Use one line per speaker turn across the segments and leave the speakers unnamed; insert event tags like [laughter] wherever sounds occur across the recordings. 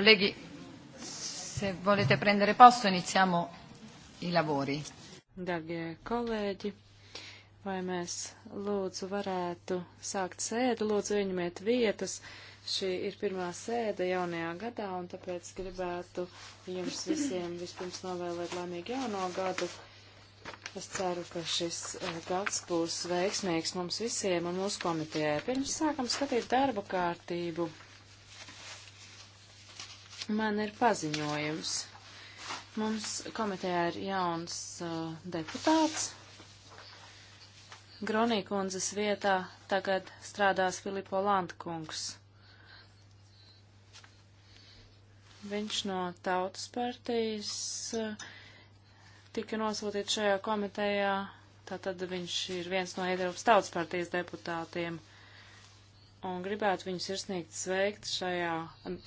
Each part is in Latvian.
Colleghi,
se
volete prendere posto
iniziamo i lavori. Darbie kolēģi, vai mēs lūdzu varētu sākt sēdu, lūdzu ieņemiet vietas. Šī ir pirmā sēde jaunajā gadā, un tāpēc gribētu jums visiem vispirms novēlēt laimīgu jauno gadu. Es ceru, ka šis eh, gads būs veiksmīgs mums visiem un mūsu komitejai. Pirms sākam skatīt darba kārtību, man ir paziņojums. Mums komitejā ir jauns uh, deputāts. Gronīkundzes vietā tagad strādās Filipo Landkungs. Viņš no Tautas partijas uh, tika nosūtīts šajā komitejā, tātad viņš ir viens no Eiropas Tautas partijas deputātiem un gribētu viņus ir sniegt sveikt šajā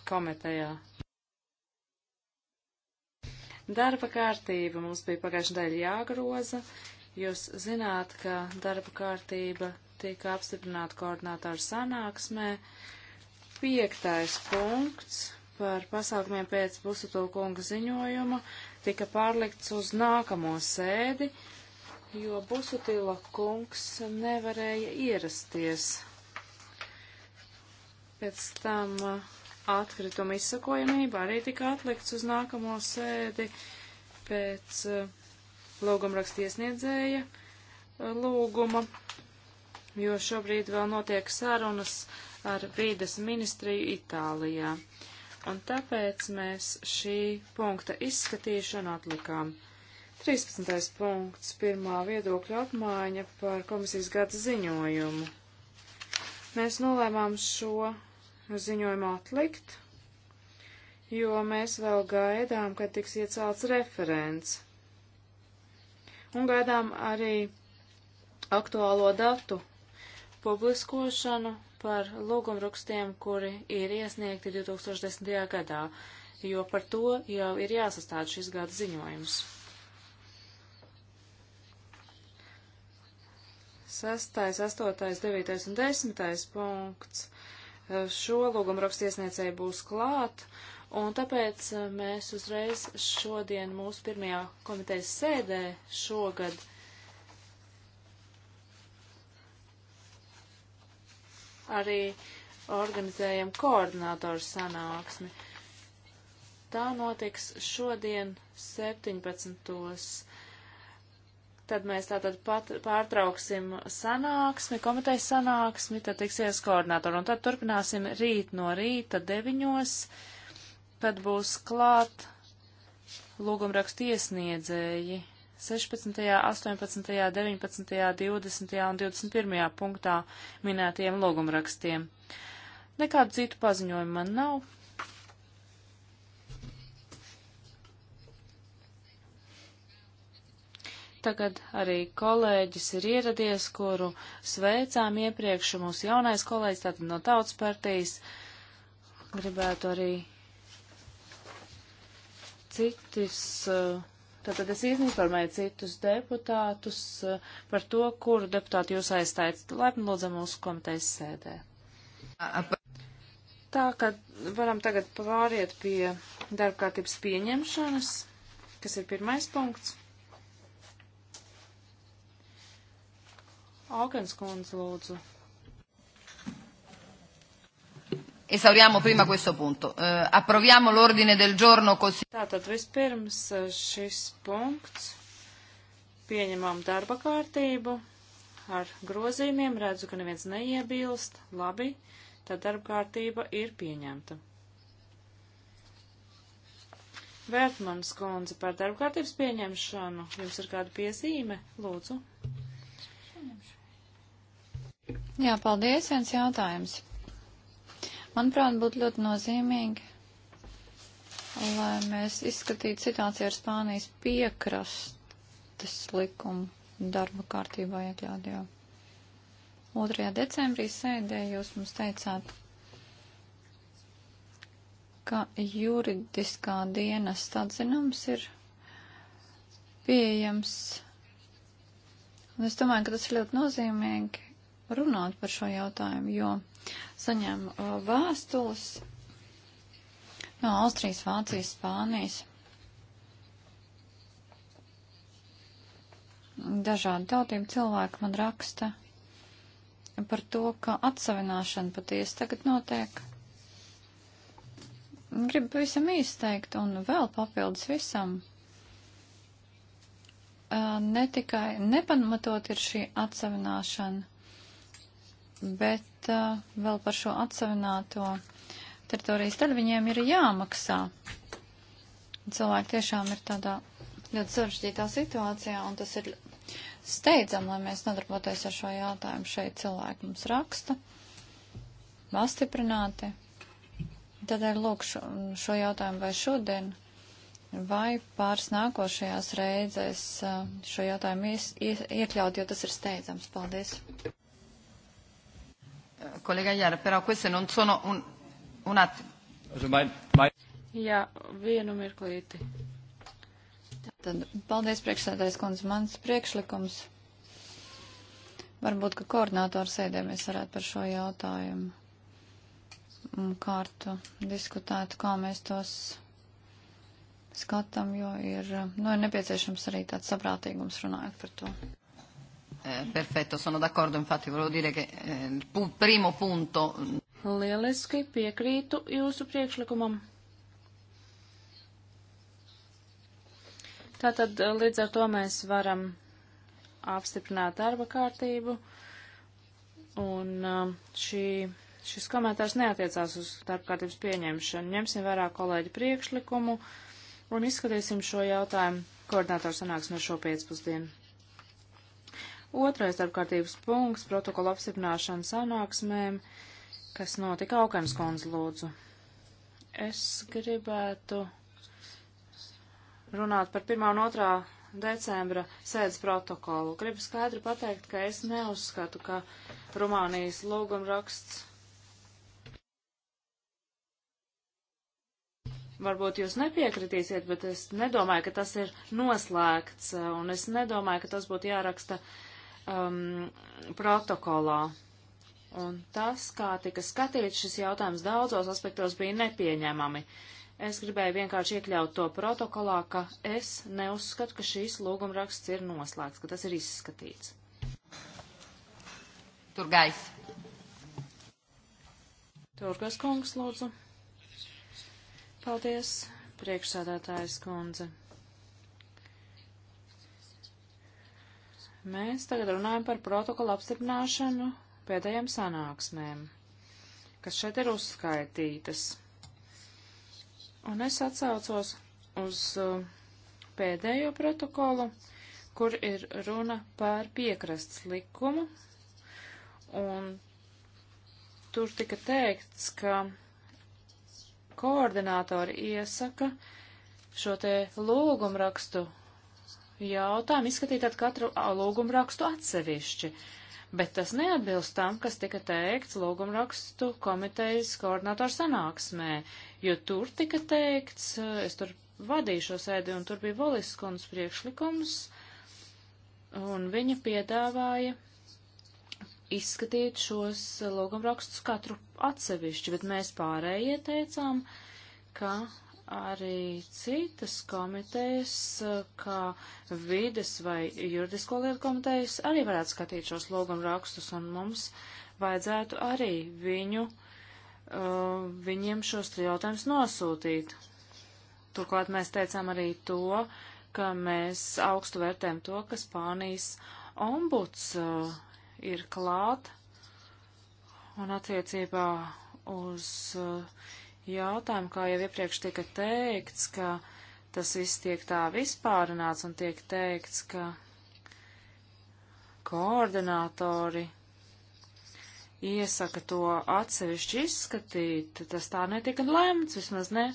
komitejā. Darba kārtība mums bija pagājušajā daļā jāgroza. Jūs zināt, ka darba kārtība tika apstiprināta koordinātāru sanāksmē. Piektais punkts par pasākumiem pēc Busutulkunga ziņojuma tika pārlikts uz nākamo sēdi, jo Busutila kungs nevarēja ierasties. Pēc tam uh, atkrituma izsakojamība arī tika atlikts uz nākamo sēdi pēc eh, lūgumraksta iesniedzēja eh, lūguma, jo šobrīd vēl notiek sarunas ar vīdes ministriju Itālijā. Un tāpēc mēs šī punkta izskatīšanu atlikām. 13. punkts, pirmā viedokļa apmaiņa par komisijas gada ziņojumu. Mēs nolēmām šo ziņojumu atlikt, jo mēs vēl gaidām, kad tiks iecelts referents. Un gaidām arī aktuālo datu publiskošanu par lūgumrakstiem, kuri ir iesniegti 2010. gadā, jo par to jau ir jāsastāda šis gada ziņojums. Sastais, astotais, devītais un desmitais punkts šo lūgumu rakstu iesniedzēju būs klāt, un tāpēc eh, mēs uzreiz šodien mūsu pirmajā komitejas sēdē šogad arī organizējam koordinātoru sanāksmi. Tā notiks šodien 17. Tad mēs tātad pat, pārtrauksim sanāksmi, komitejas sanāksmi, tad tiksies koordinātori. Un tad turpināsim rīt no rīta deviņos, kad būs klāt lūgumrakstu iesniedzēji 16., 18., 19., 20. un 21. punktā minētiem lūgumrakstiem. Nekādu citu paziņojumu man nav. Tagad arī kolēģis ir ieradies, kuru sveicām iepriekš mūsu jaunais kolēģis, tātad no tautas partijas. Gribētu arī citus. Uh, Tātad es informēju citus deputātus eh, par to, kuru deputātu jūs aizstājat. Laipni lūdzam mūsu komitejas sēdē. Tā, ka varam tagad pāriet pie darbkārtības pieņemšanas, kas ir pirmais punkts. Aukens kundze, lūdzu.
Esauriamo prima questo punto. Uh, approviamo l'ordine del giorno così.
Tātad vispirms eh, šis punkts. Pieņemam darba kārtību ar grozījumiem. Redzu, ka neviens neiebilst. Labi, tad darba kārtība ir pieņemta. Vērtmanas kundze par darba kārtības pieņemšanu. Jums ir kāda piezīme? Lūdzu.
Jā, paldies. Viens jautājums. Manuprāt, būtu ļoti nozīmīgi, lai mēs izskatītu situāciju ar Spānijas piekrastes likumu darba kārtībā iekļaut jau. 2. decembrī sēdē jūs mums teicāt, ka juridiskā dienas atzinums ir pieejams. Un es domāju, ka tas ir ļoti nozīmīgi, runāt par šo jautājumu, jo saņēmu uh, vēstules no Austrijas, Vācijas, Spānijas. Dažādi tautību cilvēki man raksta par to, ka atsavināšana patiesi tagad notiek. Gribu pavisam izteikt un vēl papildus visam uh, ne tikai nepamatot ir šī atsevināšana, bet uh, vēl par šo atsavināto teritorijas, tad viņiem ir jāmaksā. Cilvēki tiešām ir tādā ļoti sarežģītā situācijā, un tas ir steidzam, lai mēs nodarboties ar šo jautājumu. Šeit cilvēki mums raksta, pastiprināti. Tādēļ lūkšu šo jautājumu vai šodien, vai pāris nākošajās reizēs uh, šo jautājumu ies, ies, iekļaut, jo tas ir steidzams. Paldies!
Kolēģa Jāra, però queste non sono un, un
attimo. Jā, vienu
mirklīti.
Tad paldies priekšsēdājs kundze. Mans priekšlikums. Varbūt, ka koordinātoru sēdē mēs varētu par šo jautājumu mm, kārtu diskutēt, kā mēs tos skatām, jo ir, nu, ir nepieciešams arī tāds saprātīgums runājot par to.
Eh, perfetto, sono d'accordo, infatti volevo dire che eh, il pu primo punto. Mm,
Lieliski piekrītu jūsu priekšlikumam. Tātad eh, līdz ar to mēs varam apstiprināt darba kārtību, un eh, šī, šis komentārs neatiecās uz darba kārtības pieņemšanu. Ņemsim vērā kolēģi priekšlikumu un izskatīsim šo jautājumu koordinātoru sanāksmē šo pēcpusdienu. Otrais darbkārtības punkts - protokola apstiprināšana sanāksmēm, kas notika Aukens kundz lūdzu. Es gribētu runāt par 1. un 2. decembra sēdes protokolu. Gribu skaidri pateikt, ka es neuzskatu, ka Rumānijas lūgumraksts. Varbūt jūs nepiekritīsiet, bet es nedomāju, ka tas ir noslēgts, un es nedomāju, ka tas būtu jāraksta uh, um, protokolā. Un tas, kā tika skatīts šis jautājums daudzos aspektos, bija nepieņemami. Es gribēju vienkārši iekļaut to protokolā, ka es neuzskatu, ka šīs lūgumraksts ir noslēgts, ka tas ir izskatīts. Tur gais. Turgas kungs, lūdzu. Paldies, priekšsādātājs kundze. Mēs tagad runājam par protokolu apstiprināšanu pēdējām sanāksmēm, kas šeit ir uzskaitītas. Un es atsaucos uz uh, pēdējo protokolu, kur ir runa par piekrasts likumu, un tur tika teikts, ka koordinātori iesaka šo te lūgumrakstu jautājumu izskatīt at katru lūgumu rakstu atsevišķi, bet tas neatbilst tam, kas tika teikts lūgumu rakstu komitejas koordinātoru sanāksmē, jo tur tika teikts, es tur vadīju šo sēdi un tur bija Voliskons priekšlikums, un viņa piedāvāja izskatīt šos logumrakstus katru atsevišķi, bet mēs pārējie teicām, ka arī citas komitejas, kā vides vai juridisko lietu komitejas, arī varētu skatīt šos lūgumu rakstus, un mums vajadzētu arī viņu, uh, viņiem šos jautājumus nosūtīt. Turklāt mēs teicām arī to, ka mēs augstu vērtējam to, ka Spānijas ombuds uh, ir klāt, un attiecībā uz uh, jautājumu, kā jau iepriekš tika teikts, ka tas viss tiek tā vispārināts un tiek teikts, ka koordinātori iesaka to atsevišķi izskatīt, tas tā netika lemts, vismaz ne.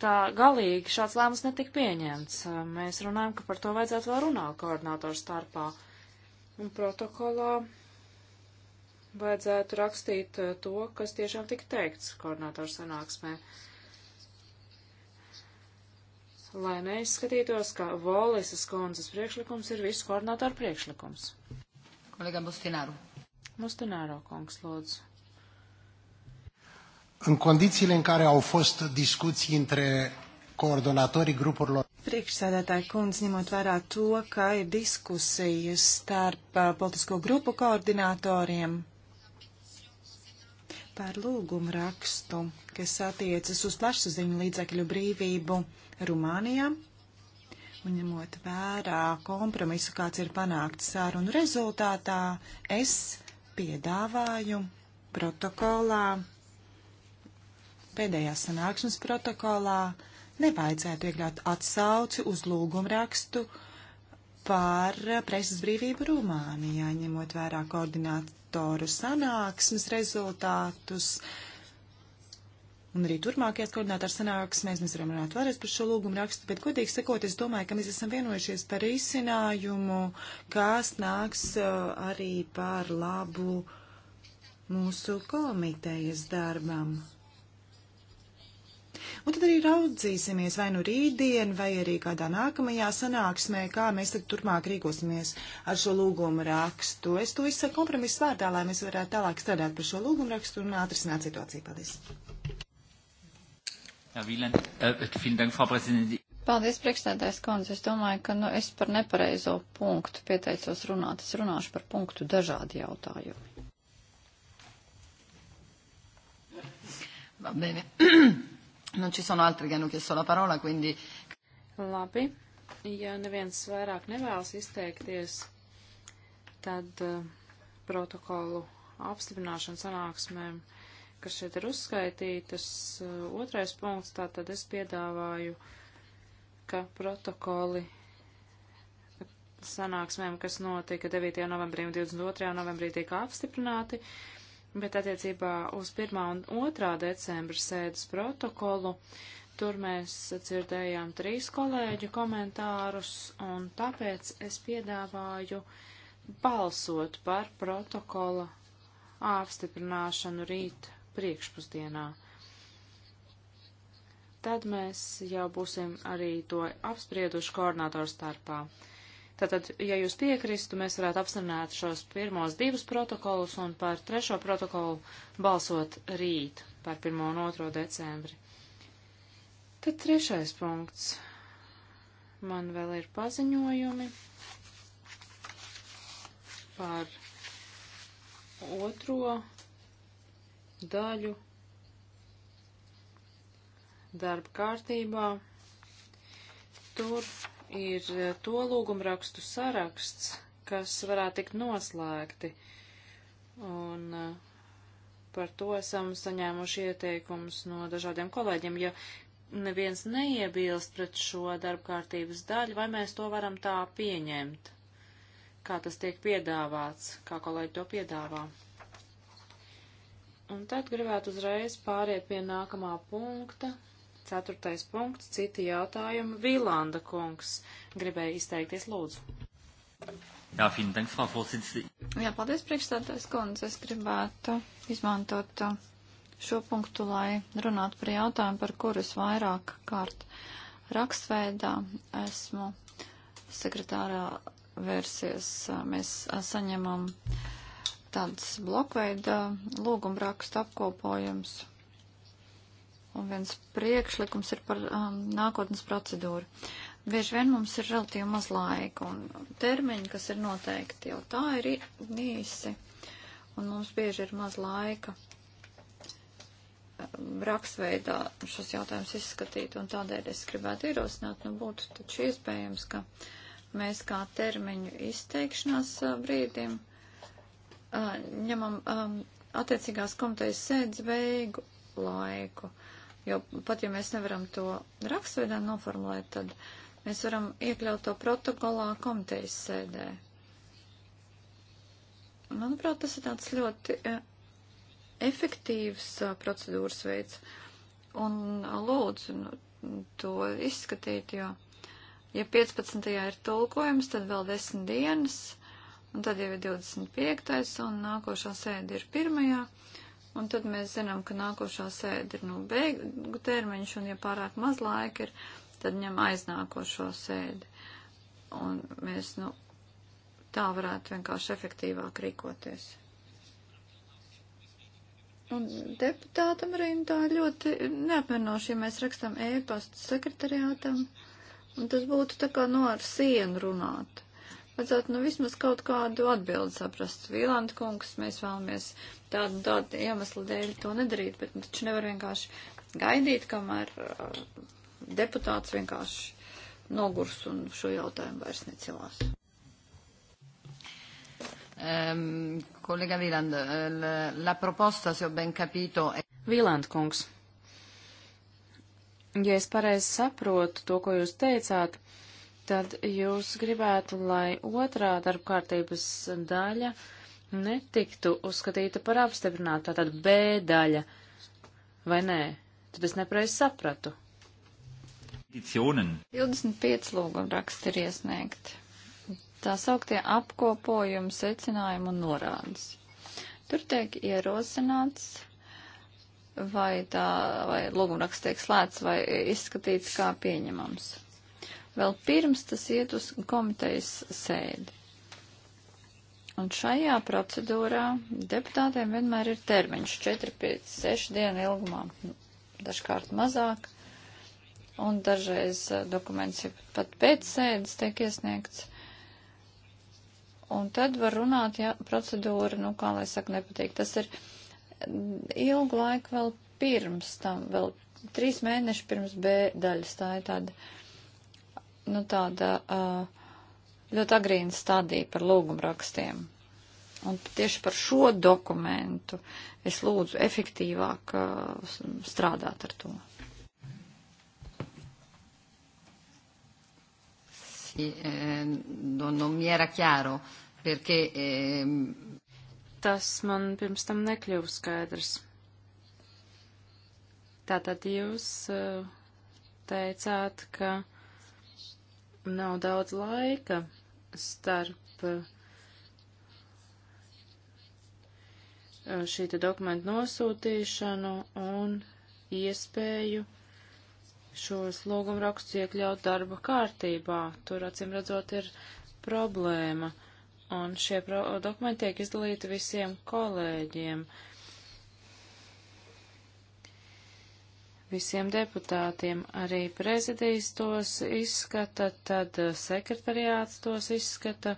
Tā galīgi šāds lēmums netika pieņemts. Mēs runājam, ka par to vajadzētu vēl runāt koordinātoru starpā. Un protokolā vajadzētu rakstīt eh, to, kas tiešām tika teikts koordinātoru sanāksmē. Lai neizskatītos, ka Volisas kundzes priekšlikums ir visu koordinātoru priekšlikums. Kolega Bustināru. Bustināru kungs,
lūdzu.
În condițiile în care au fost discuții între coordonatorii grupurilor.
Priekšsēdētāji kundze, ņemot vērā to, ka ir diskusijas starp eh, politisko grupu koordinatoriem, par lūgumu rakstu, kas attiecas uz plašsaziņu līdzekļu brīvību Rumānijā. Un ņemot vērā kompromisu, kāds ir panākts sārunu rezultātā, es piedāvāju protokolā, pēdējās sanāksmes protokolā, nevajadzētu iekļaut atsauci uz lūgumu rakstu par preses brīvību Rumānijā, ņemot vērā koordināciju koordinātoru sanāksmes rezultātus. Un arī turpmākajās koordinātāru sanāksmēs mēs varam runāt vēlreiz par šo lūgumu rakstu, bet godīgi sakot, es domāju, ka mēs esam vienojušies par izcinājumu, kas nāks uh, arī par labu mūsu komitejas darbam. Un tad arī raudzīsimies vai nu rītdien, vai arī kādā nākamajā sanāksmē, kā mēs tad turpmāk rīkosimies ar šo lūgumu rakstu. Es to izsaku kompromisu vārdā, lai mēs varētu tālāk strādāt par šo lūgumu rakstu un atrisināt situāciju. Paldies!
Jā, Vīlēn. Vielen Dank, Frau Präsidentin.
Paldies, priekšstādājs kundze. Es domāju, ka nu, es par nepareizo punktu pieteicos runāt. Es runāšu par punktu dažādi jautājumi. Bene. [clears throat] Non ci sono
altri che hanno chiesto la parola, quindi...
Labi, ja neviens vairāk nevēlas izteikties, tad uh, protokolu apstiprināšanu sanāksmēm, kas šeit ir uzskaitītas, uh, otrais punkts, tātad es piedāvāju, ka protokoli sanāksmēm, kas notika 9. novembrī un 22. novembrī, tika apstiprināti. Uh, bet attiecībā uz 1. un 2. decembra sēdes protokolu tur mēs dzirdējām trīs kolēģu komentārus, un tāpēc es piedāvāju balsot par protokola apstiprināšanu rīt priekšpusdienā tad mēs jau būsim arī to apsprieduši koordinātoru starpā. Tātad, ja jūs piekristu, mēs varētu apstrināt šos pirmos divus protokolus un par trešo protokolu balsot rīt par 1. un 2. decembri. Tad trešais punkts. Man vēl ir paziņojumi par otro daļu darba kārtībā. Tur ir eh, to lūgumrakstu saraksts, kas varētu tikt noslēgti. Un eh, par to esam saņēmuši ieteikumus no dažādiem kolēģiem. Ja neviens neiebilst pret šo darbkārtības daļu, vai mēs to varam tā pieņemt, kā tas tiek piedāvāts, kā kolēģi to piedāvā. Un tad gribētu uzreiz pāriet pie nākamā punkta, Ceturtais punkts, citi jautājumi. Vīlanda kungs gribēja izteikties lūdzu.
Jā, fīn, thanks, Frau Vorsitzende.
Jā, paldies, priekšstādājs kundze. Es gribētu
izmantot uh, šo punktu, lai runātu par jautājumu, par kuru es vairāk kārt rakstveidā esmu sekretārā vērsies. Uh, mēs uh, saņemam tādas blokveida lūgumrakstu apkopojums Un viens priekšlikums ir par um, nākotnes procedūru. Bieži vien mums ir relatīvi maz laika, un termiņi, kas ir noteikti, jau tā ir īsi, un mums bieži ir maz laika um, raksveidā šos jautājumus izskatīt, un tādēļ es gribētu ierosināt, nu būtu taču iespējams, ka mēs kā termiņu izteikšanās uh, brīdim uh, ņemam um, attiecīgās komitejas sēdes beigu laiku. Uh, Jo pat, ja mēs nevaram to rakstveidā noformulēt, tad mēs varam iekļaut to protokolā komitejas sēdē. Manuprāt, tas ir tāds ļoti e, efektīvs e, procedūras veids. Un e, lūdzu nu, to izskatīt, jo, ja 15. ir tulkojums, tad vēl 10 dienas, un tad jau ir 25. un nākošā sēde ir 1. Un tad mēs zinām, ka nākošā sēde ir nu beigu termiņš, un ja pārāk maz laika ir, tad ņem aiznākošo sēdi. Un mēs, nu, tā varētu vienkārši efektīvāk rīkoties. Un deputātam arī tā ļoti neapmienoši, ja mēs rakstam ēpastu e sekretariātam, un tas būtu tā kā no nu, ar sienu runāt vajadzētu nu vismaz kaut kādu atbildi saprast. Vīlanda kungs, mēs vēlamies tādu, tādu iemeslu dēļ to nedarīt, bet nu, taču nevar vienkārši gaidīt, kamēr uh, deputāts vienkārši nogurs un šo jautājumu vairs necelās. Um,
ehm, kolēga Vīlanda, la, la
proposta, jo ben capito. Vīlanda kungs, ja es pareizi saprotu to, ko jūs teicāt, uh, tad jūs gribētu, lai otrā darbkārtības daļa netiktu uzskatīta par apstiprinātu, tātad B daļa, vai nē? Tad es nepareizi sapratu. 25 lūguma raksti ir iesniegti.
Tā sauktie apkopojumi, secinājumi un norādes. Tur tiek ierosināts, vai tā, vai lūgumraksts tiek slēgts vai izskatīts kā pieņemams vēl pirms tas iet uz komitejas sēdi. Un šajā procedūrā deputātiem vienmēr ir termiņš 4, 5, 6 dienu ilgumā, nu, dažkārt mazāk, un dažreiz eh, dokuments jau pat pēc sēdes tiek iesniegts. Un tad var runāt, ja procedūra, nu, kā lai saka, nepatīk. Tas ir mm, ilgu laiku vēl pirms tam, vēl trīs mēneši pirms B daļas. Tā ir tāda nu, tāda ļoti agrīna stadija par lūgumrakstiem. Un tieši par šo dokumentu es lūdzu efektīvāk strādāt ar to.
Sì, eh, non, non
mi era chiaro perché. Eh... Tas man pirms tam nekļuva skaidrs. Tātad jūs teicāt, ka nav daudz laika starp uh, šī te dokumentu nosūtīšanu un iespēju šos lūgumrakstus iekļaut darba kārtībā. Tur, acīm redzot, ir problēma. Un šie pro dokumenti tiek izdalīti visiem kolēģiem. Uh, visiem deputātiem. Arī prezidijas tos izskata, tad eh, sekretariāts tos izskata,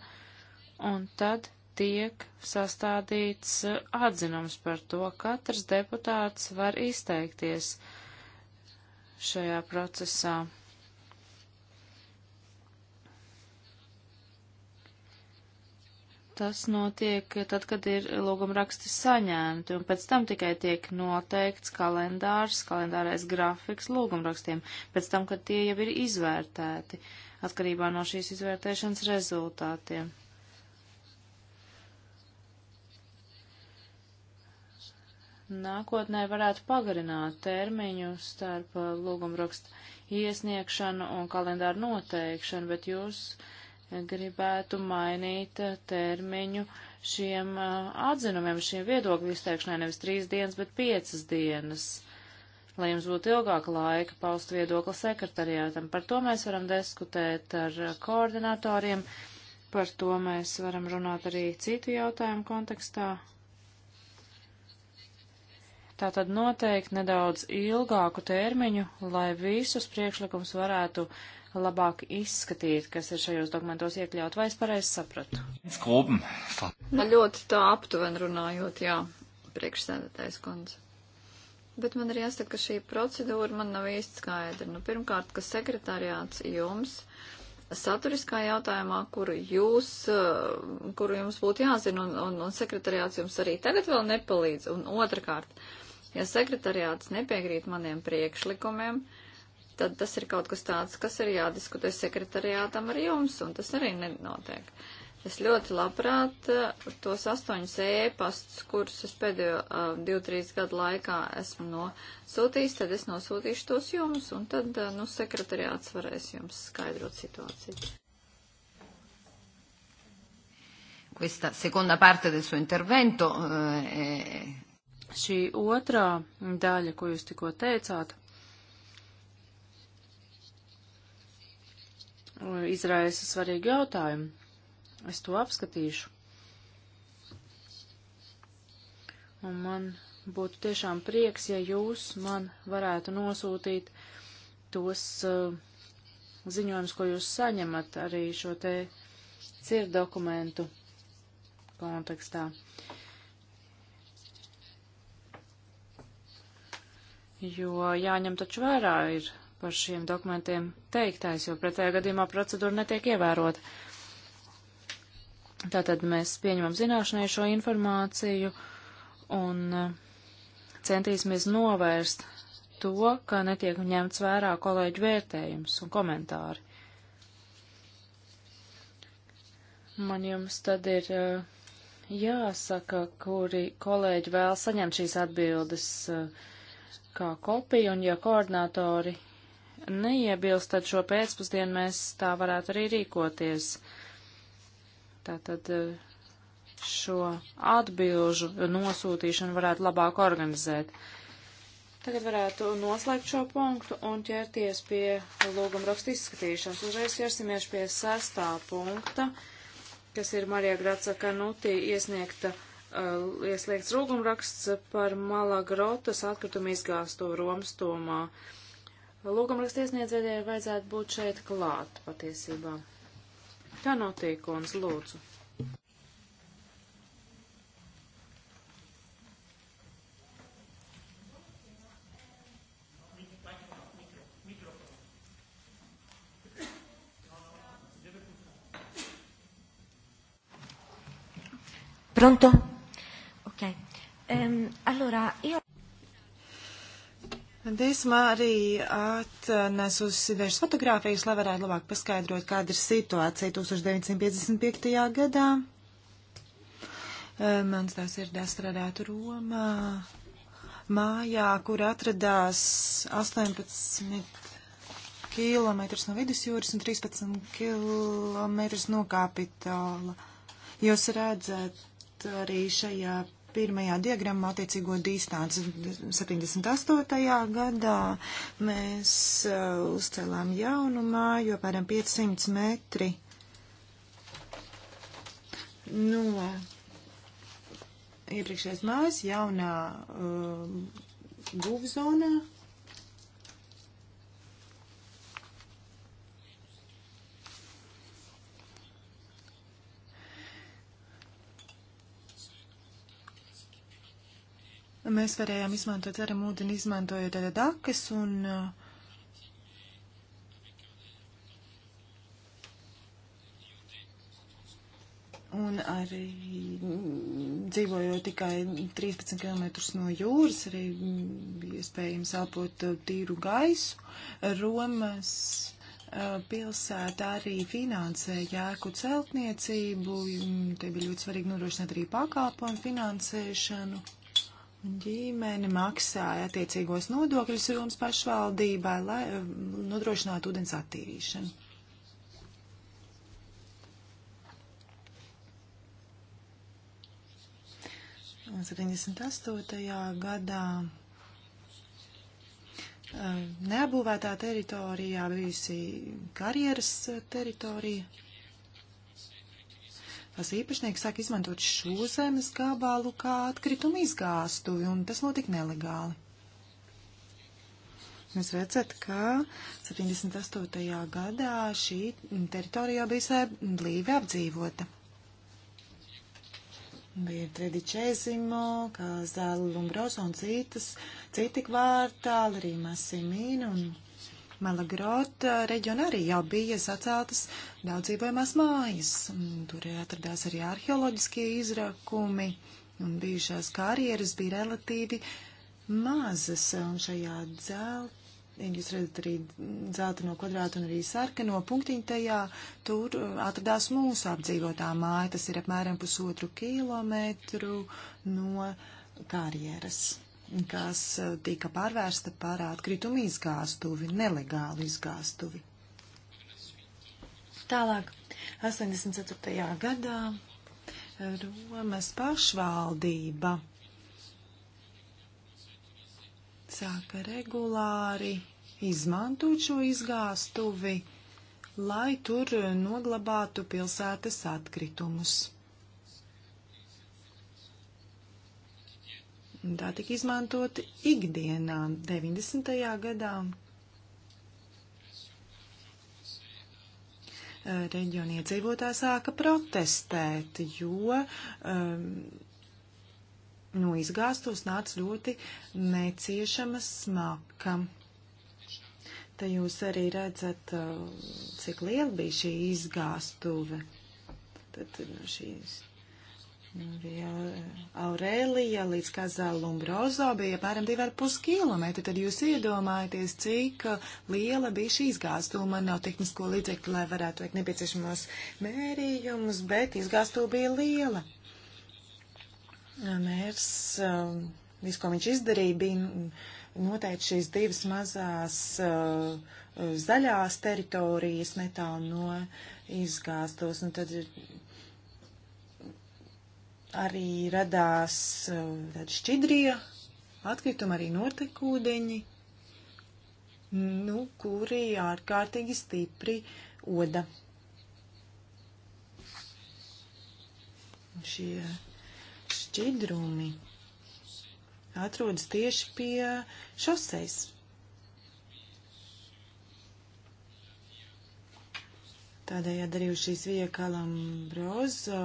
un tad tiek sastādīts eh, atzinums par to. Katrs deputāts var izteikties šajā procesā. Tas notiek tad, kad ir lūguma raksti saņemti, un pēc tam tikai tiek noteikts kalendārs, kalendārais grafiks lūguma rakstiem, pēc tam, kad tie jau ir izvērtēti, atkarībā no šīs izvērtēšanas rezultātiem. Nākotnē varētu pagarināt termiņu starp lūguma rakstu iesniegšanu un kalendāru noteikšanu, bet jūs. Uh, gribētu mainīt eh, termiņu šiem eh, atzinumiem, šiem viedokļu izteikšanai nevis trīs dienas, bet piecas dienas, lai jums būtu ilgāka laika paust viedokli sekretariātam. Par to mēs varam diskutēt ar eh, koordinatoriem, par to mēs varam runāt arī citu jautājumu kontekstā. Tātad noteikti nedaudz ilgāku termiņu, lai visus priekšlikums varētu uh, labāk izskatīt, kas ir šajos dokumentos iekļaut, vai es pareizi sapratu? Skroben. Man ļoti tā aptuveni runājot, jā,
priekšsēdētājs kundze. Bet man ir jāsaka, ka šī procedūra man nav īsti skaidra. Nu, pirmkārt, ka sekretariāts jums saturiskā jautājumā, kuru jūs, eh, kuru jums būtu jāzina, un, un, un sekretariāts jums arī tagad vēl nepalīdz. Un otrkārt, ja sekretariāts nepiekrīt maniem priekšlikumiem, uh, tad tas ir kaut kas tāds, kas ir jādiskutē sekretariātam ar jums, un tas arī nenotiek. Es ļoti labprāt eh, tos astoņus ēpastus, kurus es pēdējo uh, divu, trīs gadu laikā esmu nosūtījis, tad es nosūtīšu tos jums, un tad, uh, nu, sekretariāts varēs jums skaidrot situāciju.
Questa seconda parte del suo intervento eh,
Šī otrā daļa, ko jūs tikko teicāt, izraisa svarīgu jautājumu. Es to apskatīšu. Un man būtu tiešām prieks, ja jūs man varētu nosūtīt tos uh, ziņojumus, ko jūs saņemat arī šo te cirdu dokumentu kontekstā. Jo jāņem taču vērā ir par šiem dokumentiem teiktais, jo pretējā gadījumā procedūra netiek ievērota. Tātad mēs pieņemam zināšanai šo informāciju un eh, centīsimies novērst to, ka netiek ņemts vērā kolēģu vērtējums un komentāri. Man jums tad ir eh, jāsaka, kuri kolēģi vēl saņemt šīs atbildes eh, kā kopiju, un ja koordinātori neiebilst, tad šo pēcpusdienu mēs tā varētu arī rīkoties. Tātad eh, šo atbilžu nosūtīšanu varētu labāk organizēt. Tagad varētu noslēgt šo punktu un ķerties pie lūguma rakstu izskatīšanas. Uzreiz ķersimies pie sestā punkta, kas ir Marija Graca Kanutī iesniegta, uh, eh, iesniegts lūguma raksts par Malagrotas atkritumu izgāstu Romstomā. Uh, Lūgumraksta iesniedzējai vajadzētu būt šeit klāt patiesībā. Tā notiek, un lūdzu. Pronto?
Ok. Um, allora, io... Dīsmā arī atnesusi dažas fotogrāfijas, lai varētu labāk paskaidrot, kāda ir situācija 1955. gadā. Eh, mans tās ir strādāt Romā, mājā, kur atradās 18 km no vidusjūras un 13 km no kapitāla. Jūs redzat arī šajā pirmajā diagrammā attiecīgo distanci. 78. gadā mēs uh, uzcēlām jaunu māju, apmēram 500 metri no iepriekšējās mājas jaunā uh, būvzonā. Um, Mēs varējām izmantot dzeram ūdeni, izmantojot arī dakas un uh, Un arī dzīvojot tikai 13 km no jūras, arī bija iespējams elpot tīru gaisu. Romas uh, pilsēta arī finansēja jēku celtniecību, te bija ļoti svarīgi nodrošināt arī pakāpojumu finansēšanu ģimene maksāja attiecīgos nodokļus Romas pašvaldībai, lai eh, nodrošinātu ūdens attīrīšanu. Un 78. gadā eh, neapbūvētā teritorijā bijusi karjeras eh, teritorija. Tas īpašnieks sāk izmantot šo zemes gabalu kā atkritumu izgāstuvi, un tas notika nelegāli. Jūs redzat, ka 78. gadā šī teritorija bija blīvi apdzīvota. Bija Tredičēzimo, kā Zāla Lumbrosa un citas, citi kvartāli, arī Masimīna un Malagrot reģionā arī jau bija saceltas daudzdzīvojumās mājas. Tur atradās arī arheoloģiskie izrakumi un bijušās karjeras bija relatīvi mazas. Un šajā dzelt, jūs redzat arī dzelta no kvadrāta un arī sarkano punktiņu tajā, tur atradās mūsu apdzīvotā māja. Tas ir apmēram pusotru kilometru no karjeras kas eh, tika pārvērsta par atkritumu izgāstuvi, nelegālu izgāstuvi. Tālāk, 84. gadā eh, Romas pašvaldība sāka regulāri izmantot šo izgāstuvi, lai tur noglabātu pilsētas atkritumus. Tā tika izmantota ikdienā 90. gadā. Reģiona iedzīvotāji sāka protestēt, jo um, no izgāstos nāca ļoti neciešama smaka. Te jūs arī redzat, uh, cik liela bija šī izgāstuve. Tad no uh, šīs bija eh, Aurēlija līdz Kazalumbrozo bija apmēram 2,5 km. Tad jūs iedomājaties, cik eh, liela bija šī izgāstula. Man nav tehnisko līdzekļu, lai varētu veikt nepieciešamos mērījumus, bet izgāstula bija liela. Mērs, eh, viss, ko viņš izdarīja, bija mm, noteikti šīs divas mazās zaļās teritorijas netālu no izgāstos. Un tad ir arī radās um, šķidrie atkritumi, arī notekūdeņi, nu, kuri ārkārtīgi stipri oda. Šie šķidrumi atrodas tieši pie šoseis. Tādējādi arī šīs viekalam brozo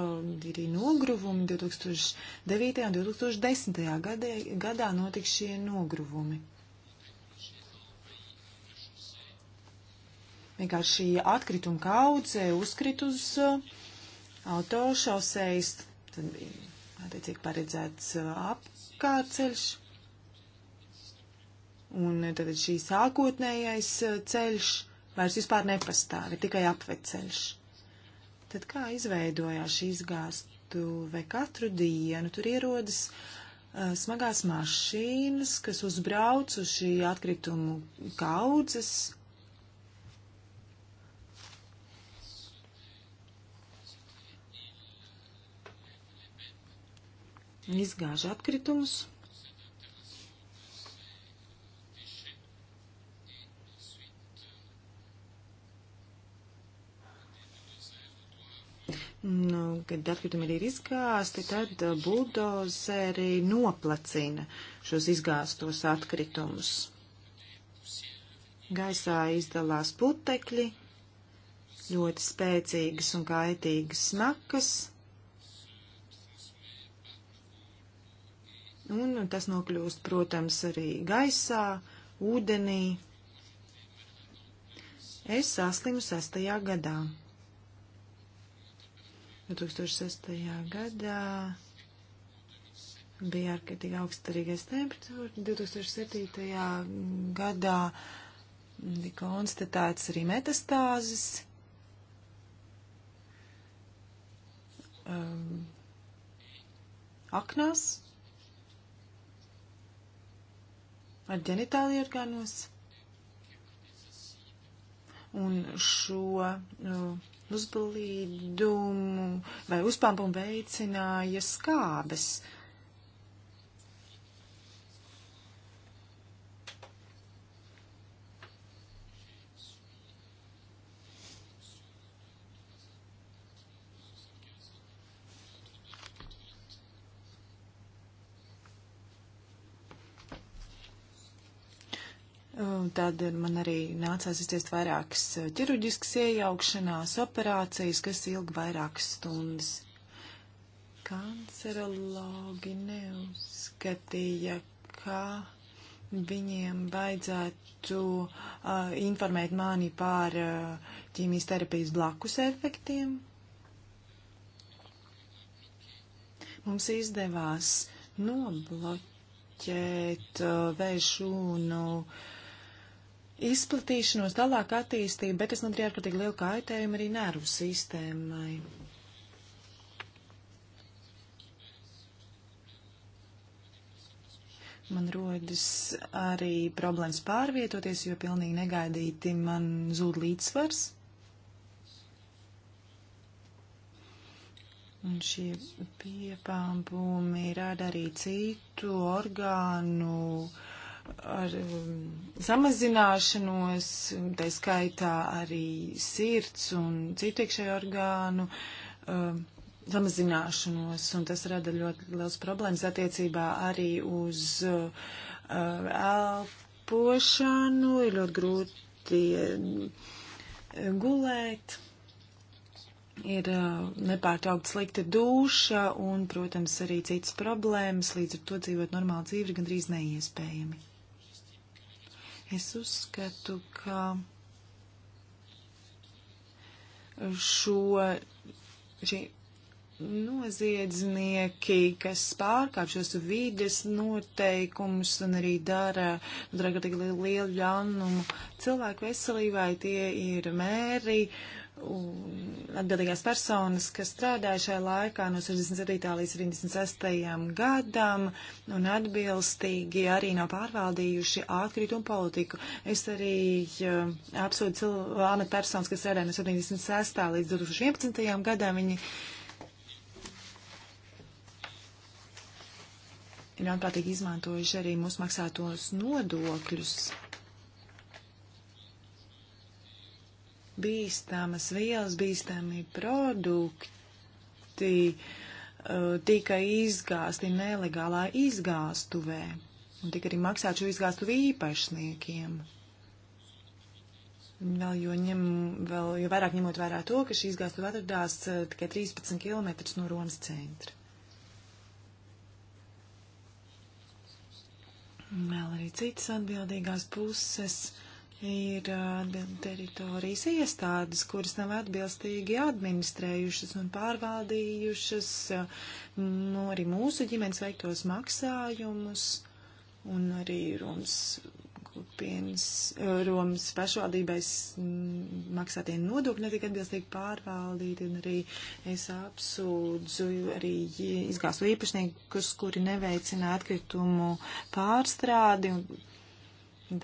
ir nogruvumi 2009. un 2010. Gadē, gadā notika šie nogruvumi. Vienkārši atkrituma kaudze uzkrit uz uh, autošoseis, tad bija attiecīgi paredzēts uh, apkārtceļš. Un uh, tad šī sākotnējais ceļš vairs vispār nepastāv, ir tikai apveceļš. Tad kā izveidojās šī izgāstuve katru dienu? Tur ierodas uh, smagās mašīnas, kas uzbrauc uz šī atkritumu kaudzes. Izgāž atkritumus. Nu, kad atkritumi ir izgāsti, tad uh, buldozeri noplacina šos izgāstos atkritumus. Gaisā izdalās putekļi, ļoti spēcīgas un kaitīgas smakas, un tas nokļūst, protams, arī gaisā, ūdenī. Es saslimu sastajā gadā. 2006. gadā bija ārkārtīgi augstarīgais temperatūra, 2007. gadā tika konstatēts arī metastāzes. Um, aknās ar ģenitāliju orgānos. Un šo uh, uzblīdumu vai uzpampumu veicināja skābes. Uh, un tad man arī nācās izciest vairākas eh, ķirurģiskas iejaukšanās, operācijas, kas ilga vairākas stundas. Kancerologi neuzskatīja, ka viņiem vajadzētu uh, informēt mani par uh, ķīmijas terapijas blakus efektiem. Mums izdevās nobloķēt uh, vēžu un uh, izplatīšanos, tālāk attīstību, bet tas nodarīja ārkārtīgi lielu kaitējumu arī nervu sistēmai. Man rodas arī problēmas pārvietoties, jo pilnīgi negaidīti man zūd līdzsvars. Un šie piepampumi rada arī citu orgānu uh, ar um, samazināšanos, tā skaitā arī sirds un citu iekšēju orgānu um, samazināšanos, un tas rada ļoti liels problēmas attiecībā arī uz uh, elpošanu, ir ļoti grūti uh, gulēt ir uh, nepārtraukti slikta duša un, protams, arī citas problēmas, līdz ar to dzīvot normālu dzīvi ir gandrīz neiespējami. Es uzskatu, ka šo šī noziedznieki, kas pārkāp šos vides noteikumus un arī dara dragatīgi lielu ļaunumu cilvēku veselībai, tie ir mēri, uh, atbildīgās personas, kas strādāja šajā laikā no 67. līdz 36. gadam un atbilstīgi arī nav pārvaldījuši atkritumu politiku. Es arī uh, apsūdu amatpersonas, kas strādāja no 76. līdz 2011. gadam. Viņi ir atprātīgi izmantojuši arī mūsu maksātos nodokļus. bīstamas vielas, bīstami produkti uh, tika izgāsti nelegālā izgāstuvē un tika arī maksāt šo izgāstuvu īpašniekiem. Vēl, jo, ņem, vēl, jo vairāk ņemot vērā to, ka šī izgāstuva atradās uh, tikai 13 km no Romas centra. Vēl arī citas atbildīgās puses. Uh, ir teritorijas iestādes, kuras nav atbilstīgi administrējušas un pārvaldījušas nu, arī mūsu ģimenes veiktos maksājumus un arī Romas kopienas, Romas pašvaldībais maksātie nodokļi netika atbilstīgi pārvaldīti un arī es apsūdzu arī izgāstu īpašniekus, kuri neveicina atkritumu pārstrādi un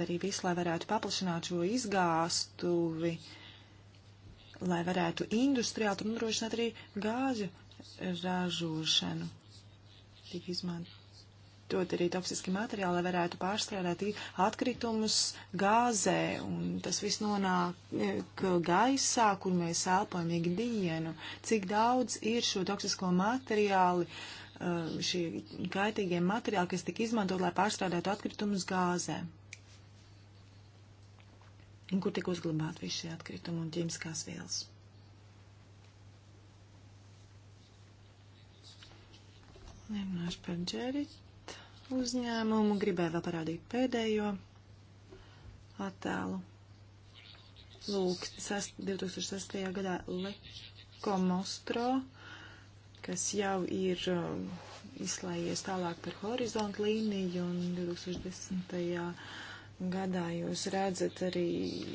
darīja visu, lai varētu paplašināt šo izgāstuvi, lai varētu industriāli nodrošināt arī gāžu ražošanu. Tik izmantot arī toksiski materiāli, lai varētu pārstrādāt atkritumus gāzē, un tas viss nonāk e, gaisā, kur mēs elpojam ikdienu. Cik daudz ir šo toksisko materiālu? E, šie kaitīgie materiāli, kas tika izmantot, lai pārstrādātu atkritumus gāzē un kur tika uzglabāti visi šie atkritumi un ķīmiskās vielas. Nerunāšu par Džerit uzņēmumu, gribēju vēl parādīt pēdējo attēlu. Lūk, 2006. gadā Lekomostro, kas jau ir um, izslējies tālāk par horizontu līniju un 2010. gadā gadā jūs redzat arī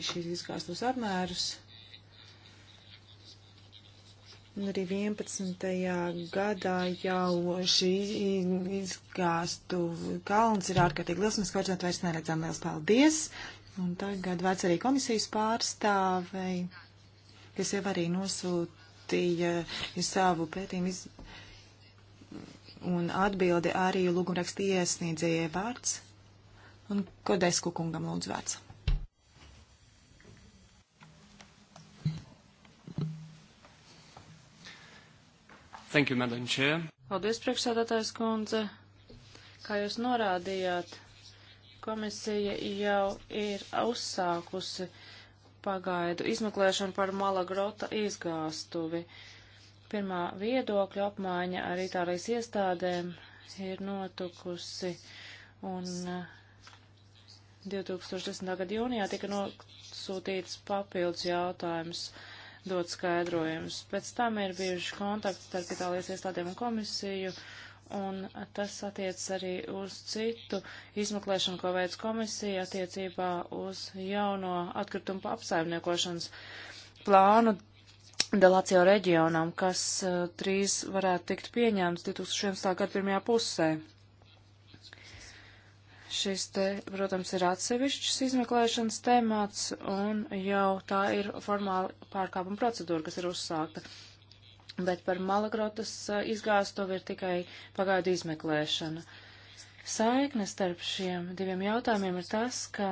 šīs izkāstos apmērus. Un arī 11. gadā jau šī izgāstu kalns ir ārkārtīgi liels, mēs kaut kādā vairs neredzam. Liels paldies! Un tagad vec arī komisijas pārstāvei, kas jau arī nosūtīja savu pētījumu iz... un atbildi arī lūgumrakstu iesniedzējai vārds. Un Kodesku kungam lūdzu vārds.
Thank you, Madam Chair. Paldies, priekšsēdētājs kundze. Kā jūs norādījāt, komisija jau ir uzsākusi pagaidu izmeklēšanu par Malagrota izgāstuvi. Pirmā viedokļa apmaiņa ar Itālijas iestādēm ir notukusi, un uh, 2010. gada jūnijā tika nosūtīts papildus jautājums, dot skaidrojumus. Pēc tam ir bijuši kontakti starp Itālijas iestādēm un komisiju, un tas attiec arī uz citu izmeklēšanu, ko veids komisija attiecībā uz jauno atkritumu apsaimniekošanas plānu Delācijā reģionam, kas uh, trīs varētu tikt pieņemts 2011. gada pirmajā pusē. Šis te, protams, ir atsevišķs izmeklēšanas temats, un jau tā ir formāla pārkāpuma procedūra, kas ir uzsākta. Bet par Malagrotas izgāsto ir tikai pagaidu izmeklēšana. Saikne starp šiem diviem jautājumiem ir tas, ka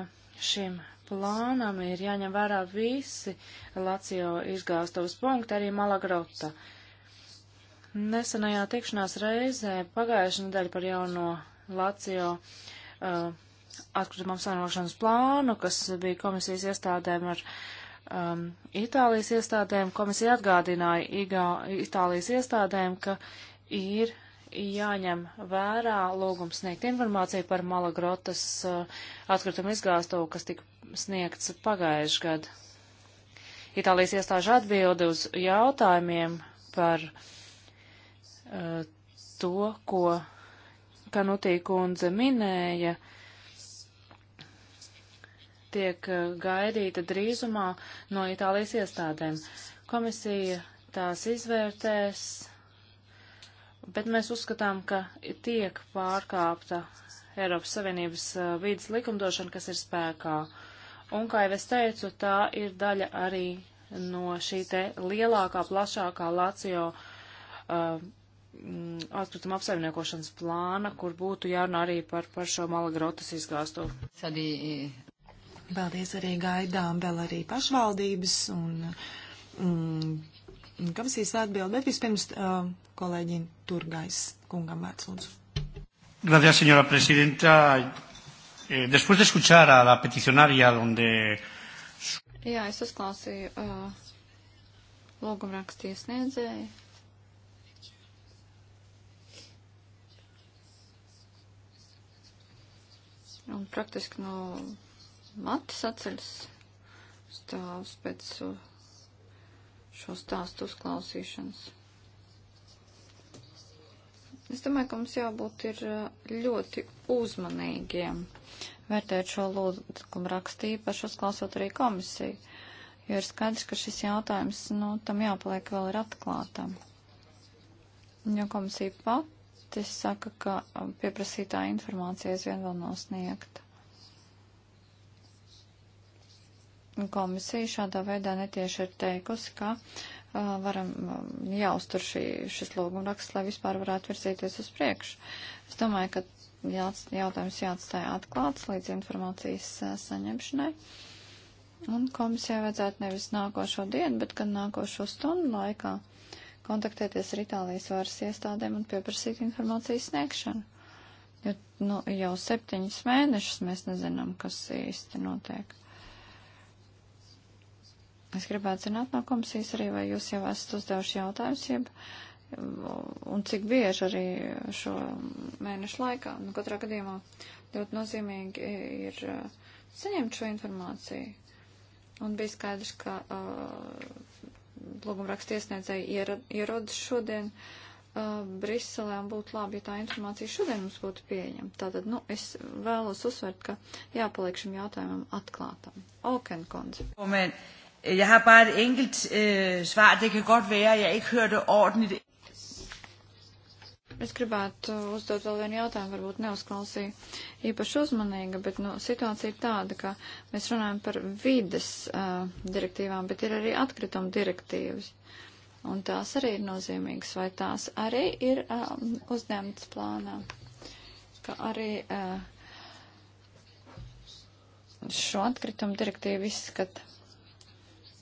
šim plānam ir jāņem vērā visi Lācijo izgāstovas punkti, arī Malagrota. Nesenajā tikšanās reizē pagājušajā nedēļa par jauno Lācijo uh, uh, atkritumam sanākšanas plānu, kas bija komisijas iestādēm ar um, Itālijas iestādēm. Komisija atgādināja Igā, Itālijas iestādēm, ka ir jāņem vērā lūgums sniegt informāciju par Malagrotas uh, atkritumu izgāstu, kas tika sniegts pagājuši gadu. Itālijas iestāžu atbildi uz jautājumiem par uh, to, ko kā notīkundze minēja, tiek uh, gaidīta drīzumā no Itālijas iestādēm. Komisija tās izvērtēs, bet mēs uzskatām, ka tiek pārkāpta Eiropas Savienības uh, vīdes likumdošana, kas ir spēkā. Un, kā jau es teicu, tā ir daļa arī no šī te lielākā, plašākā Lācijo uh, Mm, atkrituma apsaimniekošanas plāna, kur būtu jārunā arī par, par šo malagrotas izgāstu.
Paldies arī gaidām vēl arī pašvaldības un mm, komisijas atbild, bet vispirms uh, kolēģin Turgais kungam vārds lūdzu.
Gracias, señora presidenta. Eh, después de escuchar a la peticionaria donde... Jā, es uzklausīju uh, lūgumrakstu iesniedzēju Un praktiski no matas atceļas stāvs pēc uh, šo stāstu uzklausīšanas. Es domāju, ka mums jābūt ir uh, ļoti uzmanīgiem vērtēt šo lūgumu rakstību, pašu uzklausot arī komisiju, jo ir skaidrs, ka šis jautājums, nu, tam jāpaliek vēl ir atklātam. Jo komisija pat Eksperti saka, ka um, pieprasītā informācija aizvien vēl nav sniegta. Komisija šādā veidā netieši ir teikusi, ka uh, varam um, jāuztur šī, šis lūgumraksts, lai vispār varētu virzīties uz priekšu. Es domāju, ka jāats, jautājums jāatstāja atklāts līdz informācijas uh, saņemšanai. Un komisijai vajadzētu nevis nākošo dienu, bet gan nākošo stundu laikā uh, kontaktēties ar Itālijas varas iestādēm un pieprasīt informācijas sniegšanu. Jo nu, jau septiņus mēnešus mēs nezinām, kas īsti notiek. Es gribētu zināt no komisijas arī, vai jūs jau esat uzdevuši jautājumus, jeb un cik bieži arī šo mēnešu laikā. Nu, katrā gadījumā ļoti nozīmīgi ir uh, saņemt šo informāciju. Un bija skaidrs, ka uh, lūgumraksta iesniedzēji ierodas šodien uh, Briselē un būtu labi, ja tā informācija šodien mums būtu pieejama. Tātad, nu, es vēlos uzsvert, ka jāpaliek šim jautājumam atklātam. Okenkundze.
Jeg har bare et enkelt øh, svar. Det kan godt være, at jeg ikke hørte ordentligt.
Es gribētu uzdot vēl vienu jautājumu, varbūt neuzklausīju īpaši uzmanīga, bet nu, situācija ir tāda, ka mēs runājam par vides uh, direktīvām, bet ir arī atkrituma direktīvas. Un tās arī ir nozīmīgas, vai tās arī ir uh, uzņemtas plānā, ka arī uh, šo atkritumu direktīvu izskata.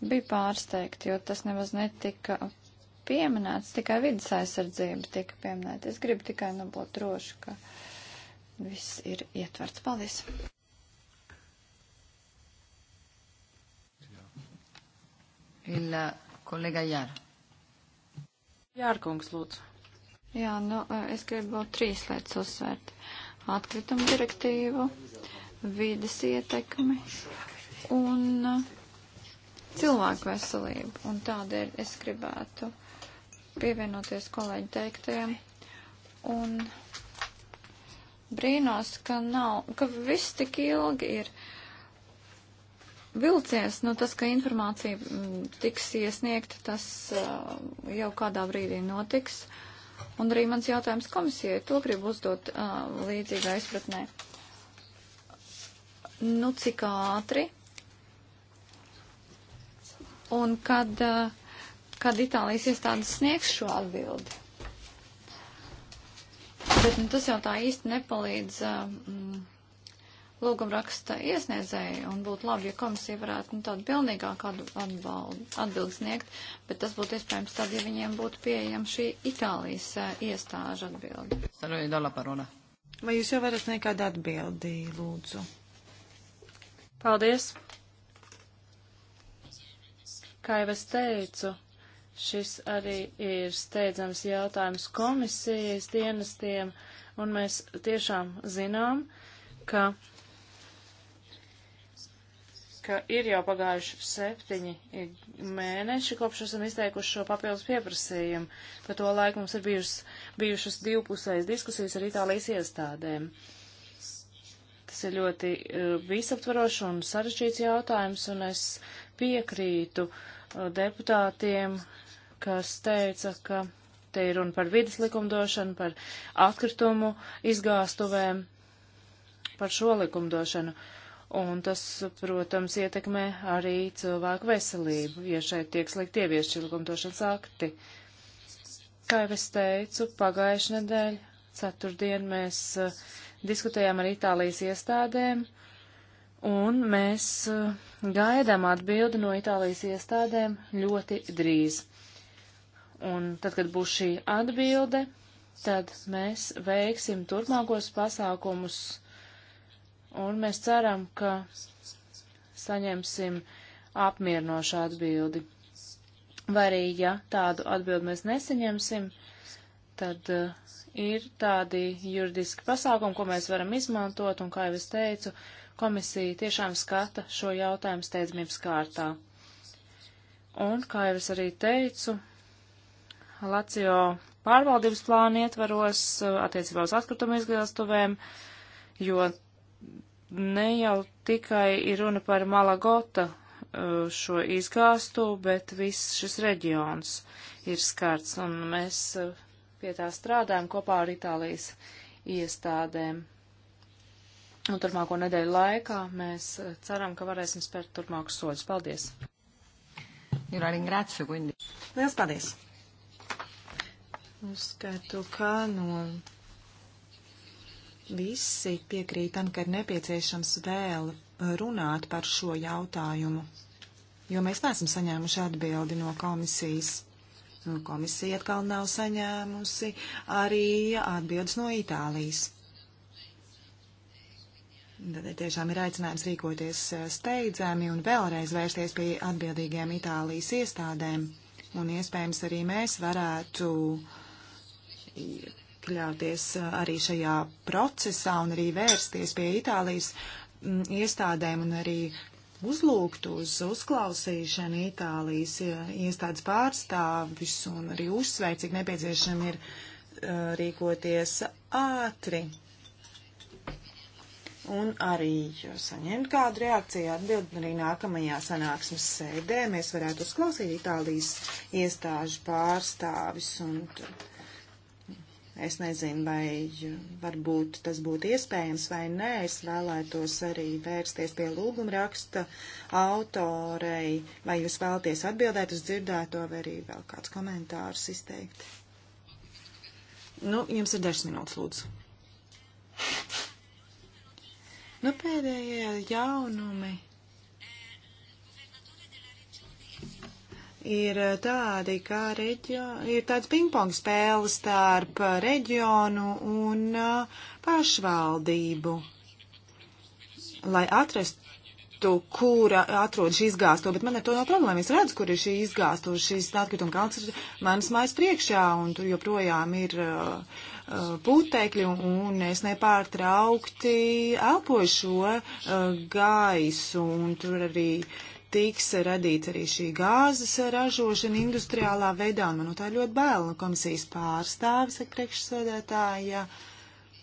Bija pārsteigti, jo tas nemaz netika pieminēts, tikai vidas aizsardzība tika pieminēta. Es gribu tikai nu būt droši, ka viss ir ietverts. Paldies!
Il uh, kolega Jāra.
Jārkungs,
lūdzu. Jā, nu, uh, es gribu trīs lietas uzsvērt. Atkritumu direktīvu, vides ietekmi un uh, cilvēku veselību. Un tādēļ es gribētu pievienoties kolēģi teiktajam. Un brīnos, ka nav, ka viss tik ilgi ir vilcies, nu tas, ka informācija mm, tiks iesniegta, tas uh, jau kādā brīdī notiks. Un arī mans jautājums komisijai, to gribu uzdot uh, līdzīgā izpratnē. Nu, cik ātri? Un kad uh, kad Itālijas iestādes sniegs šo atbildi. Bet nu, tas jau tā īsti nepalīdz um, lūgumraksta iesniedzēju un būtu labi, ja komisija varētu nu, tādu pilnīgāku atbildi sniegt, bet tas būtu iespējams tad, ja viņiem būtu pieejama šī Itālijas uh, iestāža atbildi.
Nu
Vai jūs jau varat nekādu
atbildi, lūdzu?
Paldies! Kā jau es teicu, Šis arī ir steidzams jautājums komisijas dienestiem, un mēs tiešām zinām, ka, ka ir jau pagājuši septiņi mēneši, kopš esam izteikuši šo papildus pieprasījumu. Pa to laiku mums ir bijus, bijušas divpusējas diskusijas ar Itālijas iestādēm. Tas ir ļoti uh, visaptvarošs un sarežģīts jautājums, un es piekrītu uh, deputātiem, uh, kas teica, ka te ir runa par vidas likumdošanu, par atkritumu izgāstuvēm, par šo likumdošanu. Un tas, protams, ietekmē arī cilvēku veselību, ja šeit tiek slikt ievies šī likumdošanas akti. Kā jau es teicu, pagājušajā nedēļā ceturtdien mēs uh, diskutējām ar Itālijas iestādēm, un mēs uh, gaidām atbildi no Itālijas iestādēm ļoti drīz. Un tad, kad būs šī atbilde, tad mēs veiksim turpmākos pasākumus, un mēs ceram, ka saņemsim apmierinošu atbildi. Vai arī, ja tādu atbildi mēs nesaņemsim, tad uh, ir tādi juridiski pasākumi, ko mēs varam izmantot, un, kā jau es teicu, komisija tiešām skata šo jautājumu steidzamības kārtā. Un, kā jau es arī teicu, Lācijo pārvaldības plānu ietvaros eh, attiecībā uz atkritumu izgāstuvēm, jo ne jau tikai ir runa par Malagota eh, šo izgāstu, bet viss šis reģions ir skarts, un mēs eh, pie tā strādājam kopā ar Itālijas iestādēm. Un turpmāko nedēļu laikā mēs ceram, ka varēsim spērt turpmākus soļus. Paldies! Liels
paldies! Uzskatu, ka no visi piekrītam, ka ir nepieciešams vēl runāt par šo jautājumu, jo mēs neesam saņēmuši atbildi no komisijas. Nu, komisija atkal nav saņēmusi arī atbildes no Itālijas. Tad tiešām ir aicinājums rīkoties eh, steidzami un vēlreiz vērsties pie atbildīgiem Itālijas iestādēm. Un iespējams arī mēs varētu uh, iekļauties eh, arī šajā procesā un arī vērsties pie Itālijas mm, iestādēm un arī uzlūgt uz uzklausīšanu Itālijas eh, iestādes pārstāvis un arī uzsveic, cik nepieciešami ir eh, rīkoties ātri un arī saņemt kādu reakciju atbildi arī nākamajā sanāksmes sēdē. Mēs varētu uzklausīt Itālijas iestāžu pārstāvis un tad Es nezinu, vai eh, varbūt tas būtu iespējams vai nē. Es vēlētos arī vērsties pie lūguma raksta autorei, vai jūs vēlaties atbildēt uz dzirdēto, vai arī vēl kāds komentārs izteikt. Nu, jums ir dažas minūtes, lūdzu. Nu, pēdējie jaunumi ir eh, tādi, kā reģio, ir tāds pingpong spēle starp eh, reģionu un eh, pašvaldību, lai atrastu kura atrod šī izgāsto, bet man ar to nav problēma. Es redzu, kur ir šī izgāsto, šīs atkrituma kalns ir manas mājas priekšā, un tur joprojām ir uh, putekļi, un es nepārtraukti elpoju šo uh, gaisu, un tur arī uh, tiks radīta arī šī gāzes ražošana industriālā veidā, un man no tā ļoti bail, nu komisijas pārstāvis, priekšsēdētāja,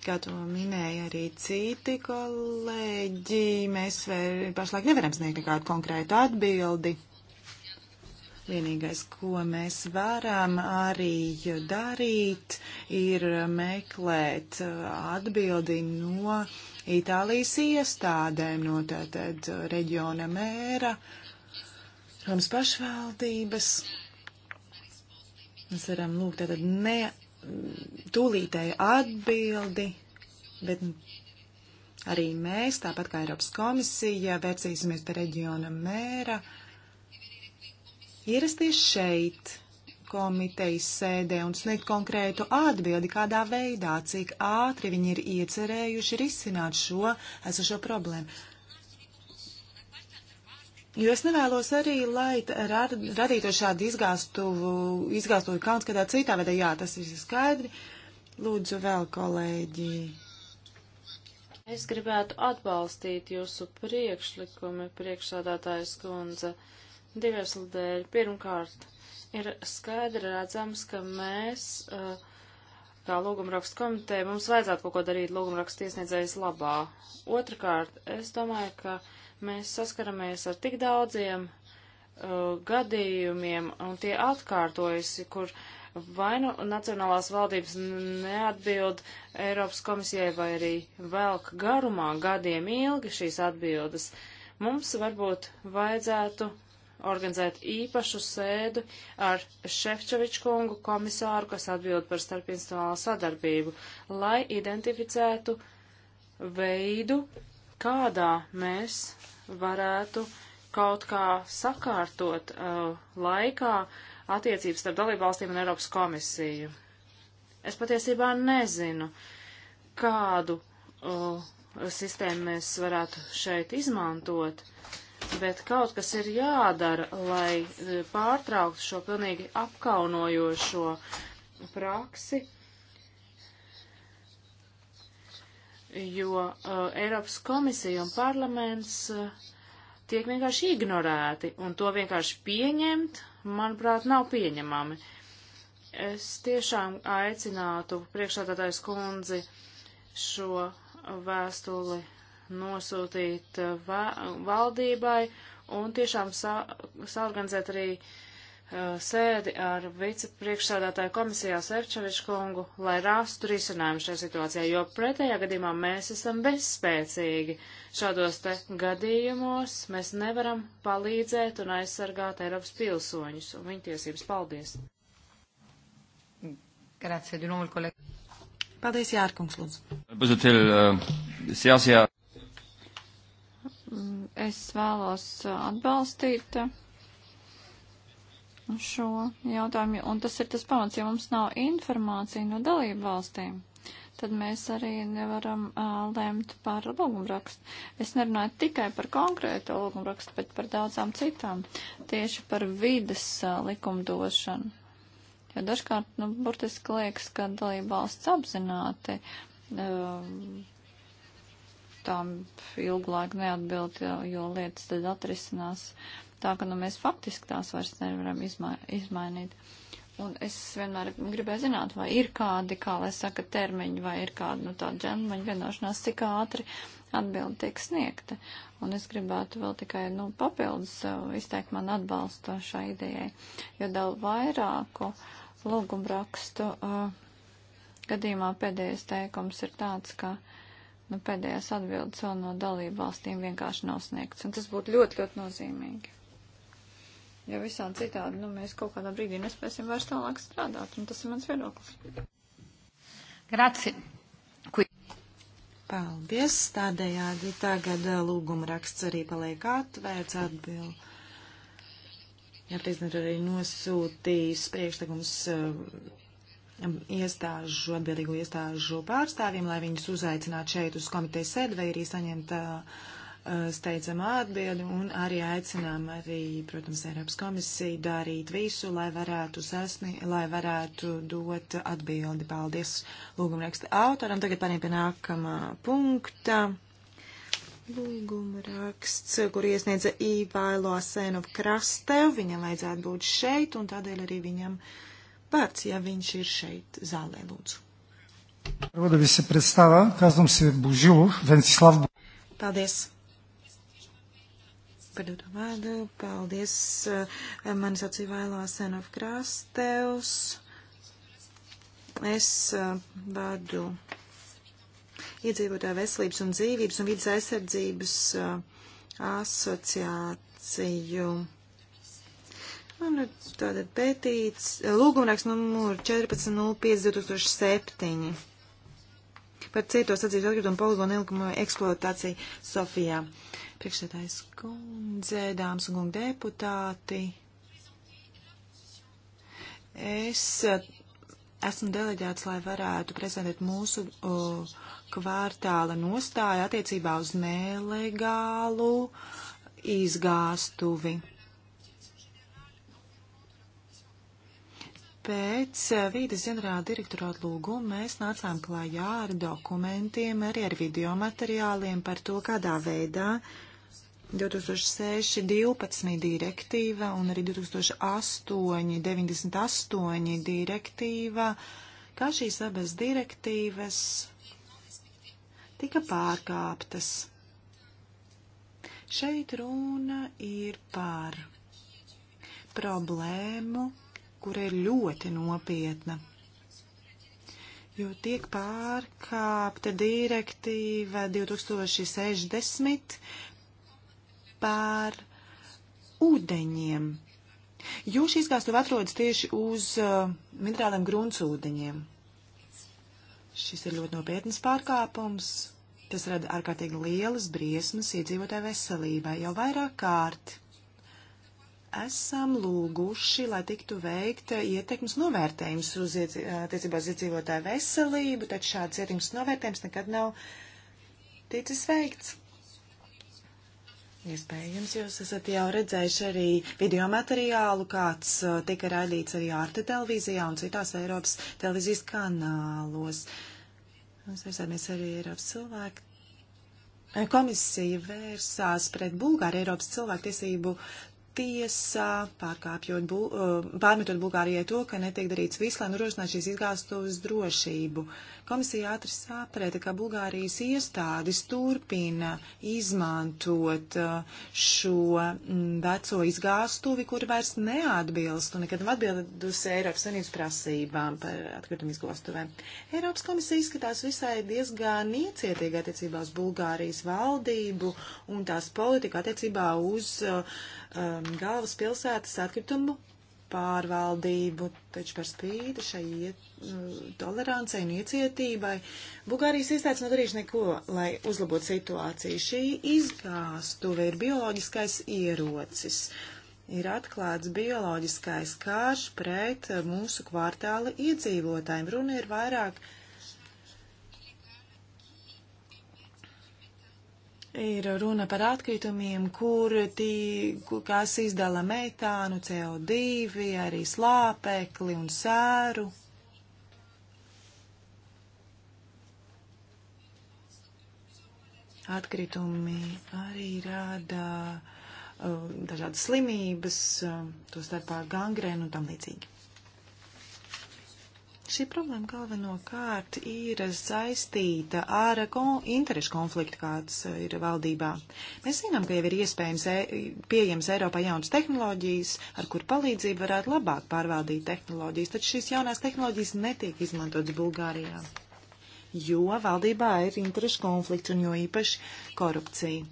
kā to minēja arī citi kolēģi, mēs vēl pašlaik nevaram sniegt nekādu konkrētu atbildi. Vienīgais, ko mēs varam arī darīt, ir meklēt atbildi no Itālijas iestādēm, no tātad reģiona mēra Romas pašvaldības. Mēs varam lūgt tātad ne tūlītēju atbildi, bet arī mēs, tāpat kā Eiropas komisija, vērsīsimies pie reģiona mēra. Ierasties šeit komitejas sēdē un sniegt konkrētu atbildi, kādā veidā, cik ātri viņi ir iecerējuši risināt šo esošo problēmu. Jo es nevēlos arī, lai rad, radītu šādu izgāstu kauns kādā citā veidā. Jā, tas viss ir skaidri. Lūdzu, vēl kolēģi.
Es gribētu atbalstīt jūsu priekšlikumi, priekšsādātājs kundze, divas dēļ. Pirmkārt, ir skaidri redzams, ka mēs, uh, kā lūgumrakstu komiteja, mums vajadzētu kaut ko darīt lūgumrakstu iesniedzējas labā. Otrakārt, es domāju, ka Mēs saskaramies ar tik daudziem uh, gadījumiem, un tie atkārtojas, kur vai nu Nacionālās valdības neatbild Eiropas komisijai, vai arī velk garumā gadiem ilgi šīs atbildes. Mums varbūt vajadzētu organizēt īpašu sēdu ar Šefčoviču kungu komisāru, kas atbild par starpinstitucionālo sadarbību, lai identificētu veidu, kādā mēs varētu kaut kā sakārtot uh, laikā attiecības starp dalībvalstīm un Eiropas komisiju. Es patiesībā nezinu, kādu uh, sistēmu mēs varētu šeit izmantot, bet kaut kas ir jādara, lai uh, pārtrauktu šo pilnīgi apkaunojošo praksi. Uh, jo uh, Eiropas komisija un parlaments uh, tiek vienkārši ignorēti, un to vienkārši pieņemt, manuprāt, nav pieņemami. Es tiešām aicinātu priekšādātājs kundzi šo vēstuli nosūtīt eh, valdībai un tiešām sa saorganizēt arī uh, Uh, sēdi ar vicepriekšsādātāju komisijā Sefčoviču kungu, lai rastu risinājumu šajā situācijā, jo pretējā gadījumā mēs esam bezspēcīgi. Šādos te gadījumos mēs nevaram palīdzēt un aizsargāt Eiropas pilsoņus un viņu tiesības. Paldies!
Grazie, Dunumul, kolēģi. Paldies, Jārkungs, lūdzu. Uh, es vēlos atbalstīt šo jautājumu, un tas ir tas pamats, ja mums nav informācija no dalību valstīm, tad mēs arī nevaram uh, lēmt par lūgumrakstu. Es nerunāju tikai par konkrēto lūgumrakstu, bet par daudzām citām, tieši par vides uh, likumdošanu. Jo dažkārt, nu, burtiski liekas, ka dalība valsts apzināti uh, tām ilgu laiku neatbild, jo, jo lietas tad atrisinās. Uh, tā ka nu, mēs faktiski tās vairs nevaram izmai izmainīt. Un es vienmēr gribēju zināt, vai ir kādi, kā lai saka, termiņi, vai ir kāda, nu, tāda džentlmeņa vienošanās, cik ātri atbildi tiek sniegta. Un es gribētu vēl tikai, nu, papildus uh, izteikt man atbalstu šai idejai, jo daudz vairāku lūgumrakstu uh, gadījumā pēdējais teikums ir tāds, ka, nu, pēdējās atbildes vēl no dalību valstīm vienkārši nav sniegts. Un tas būtu ļoti, ļoti nozīmīgi. Jo visādi citādi, nu, mēs kaut kādā brīdī nespēsim vairs tālāk strādāt, un tas ir mans viedoklis.
Grazie. Paldies. Tādējādi tagad eh, lūguma raksts arī paliek atvērts atbild. Jā, prezidents arī nosūtīs priekšlikums eh, iestāžu, atbildīgo iestāžu pārstāvjiem, lai viņus uzaicinātu šeit uz komitejas sēdi vai arī saņemt uh, Eh, steidzamā atbildi un arī aicinām arī, protams, Eiropas komisiju darīt visu, lai varētu sasni, lai varētu dot atbildi. Paldies lūgumraksta autoram. Tagad pārējiem pie nākamā punkta. Lūgumraksts, kur iesniedza Īvailo Asēnu Krastev, viņam vajadzētu būt šeit un tādēļ arī viņam vārds, ja viņš ir šeit zālē, lūdzu. Първо да ви се представя. Казвам се Божилов, Венцислав Божилов. Paldies! par doto vārdu. Paldies. Eh, mani sauc Ivailā Senov Krāstevs. Es eh, vadu iedzīvotāju veselības un dzīvības un vidas aizsardzības eh, asociāciju. Man ir tāda pētīts, lūgumraks numur 14.05.2007 par cietos atzīves atkritumu poligonu ilgumu eksploatāciju Sofijā. Priekšsētājs kundze, dāmas un kungi deputāti. Es eh, esmu deleģēts, lai varētu prezentēt mūsu uh, kvartāla nostāju attiecībā uz nelegālu izgāstuvi. Pēc eh, vīdes ģenerāla direktorāta lūguma mēs nācām klājā ar dokumentiem, arī ar video materiāliem par to, kādā veidā 2006-12 direktīva un arī 2008-98 direktīva, kā šīs abas direktīvas tika pārkāptas. Šeit runa ir par problēmu kura ir ļoti nopietna, jo tiek pārkāpta direktīva 2060 par ūdeņiem, jo šīs kāstuva atrodas tieši uz uh, minerāliem gruntsūdeņiem. Šis ir ļoti nopietnas pārkāpums. Tas rada ārkārtīgi lielas briesmas iedzīvotāju veselībai jau vairāk kārt esam lūguši, lai tiktu veikta ietekmes novērtējums uz attiecībā uz iedzīvotāju veselību, taču šāds ietekmes novērtējums nekad nav ticis veikts. Iespējams, jūs esat jau redzējuši arī video materiālu, kāds tika raidīts arī ārte televīzijā un citās Eiropas televīzijas kanālos. Mēs vērsāmies arī Eiropas cilvēku Komisija vērsās pret Bulgāru Eiropas cilvēktiesību tiesā, pārkāpjot, bū, uh, pārmetot Bulgārijai to, ka netiek darīts viss, lai nodrošinātu šīs izgāstuves drošību. Komisija ātri saprata, ka Bulgārijas iestādes turpina izmantot uh, šo mm, veco izgāstuvi, kur vairs neatbilst un nekad nav atbildusi Eiropas Savienības prasībām par atkritumu izgāstuvēm. Eiropas komisija izskatās visai diezgan iecietīgi attiecībā uz Bulgārijas valdību un tās politiku attiecībā uz uh, um, galvaspilsētas atkritumu pārvaldību, taču par spīti šai iet, uh, tolerancei un iecietībai Bulgārijas iestādes nav darījuši neko, lai uzlabotu situāciju. Šī izgāstuve ir bioloģiskais ierocis. Ir atklāts bioloģiskais karš pret mūsu kvartāla iedzīvotājiem. Runa ir vairāk par Ir runa par atkritumiem, kur tī, kas izdala metānu, CO2, arī slāpekli un sēru. Atkritumi arī rada uh, um, dažādas slimības, uh, to starpā gangrēnu un tam līdzīgi. Šī problēma galvenokārt ir saistīta ar kon interešu konfliktu, kāds eh, ir valdībā. Mēs zinām, ka jau ir iespējams e pieejams Eiropā jaunas tehnoloģijas, ar kur palīdzību varētu labāk pārvaldīt tehnoloģijas, taču šīs jaunās tehnoloģijas netiek izmantotas Bulgārijā, jo valdībā ir interešu konflikts un jo īpaši korupcija.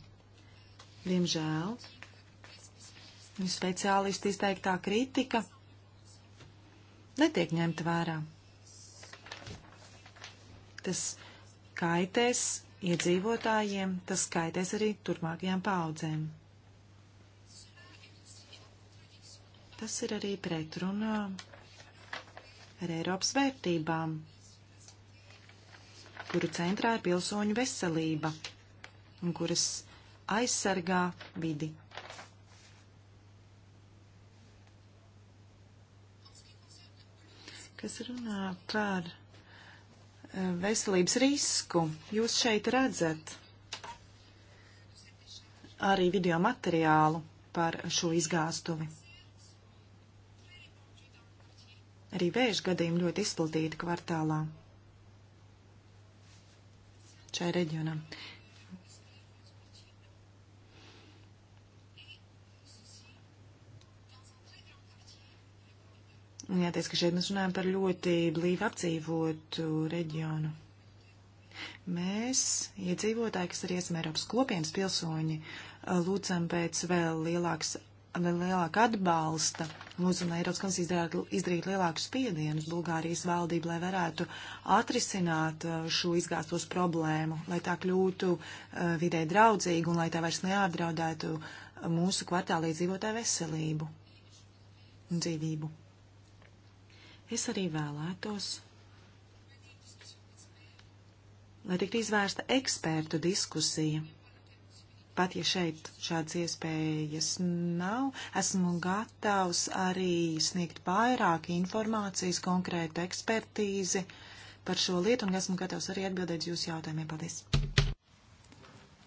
Diemžēl. Speciālisti izteiktā kritika netiek ņemta vērā. Tas kaitēs iedzīvotājiem, tas kaitēs arī turpmākajām paudzēm. Tas ir arī pretrunā ar Eiropas vērtībām, kuru centrā ir pilsoņu veselība un kuras aizsargā vidi. Kas runā par veselības risku. Jūs šeit redzat arī video materiālu par šo izgāstuvi. Arī vēža gadījumi ļoti izplatīti kvartālā šai reģionam. Uh, Un jāteic, ka šeit mēs runājam par ļoti blīvi apdzīvotu reģionu. Mēs, iedzīvotāji, kas arī esam Eiropas kopienas pilsoņi, lūdzam pēc vēl lielākas lielāka atbalsta, lūdzam, lai Eiropas komisija izdarītu izdarīt lielāku spiedienu uz Bulgārijas valdību, lai varētu atrisināt uh, šo izgāstos problēmu, lai tā kļūtu uh, vidē draudzīga un lai tā vairs neapdraudētu mūsu kvartālī dzīvotāju veselību un dzīvību. Es arī vēlētos, lai tiktu izvērsta ekspertu diskusija. Pat ja šeit šādas iespējas nav, esmu gatavs arī sniegt vairāk informācijas, konkrētu ekspertīzi par šo lietu, un esmu gatavs arī atbildēt jūsu jautājumiem. Paldies!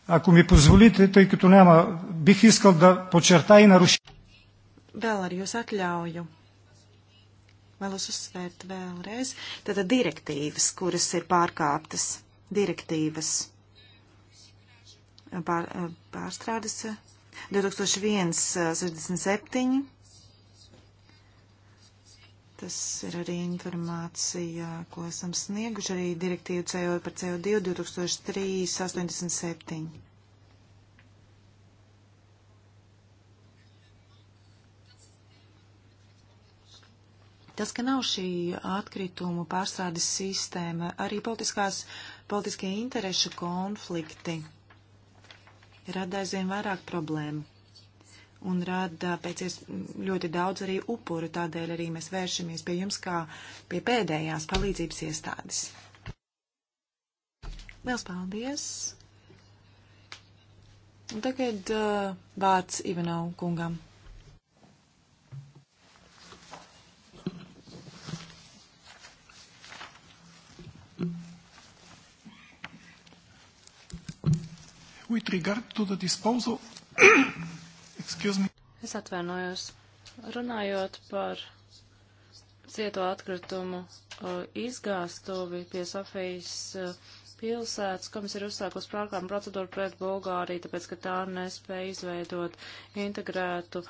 Ако ми позволите, тъй като няма, бих искал да подчертая и нарушение. Vēl ar jūs atļauju Vēlos uzsvērt vēlreiz. Tātad direktīvas, kuras ir pārkāptas. Direktīvas pār, pārstrādes 2001-67. Tas ir arī informācija, ko esam snieguši arī direktīvu CO par CO2 2003-87. Tas, ka nav šī atkritumu pārsādes sistēma, arī politiskās, politiskie interešu konflikti rada aizvien vairāk problēmu un rada pēcies ļoti daudz arī upuru, tādēļ arī mēs vēršamies pie jums kā pie pēdējās palīdzības iestādes. Liels paldies! Un tagad uh, vārds Ivanov kungam.
with regard to the disposal. [coughs] Excuse me. Es atvainojos. Runājot par cieto atkritumu izgāstuvi pie Sofijas pilsētas komisija ir uzsākusi pārkāpumu procedūru pret Bulgāriju, tāpēc, ka tā nespēja izveidot integrētu uh,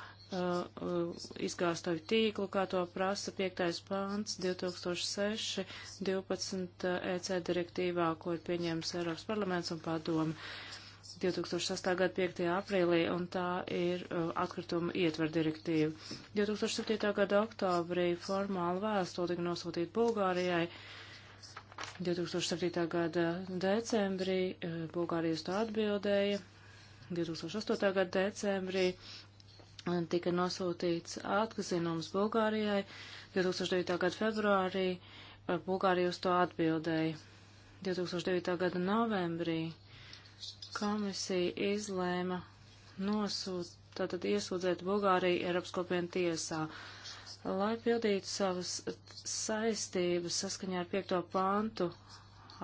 izgāstoju tīklu, kā to prasa 5. pāns 2006-12 EC direktīvā, ko ir pieņēmis Eiropas parlaments un padomi. 2008. gada 5. aprīlī, un tā ir uh, atkrituma ietver direktīva. 2007. gada oktobrī formāli vēstuli tika nosūtīta Bulgārijai. 2007. gada decembrī uh, uh, uh, Bulgārija uz to atbildēja. 2008. gada decembrī tika nosūtīts atkazinums Bulgārijai. 2009. gada februārī Bulgārija uz to atbildēja. 2009. gada novembrī komisija izlēma nosūt, tātad iesūdzēt Bulgāriju Eiropas kopienu tiesā, lai pildītu savas saistības saskaņā ar 5. pantu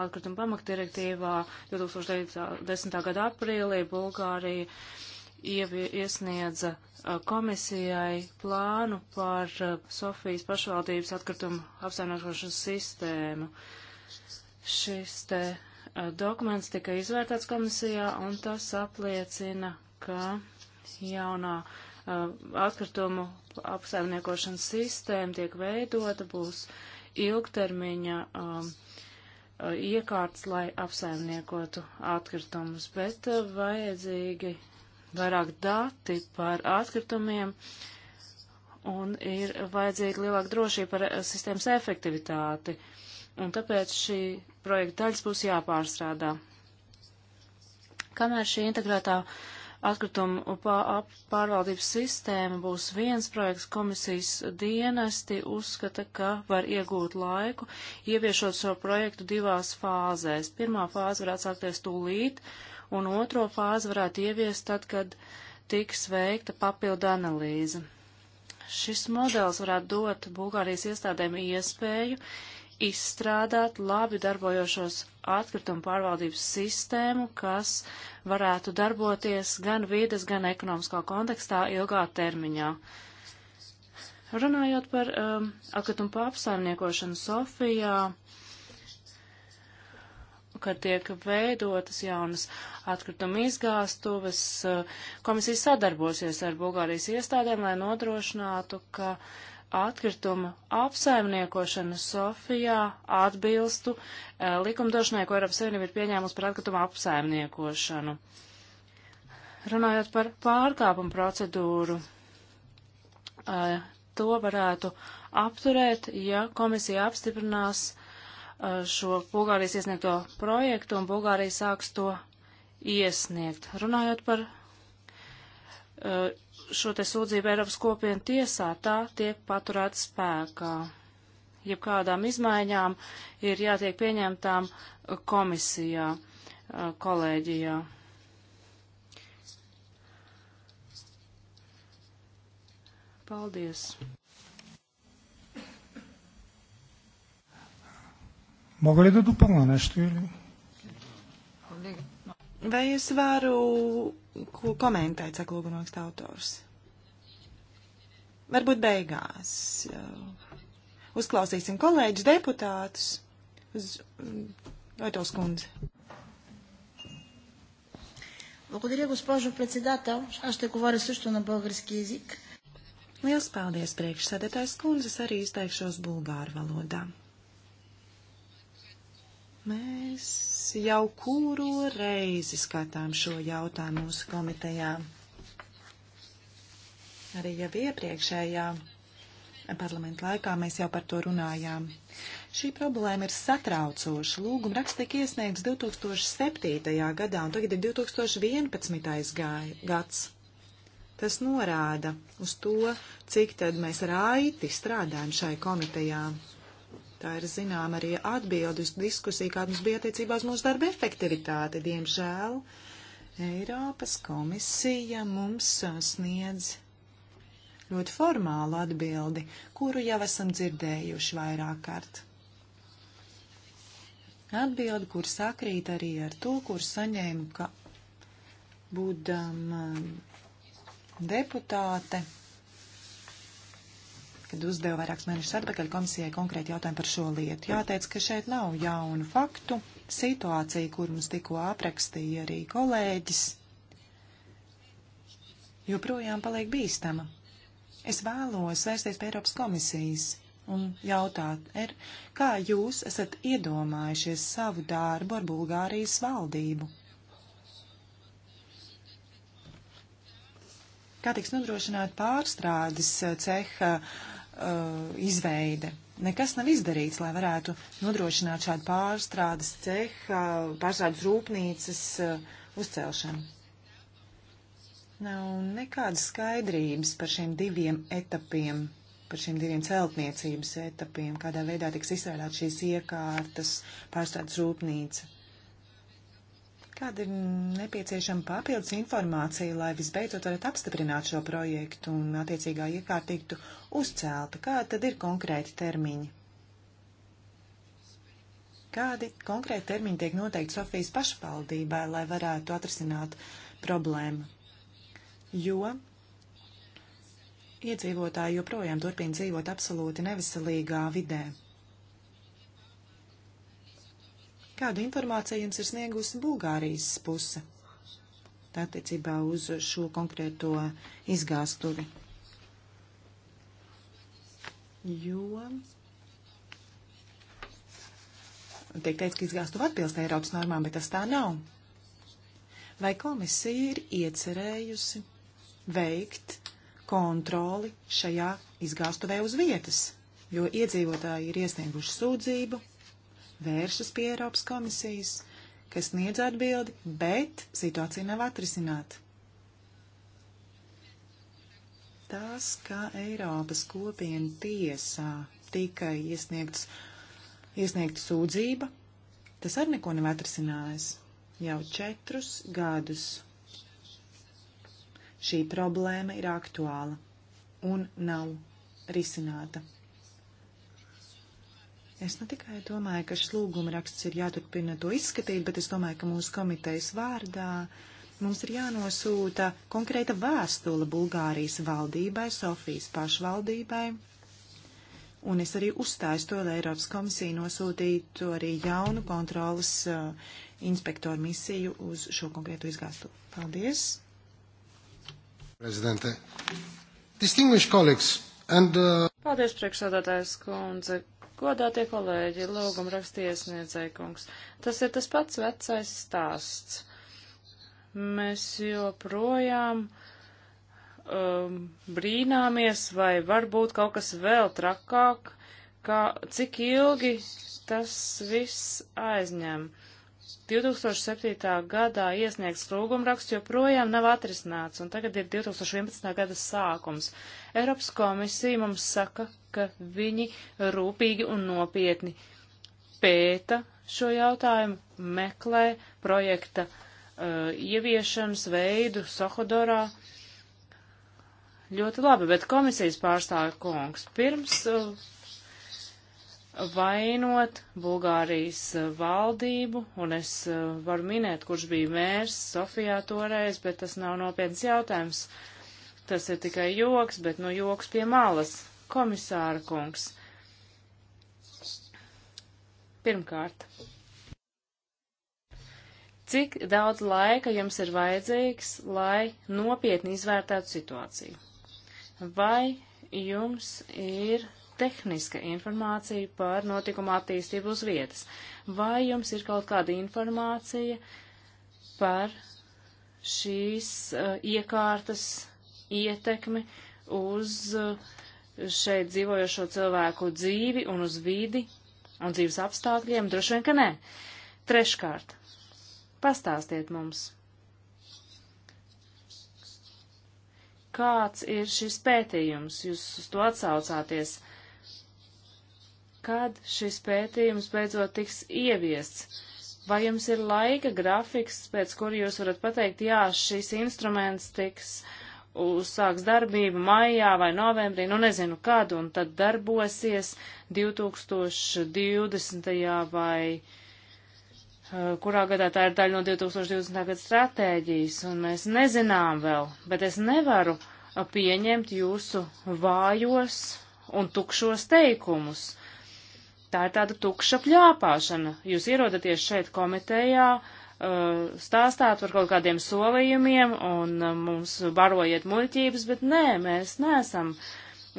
atkrituma pamatdirektīvā 2010. gada aprīlī Bulgārija ievi, iesniedza komisijai plānu par Sofijas pašvaldības atkrituma apsaimniekošanas sistēmu. Šis te uh, Eh, dokuments tika izvērtāts komisijā, un tas apliecina, ka jaunā uh, atkritumu apsaimniekošanas sistēma tiek veidota, būs ilgtermiņa um, eh, iekārts, lai apsaimniekotu atkritumus, bet uh, vajadzīgi vairāk dati par atkritumiem un ir vajadzīga lielāka drošība par sistēmas efektivitāti. Uh, un tāpēc šī projekta daļas būs jāpārstrādā. Kamēr šī integrētā atkritumu pārvaldības sistēma būs viens projekts, komisijas dienesti uzskata, ka var iegūt laiku, ieviešot šo projektu divās fāzēs. Pirmā fāze varētu sākties tūlīt, un otro fāzi varētu ieviest tad, kad tiks veikta papildu analīze. Šis modelis varētu dot Bulgārijas iestādēm iespēju izstrādāt labi darbojošos atkritumu pārvaldības sistēmu, kas varētu darboties gan vides, gan ekonomiskā kontekstā ilgā termiņā. Runājot par um, atkritumu pārsaimniekošanu Sofijā, kad tiek veidotas jaunas atkrituma izgāstuves, uh, komisija sadarbosies ar Bulgārijas iestādēm, lai nodrošinātu, ka uh, atkrituma apsaimniekošana Sofijā atbilstu eh, likumdošanai, ko Eiropas Savienība ir pieņēmusi par atkrituma apsaimniekošanu. Runājot par pārkāpumu procedūru, eh, to varētu apturēt, ja komisija apstiprinās eh, šo Bulgārijas iesniegto projektu un Bulgārija sāks to iesniegt. Runājot par uh, šo te sūdzību Eiropas kopienu tiesā, tā tiek paturēta spēkā. Jebkādām izmaiņām ir jātiek pieņemtām komisijā, kolēģijā. Paldies! Мога ли да допълна нещо или?
Vai es varu ko komentēt, saka lūguma raksta autors. Varbūt beigās uzklausīsim kolēģus deputātus uz Oitovs kundzi. Благодаря, госпожо председател. Аз ще говоря също на български язик. Liels paldies, priekšsēdētājs kundzes, arī izteikšos bulgāru valodā. Mēs jau kuru reizi skatām šo jautājumu mūsu komitejā. Arī jau iepriekšējā parlamenta laikā mēs jau par to runājām. Šī problēma ir satraucoša. Lūguma raksts tika iesniegts 2007. gadā, un tagad ir 2011. gads. Tas norāda uz to, cik tad mēs raiti strādājam šai komitejā. Tā ir zinām arī atbildus diskusija, kāda mums bija attiecībā uz mūsu darba efektivitāti. Diemžēl Eiropas komisija mums uh, sniedz ļoti formālu atbildi, kuru jau esam dzirdējuši vairāk kārt. Atbildi, kur sakrīt arī ar to, kur saņēmu, ka būdam um, deputāte kad uzdevu vairākus mēnešus atpakaļ komisijai konkrēti jautājumu par šo lietu. Jāteic, ka šeit nav jaunu faktu. Situācija, kur mums tikko aprakstīja arī kolēģis, joprojām paliek bīstama. Es vēlos vērsties pie Eiropas komisijas un jautāt, er, kā jūs esat iedomājušies savu darbu ar Bulgārijas valdību? Kā tiks nodrošināt pārstrādes ceha uh, izveide. Nekas nav izdarīts, lai varētu nodrošināt šādu pārstrādes ceha, pārstrādes rūpnīcas uh, uzcelšanu. Nav nekādas skaidrības par šiem diviem etapiem, par šiem diviem celtniecības etapiem, kādā veidā tiks izstrādāt šīs iekārtas pārstrādes rūpnīca. Tāda ir nepieciešama papildus informācija, lai visbeidzot varētu apstiprināt šo projektu un attiecīgā iekārta tiktu uzcelta. Kā tad ir konkrēti termiņi? Kādi konkrēti termiņi tiek noteikti Sofijas pašvaldībai, lai varētu atrisināt problēmu? Jo iedzīvotāji joprojām turpina dzīvot absolūti neveselīgā vidē. Kādu informāciju jums ir sniegusi Bulgārijas puse? Tā attiecībā uz šo konkrēto izgāstuvi. Jo tiek teikt, ka izgāstuva atbilst Eiropas normām, bet tas tā nav. Vai komisija ir iecerējusi veikt kontroli šajā izgāstuvē uz vietas, jo iedzīvotāji ir iesnieguši sūdzību vēršas pie Eiropas komisijas, kas sniedz atbildi, bet situācija nav atrisināta. Tas, ka Eiropas kopiena tiesā tika iesniegts, iesniegta sūdzība, tas arī neko nav atrisinājis. Jau četrus gadus šī problēma ir aktuāla un nav risināta. Es ne nu tikai domāju, ka šis lūguma raksts ir jāturpina to izskatīt, bet es domāju, ka mūsu komitejas vārdā mums ir jānosūta konkrēta vēstule Bulgārijas valdībai, Sofijas pašvaldībai. Un es arī uzstāju to, lai Eiropas komisija nosūtītu arī jaunu kontrolas uh, inspektoru misiju uz šo konkrētu izgāstu. Paldies! Prezidente. Distinguished colleagues and... Uh...
Paldies, priekšsādātājs kundze, Godātie kolēģi, lūgum rakstiesniedzēja kungs, tas ir tas pats vecais stāsts. Mēs joprojām um, brīnāmies, vai varbūt kaut kas vēl trakāk, kā cik ilgi tas viss aizņem. 2007. gadā iesniegts lūgumraksts joprojām nav atrisināts, un tagad ir 2011. gada sākums. Eiropas komisija mums saka, ka viņi rūpīgi un nopietni pēta šo jautājumu, meklē projekta uh, ieviešanas veidu Sohodorā. Ļoti labi, bet komisijas pārstāvja kungs pirms. Uh, vainot Bulgārijas eh, valdību, un es eh, varu minēt, kurš bija mērs Sofijā toreiz, bet tas nav nopietns jautājums. Tas ir tikai joks, bet nu joks pie malas. Komisāra kungs. Pirmkārt, cik daudz laika jums ir vajadzīgs, lai nopietni izvērtētu situāciju? Vai jums ir tehniska informācija par notikuma attīstību uz vietas. Vai jums ir kaut kāda informācija par šīs uh, iekārtas ietekmi uz uh, šeit dzīvojošo cilvēku dzīvi un uz vidi un dzīves apstākļiem? Droši vien, ka nē. Treškārt, pastāstiet mums, kāds ir šis pētījums, jūs uz to atsaucāties. Kad šis pētījums beidzot tiks ieviests? Vai jums ir laika grafiks, pēc kura jūs varat pateikt, jā, šis instruments tiks uzsāks darbību maijā vai novembrī, nu nezinu kad, un tad darbosies 2020. vai eh, kurā gadā tā ir daļa no 2020. gada stratēģijas, un mēs nezinām vēl, bet es nevaru pieņemt jūsu vājos un tukšos teikumus. Tā ir tāda tukša pļāpāšana. Jūs ierodaties šeit komitejā, eh, stāstāt par kaut kādiem solījumiem un eh, mums barojiet muļķības, bet nē, mēs neesam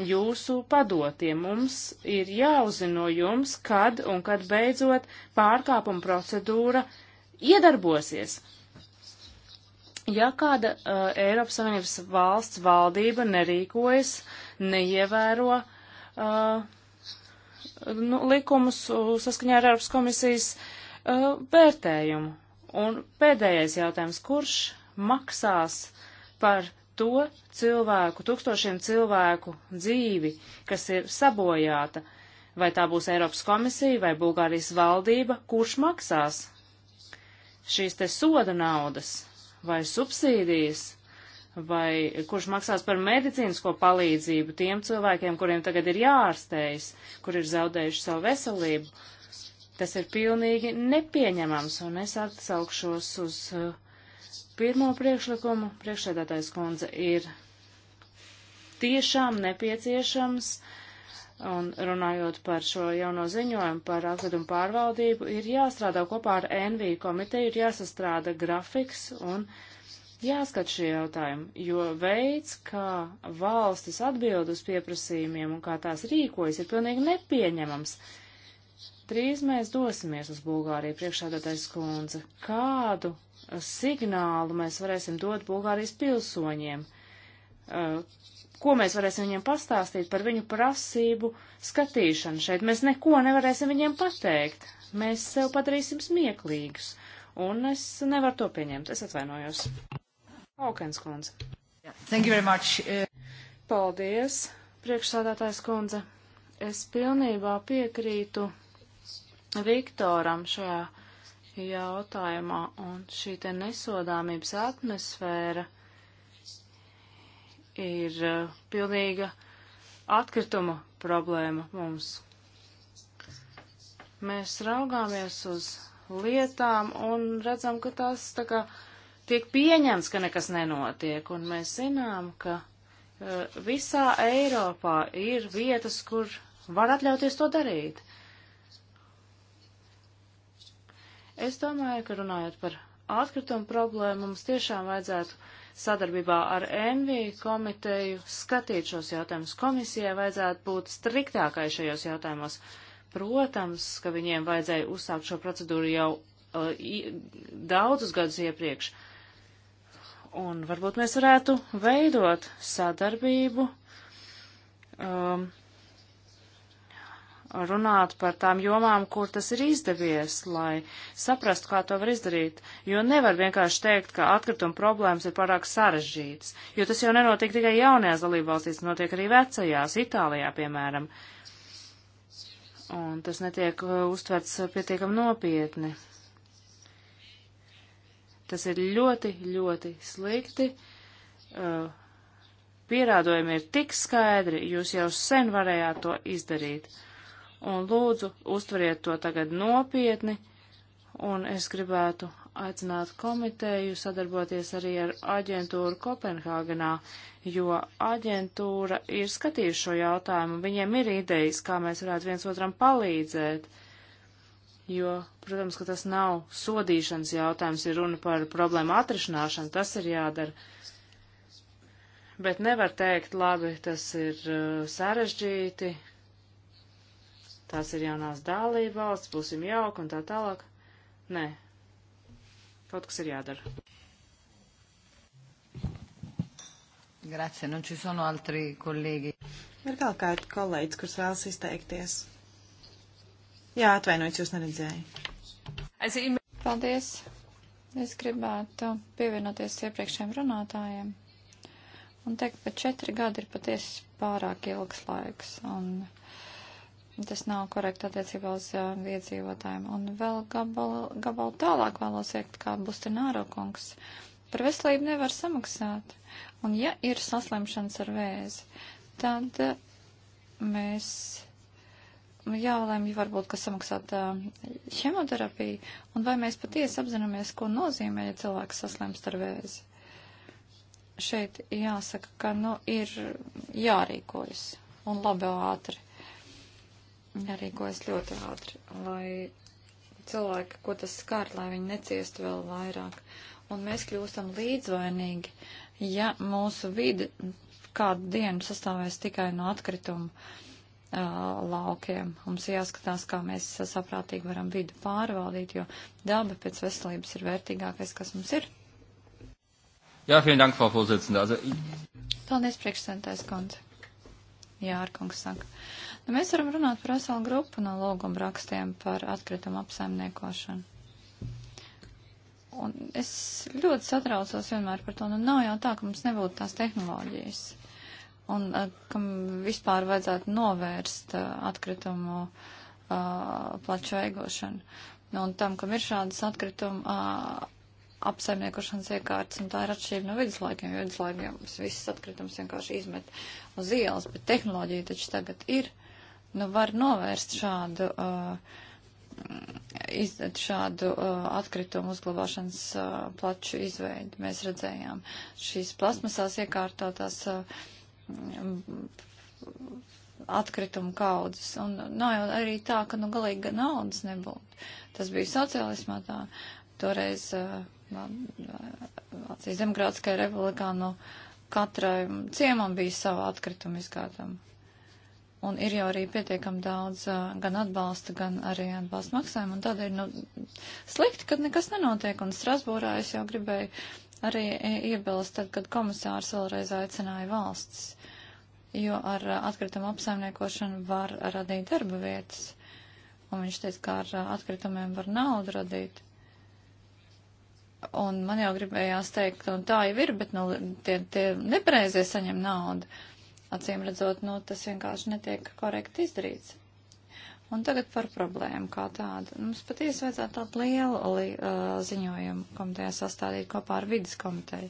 jūsu padotie. Mums ir jāuzino jums, kad un kad beidzot pārkāpuma procedūra iedarbosies. Ja kāda uh, Eiropas Savienības valsts valdība nerīkojas, neievēro uh, nu, likumus saskaņā ar Eiropas komisijas uh, vērtējumu. Un pēdējais jautājums, kurš maksās par to cilvēku, tūkstošiem cilvēku dzīvi, kas ir sabojāta? Vai tā būs Eiropas komisija vai Bulgārijas valdība, kurš maksās šīs te soda naudas vai subsīdijas? vai kurš maksās par medicīnisko palīdzību tiem cilvēkiem, kuriem tagad ir jārastējas, kur ir zaudējuši savu veselību. Tas ir pilnīgi nepieņemams, un es atsaukšos uz uh, pirmo priekšlikumu. Priekšsēdētājs kundze ir tiešām nepieciešams, un runājot par šo jauno ziņojumu par atvedumu pārvaldību, ir jāstrādā kopā ar NV komiteju, ir jāsastrāda grafiks un grafiks jāskat šie jautājumi, jo veids, kā valstis atbild uz pieprasījumiem un kā tās rīkojas, ir pilnīgi nepieņemams. Drīz mēs dosimies uz Bulgāriju priekšādātais kundze. Kādu signālu mēs varēsim dot Bulgārijas pilsoņiem? Uh, ko mēs varēsim viņiem pastāstīt par viņu prasību skatīšanu šeit? Mēs neko nevarēsim viņiem pateikt. Mēs sev padarīsim smieklīgus. Un es nevaru to pieņemt. Es atvainojos. Aukens kundze. Thank you very much. Uh, Paldies, priekšsādātājs kundze. Es pilnībā piekrītu Viktoram šajā jautājumā, un šī te nesodāmības atmosfēra ir uh, pilnīga atkrituma problēma mums. Mēs raugāmies uz lietām un redzam, ka tās tā kā. Uh, tiek pieņemts, ka nekas nenotiek, un mēs zinām, ka uh, visā Eiropā ir vietas, kur var atļauties to darīt. Es domāju, ka runājot par atkritumu problēmu, mums tiešām vajadzētu sadarbībā ar NV komiteju skatīt šos jautājumus. Komisijai vajadzētu būt striktākai šajos jautājumos. Protams, ka viņiem vajadzēja uzsākt šo procedūru jau uh, daudzus gadus iepriekš. Uh, Un varbūt mēs varētu veidot sadarbību, um, runāt par tām jomām, kur tas ir izdevies, lai saprastu, kā to var izdarīt. Jo nevar vienkārši teikt, ka atkrituma problēmas ir pārāk sarežģītas, jo tas jau nenotiek tikai jaunajās dalībvalstīs, notiek arī vecajās, Itālijā, piemēram. Un tas netiek uh, uztverts pietiekam nopietni. Tas ir ļoti, ļoti slikti. Uh, pierādojumi ir tik skaidri, jūs jau sen varējāt to izdarīt. Un lūdzu, uztveriet to tagad nopietni, un es gribētu aicināt komiteju sadarboties arī ar aģentūru Kopenhāgenā, jo aģentūra ir skatījuši šo jautājumu, viņiem ir idejas, kā mēs varētu viens otram palīdzēt jo, protams, ka tas nav sodīšanas jautājums, ir runa par problēmu atrišināšanu, tas ir jādara. Bet nevar teikt, labi, tas ir uh, sarežģīti, tās ir jaunās dālība valsts, būsim jauki un tā tālāk. Nē, kaut kas ir jādara.
Grazie, non ci sono altri colleghi. Ir kaut
kāds kolēģis, kurš vēlas izteikties. Jā, atvainojiet, jūs neredzēju.
Paldies. Es gribētu pievienoties iepriekšējiem runātājiem un teikt, ka četri gadi ir patiesi pārāk ilgs laiks. Un tas nav korekti attiecībā uz uh, iedzīvotājiem. Un vēl gabalu, gabalu tālāk vēlos iekt, kā Bustināro kungs. Par veselību nevar samaksāt. Un ja ir saslimšanas ar vēzi, tad mēs jālemj varbūt, kas samaksāt ķemoterapiju, un vai mēs patiesi apzināmies, ko nozīmē, ja cilvēks saslimst ar vēzi. Šeit jāsaka, ka, nu, ir jārīkojas, un labi ātri. Jārīkojas ļoti ātri, lai cilvēki, ko tas skār, lai viņi neciestu vēl vairāk. Un mēs kļūstam līdzvainīgi, ja mūsu vide kādu dienu sastāvēs tikai no atkritumu laukiem. Mums jāskatās, kā mēs saprātīgi varam vidu pārvaldīt, jo daba pēc veselības ir vērtīgākais, kas mums ir.
Jā, vielen dank, Frau Vorsitzende. Also...
Paldies, priekšsēdētājs kundze. Jā, ar kungs saka. Nu, mēs varam runāt par veselu grupu no lūguma rakstiem par atkritumu apsaimniekošanu. Un es ļoti satraucos vienmēr par to, nu nav jau tā, ka mums nebūtu tās tehnoloģijas un eh, kam vispār vajadzētu novērst eh, atkritumu eh, plaču veigošanu. Nu, un tam, kam ir šādas atkrituma apsaimniekošanas iekārtas, un tā ir atšķirība no viduslaikiem, jo viduslaikos visas atkritumus vienkārši izmet uz ielas, bet tehnoloģija taču tagad ir, nu var novērst šādu, uh, iz, šādu uh, atkritumu uzglabāšanas uh, plaču izveidi. Mēs redzējām šīs plasmasās iekārtotās. Uh, atkritumu kaudzes. Un nav jau arī tā, ka nu galīgi naudas nebūtu. Tas bija sociālismā tā. Toreiz uh, Vācijas demokrātiskajā republikā no nu, katrai ciemam bija sava atkrituma izgādama. Un ir jau arī pietiekami daudz uh, gan atbalsta, gan arī atbalsta maksājumu, un tādēļ, nu, slikti, kad nekas nenotiek, un Strasbūrā es jau gribēju arī iebilst tad, kad komisārs vēlreiz aicināja valsts, jo ar atkritumu apsaimniekošanu var radīt darba vietas. Un viņš teica, ka ar atkritumiem var naudu radīt. Un man jau gribējās teikt, un tā jau ir, bet nu, tie, tie nepareizie saņem naudu. Acīm redzot, nu, tas vienkārši netiek korekti izdarīts. Un tagad par problēmu kā tādu. Mums patiesi vajadzētu tādu lielu li, uh, ziņojumu komitejā sastādīt kopā ar vidas komiteju.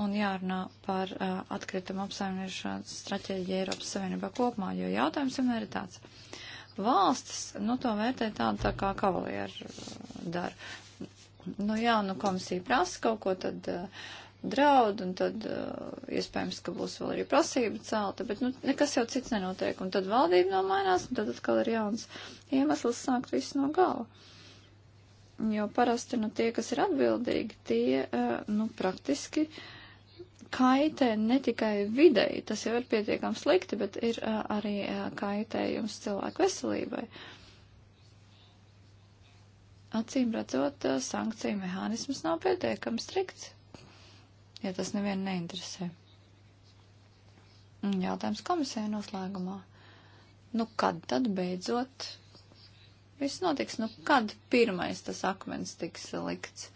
Un jārunā par uh, atkritumu apsaimniešanas strateģiju Eiropas Savienībā kopumā, jo jautājums vienmēr ir tāds. Valstis, nu, to vērtē tādu tā kā kavalieru uh, dara. Nu, jā, nu, komisija prasa kaut ko, tad uh, draud, un tad uh, iespējams, ka būs vēl arī prasība celta, bet nu, nekas jau cits nenotiek, un tad valdība nomainās, un tad atkal ir jauns iemesls sākt visu no gala. Jo parasti, nu, tie, kas ir atbildīgi, tie, uh, nu, praktiski kaitē ne tikai videi, tas jau ir pietiekami slikti, bet ir uh, arī uh, kaitējums cilvēku veselībai. Acīm redzot, uh, sankciju mehānisms nav pietiekami strikts ja tas nevienu neinteresē. Un jautājums komisē noslēgumā. Nu, kad tad beidzot viss notiks? Nu, kad pirmais tas akmens tiks likts,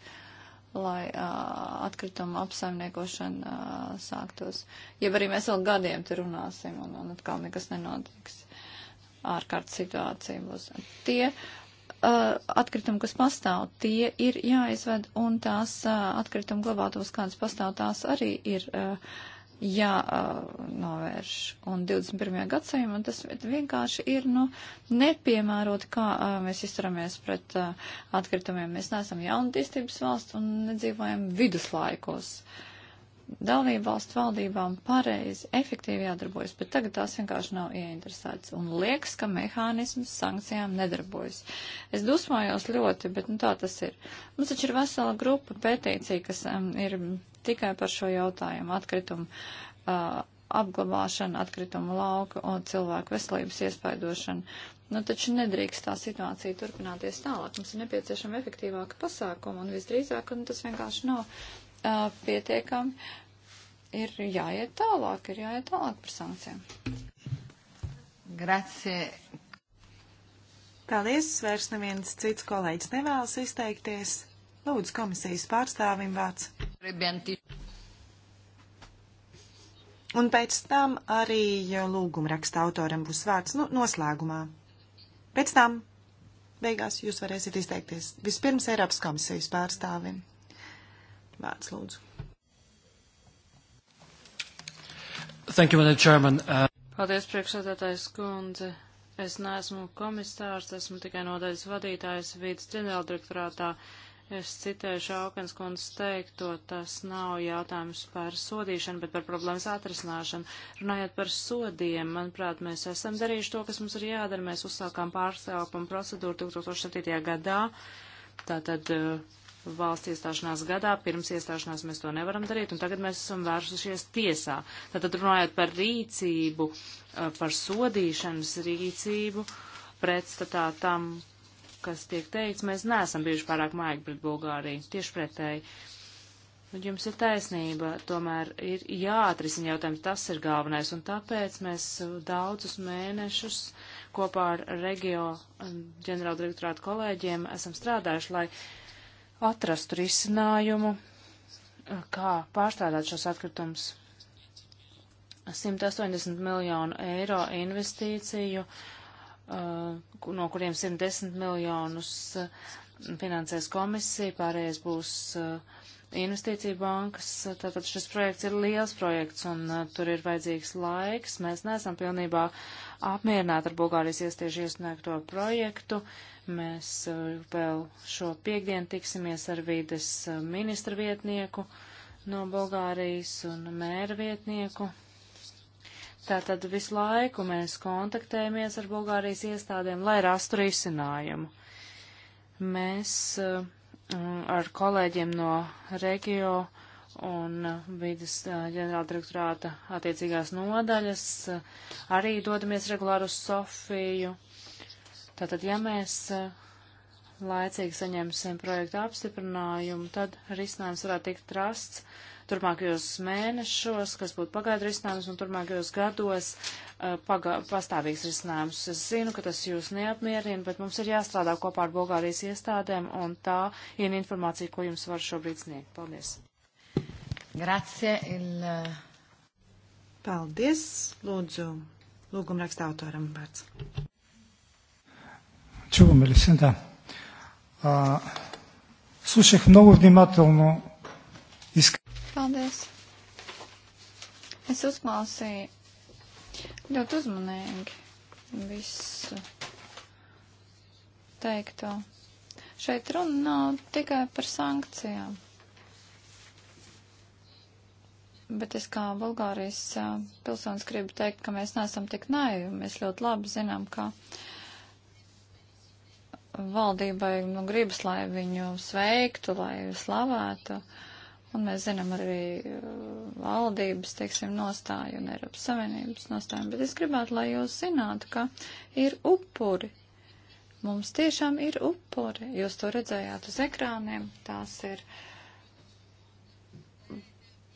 lai uh, atkrituma apsaimniekošana uh, sāktos? Jeb arī mēs vēl gadiem te runāsim un, un atkal nekas nenotiks. Ārkārtas situācija būs. Tie uh, uh, atkritumi, kas pastāv, tie ir jāizved, un tās uh, atkritumi glabātos, kādas pastāv, tās arī ir uh, jānovērš. Uh, un 21. gadsimtam tas vienkārši ir nu, nepiemēroti, kā uh, mēs izturamies pret uh, atkritumiem. Mēs neesam jaunatīstības valsts un nedzīvojam viduslaikos. Uh, dalību valstu valdībām pareizi, efektīvi jādarbojas, bet tagad tās vienkārši nav ieinteresētas un liekas, ka mehānisms sankcijām nedarbojas. Es dusmojos ļoti, bet nu, tā tas ir. Mums taču ir vesela grupa pētīcija, kas um, ir tikai par šo jautājumu atkritumu. Uh, apglabāšana, atkritumu lauka un cilvēku veselības iespaidošana. Nu, taču nedrīkst tā situācija turpināties tālāk. Mums ir nepieciešama efektīvāka pasākuma un visdrīzāk, un tas vienkārši nav uh, pietiekami, ir jāiet tālāk, ir jāiet tālāk par sankcijām.
Grazie. Paldies, vairs neviens cits kolēģis nevēlas izteikties. Lūdzu, komisijas pārstāvim vārds. Un pēc tam arī lūguma raksta autoram būs vārds nu, noslēgumā. Pēc tam beigās jūs varēsiet izteikties. Vispirms Eiropas komisijas pārstāvim vārds lūdzu.
Thank you, Madam Chairman. Uh... Paldies, priekšsēdētājs kundze. Es neesmu komisārs, esmu tikai nodaļas vadītājs vīdes ģenerāldirektorātā. Es citēšu Aukens kundzes teikto, tas nav jautājums par sodīšanu, bet par problēmas atrisināšanu. Runājot par sodiem, manuprāt, mēs esam darījuši to, kas mums ir jādara. Mēs uzsākām pārstāvumu procedūru 2007. gadā. Tātad uh, valsts iestāšanās gadā, pirms iestāšanās mēs to nevaram darīt, un tagad mēs esam vērsušies tiesā. Tātad runājot par rīcību, eh, par sodīšanas rīcību, pretstatā tam, kas tiek teikts, mēs neesam bijuši pārāk maigi pret Bulgāriju, tieši pretēji. Un jums ir taisnība, tomēr ir jāatrisina jautājums, tas ir galvenais, un tāpēc mēs eh, daudzus mēnešus kopā ar regio eh, ģenerāldirektorātu kolēģiem esam strādājuši, lai uh, atrastu risinājumu, kā pārstrādāt šos atkritumus. 180 miljonu eiro investīciju, no kuriem 110 miljonus finansēs komisija, pārējais būs uh, investīcija bankas, tātad šis projekts ir liels projekts un uh, tur ir vajadzīgs laiks. Mēs neesam pilnībā apmierināti ar Bulgārijas iestiežu iesniegto projektu. Mēs uh, vēl šo piekdienu tiksimies ar vīdes uh, ministra vietnieku no Bulgārijas un mēra vietnieku. Tātad visu laiku mēs kontaktējamies ar Bulgārijas iestādēm, lai rastu risinājumu. Mēs uh, Mm, ar kolēģiem no Regio un vidas ģenerāldirektorāta attiecīgās nodaļas. Arī dodamies regulāri uz Sofiju. Tātad, ja mēs laicīgi saņemsim projektu apstiprinājumu, tad risinājums varētu tikt rasts turpmākajos mēnešos, kas būtu pagaidu risinājums, un turpmākajos gados uh, paga, pastāvīgs risinājums. Es zinu, ka tas jūs neapmierina, bet mums ir jāstrādā kopā ar Bulgārijas iestādēm, un tā ir informācija, ko jums var šobrīd sniegt. Paldies!
Grazie! Il... Paldies! Lūdzu, lūgum raksta autoram vārds.
Чуваме ли се? Да. А, слушах много внимателно
Es uzklausīju ļoti uzmanīgi visu teikto. Šeit runa nav tikai par sankcijām, bet es kā Bulgārijas pilsonis gribu teikt, ka mēs neesam tik naivi. Mēs ļoti labi zinām, ka valdībai nu, gribas, lai viņu sveiktu, lai slavētu. Uh, Un mēs zinām arī uh, valdības, teiksim, nostāju un Eiropas Savienības nostāju. Bet es gribētu, lai jūs zinātu, ka ir upuri. Mums tiešām ir upuri. Jūs to redzējāt uz ekrāniem. Tās ir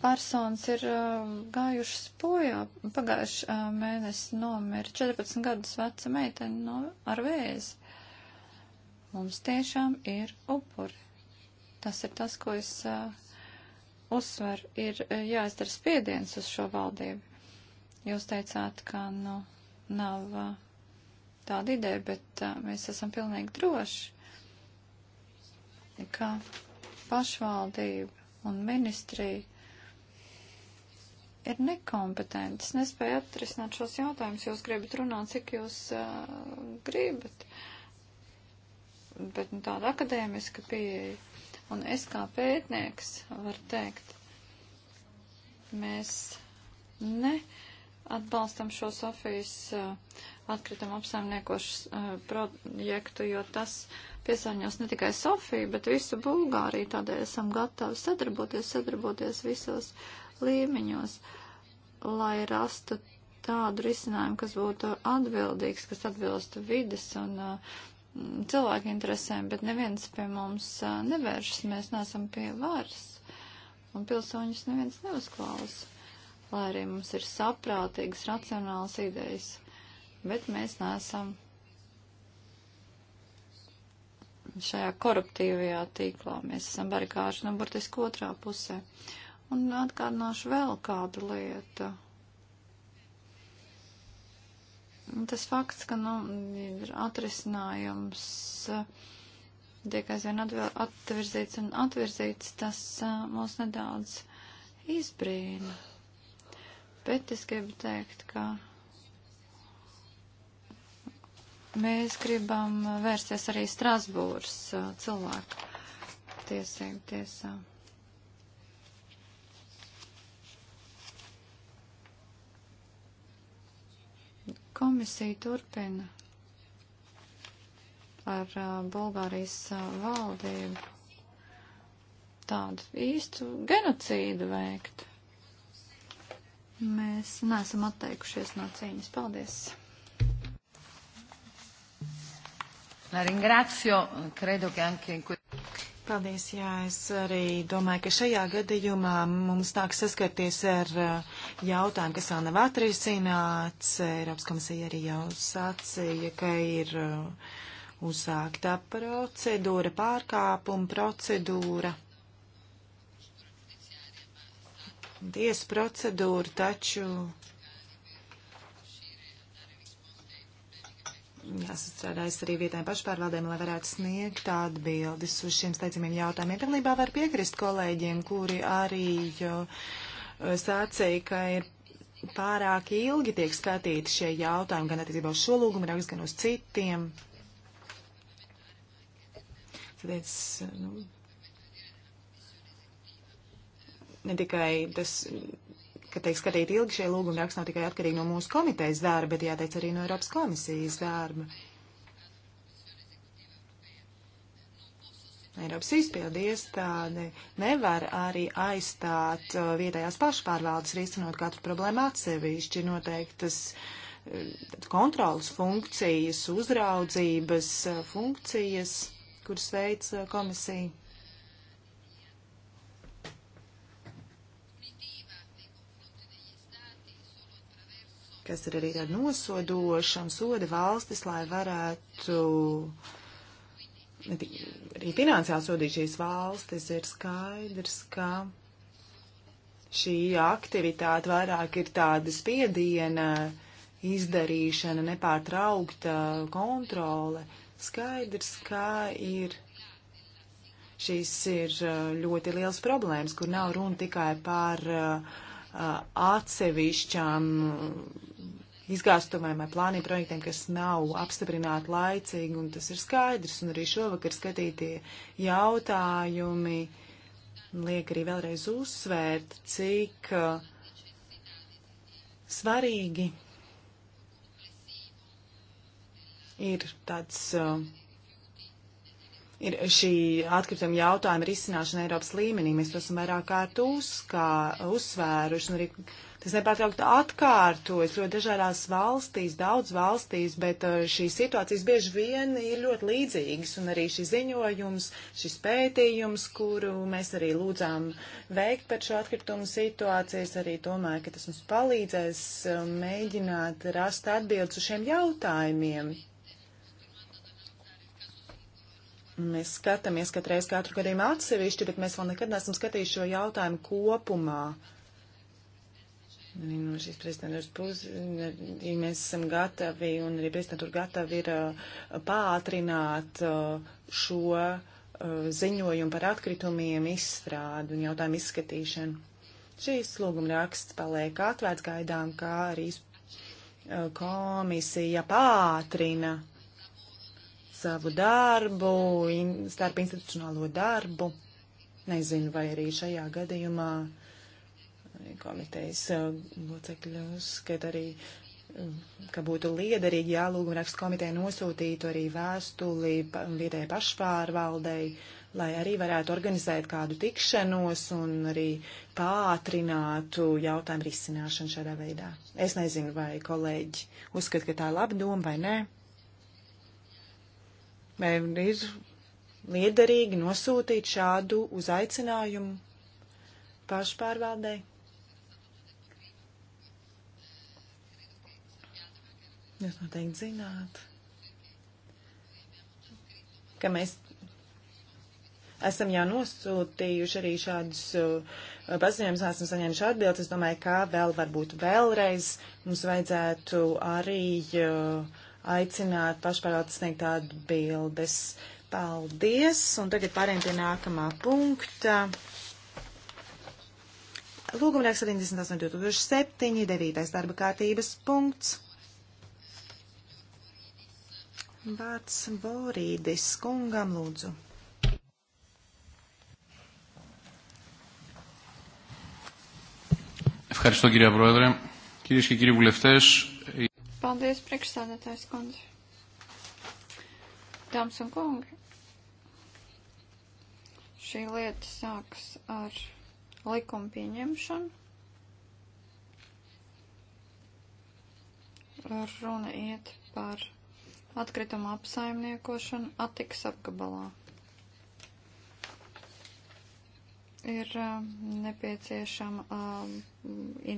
personas ir uh, gājušas bojā. Pagājuši uh, mēnesi nomira 14 gadus veca meitene no, ar vēzi. Mums tiešām ir upuri. Tas ir tas, ko es uh, uzsver, ir eh, jāizdara spiediens uz šo valdību. Jūs teicāt, ka nu, nav eh, tāda ideja, bet uh, mēs esam pilnīgi droši, ka pašvaldība un ministrija ir nekompetentas, nespēja atrisināt šos jautājumus. Jūs gribat runāt, cik jūs uh, gribat, bet nu, tāda akadēmiska pieeja Un es kā pētnieks varu teikt, mēs ne atbalstam šo Sofijas uh, atkritumu apsaimniekošu uh, projektu, jo tas piesārņos ne tikai Sofiju, bet visu Bulgāriju. Tādēļ esam gatavi sadarboties, sadarboties visos līmeņos, lai rastu tādu risinājumu, kas būtu atbildīgs, kas atbilstu vides un uh, cilvēku interesēm, bet neviens pie mums nevēršas, mēs neesam pie varas, un pilsoņus neviens neuzklausa, lai arī mums ir saprātīgas, racionālas idejas, bet mēs neesam šajā koruptīvajā tīklā, mēs esam barikāžu, nu, burtiski otrā pusē. Un atgādināšu vēl kādu lietu. Nu, tas fakts, ka nu, ir atrisinājums, eh, tiek aizvien atvirzīts un atvirzīts, tas eh, mūs nedaudz izbrīna. Bet es gribu teikt, ka mēs gribam vērsties arī Strasbūras eh, cilvēku tiesību tiesā. tiesā. Komisija turpina ar Bulgārijas valdību tādu īstu genocīdu veikt. Mēs neesam atteikušies no cīņas. Paldies!
La ringrazio, credo che anche in questo. Paldies, jā, es arī domāju, ka šajā gadījumā mums nāk saskarties ar uh, jautājumu, kas vēl nav atrisināts. Eiropas komisija arī jau sacīja, ka ir uh, uzsāktā procedūra, pārkāpuma procedūra, tiesa procedūra, taču jāsastrādājas arī vietējiem pašpārvaldēm, lai varētu sniegt atbildes uz šiem steidzamiem jautājumiem. Pilnībā var piekrist kolēģiem, kuri arī eh, sācīja, ka ir pārāk ilgi tiek skatīti šie jautājumi, gan attiecībā uz šo lūgumu rakstu, gan uz citiem. Tad es, nu, ne tikai tas ka tiek skatīti ilgi šie lūgumi raksts nav tikai atkarīgi no mūsu komitejas darba, bet jāteic arī no Eiropas komisijas darba. Eiropas izpildi iestāde nevar arī aizstāt uh, vietējās pašpārvaldes, risinot katru problēmu atsevišķi noteiktas uh, kontrolas funkcijas, uzraudzības uh, funkcijas, kuras veids komisija. kas ir arī tāda nosodošana, soda valstis, lai varētu arī finansiāli sodīt šīs valstis, ir skaidrs, ka šī aktivitāte vairāk ir tāda spiediena izdarīšana, nepārtraukta kontrole. Skaidrs, ka ir šīs ir uh, ļoti liels problēmas, kur nav runa tikai par uh, Uh, atsevišķām izgāstumiem vai plāniem projektiem, kas nav apstiprināti laicīgi, un tas ir skaidrs, un arī šovakar skatītie jautājumi liek arī vēlreiz uzsvērt, cik uh, svarīgi ir tāds uh, ir šī atkrituma jautājuma risināšana Eiropas līmenī. Mēs to esam vairāk kārt uzkā, uzsvēruši, un arī tas nepārtraukti atkārtojas ļoti dažādās valstīs, daudz valstīs, bet uh, šīs situācijas bieži vien ir ļoti līdzīgas, un arī šis ziņojums, šis pētījums, kuru mēs arī lūdzām veikt par šo atkritumu situācijas, arī domāju, ka tas mums palīdzēs uh, mēģināt rast atbildes uz šiem jautājumiem Mēs skatāmies katreiz katru gadījumu atsevišķi, bet mēs vēl nekad neesam skatījuši šo jautājumu kopumā. No nu, šīs prezidentūras puses, ja mēs esam gatavi un arī prezidentūra gatavi ir uh, pātrināt uh, šo uh, ziņojumu par atkritumiem, izstrādu un jautājumu izskatīšanu. Šīs lūgumraksts paliek atvērts gaidām, kā arī komisija pātrina uh, savu darbu, in, starp institucionālo darbu. Nezinu, vai arī šajā gadījumā eh, komitejas eh, locekļu skat arī, eh, ka būtu liederīgi jālūguma rakstu komiteja nosūtītu arī vēstuli vietējai pašpārvaldei, lai arī varētu organizēt kādu tikšanos un arī pātrinātu jautājumu risināšanu šādā veidā. Es nezinu, vai kolēģi uzskata, ka tā ir laba doma vai nē ir liederīgi nosūtīt šādu uzaicinājumu pašpārvaldei. Jūs noteikti zināt, ka mēs esam jau nosūtījuši arī šādus uh, paziņojumus, esam saņēmuši atbildes. Es domāju, kā vēl varbūt vēlreiz mums vajadzētu arī uh, aicināt pašpārvaldes sniegt atbildes. Paldies! Un tagad pārējiem pie nākamā punkta. Lūgumnieks 78 2007, 9. darba kārtības punkts. Vārds Borīdis kungam lūdzu.
Ευχαριστώ κύριε Πρόεδρε. Κυρίες και κύριοι βουλευτές,
Paldies, priekšsādātājs kundze. Dāmas un kungi, šī lieta sāks ar likuma pieņemšanu. Runa iet par atkritumu apsaimniekošanu attiks apgabalā. Ir um, nepieciešama um,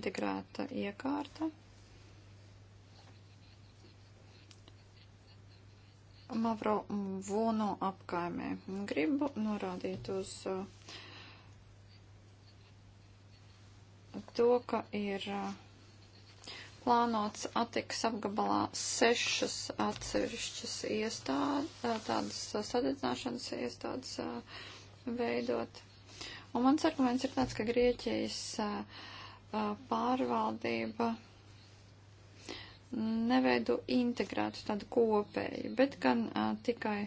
integrēta iekārta. Mavro Vono apkaimē. Gribu norādīt uz uh, to, ka ir uh, plānots attiks apgabalā sešas atsevišķas iestādes, uh, tādas sadedzināšanas iestādes veidot. Un mans arguments ir tāds, ka Grieķijas pārvaldība neveido integrētu tādu kopēju, bet gan a, tikai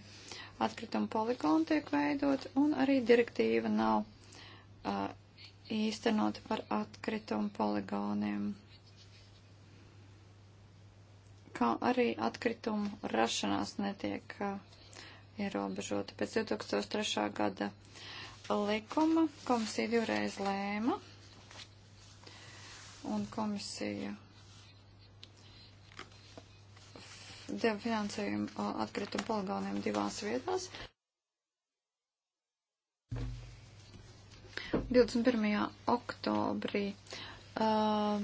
atkritumu poligonu tiek veidot, un arī direktīva nav a, īstenota par atkritumu poligoniem. Kā arī atkritumu rašanās netiek a, ierobežota. Pēc 2003. gada likuma komisija divreiz lēma, un komisija deva finansējumu atkritumu poligoniem divās vietās. 21. oktobrī uh,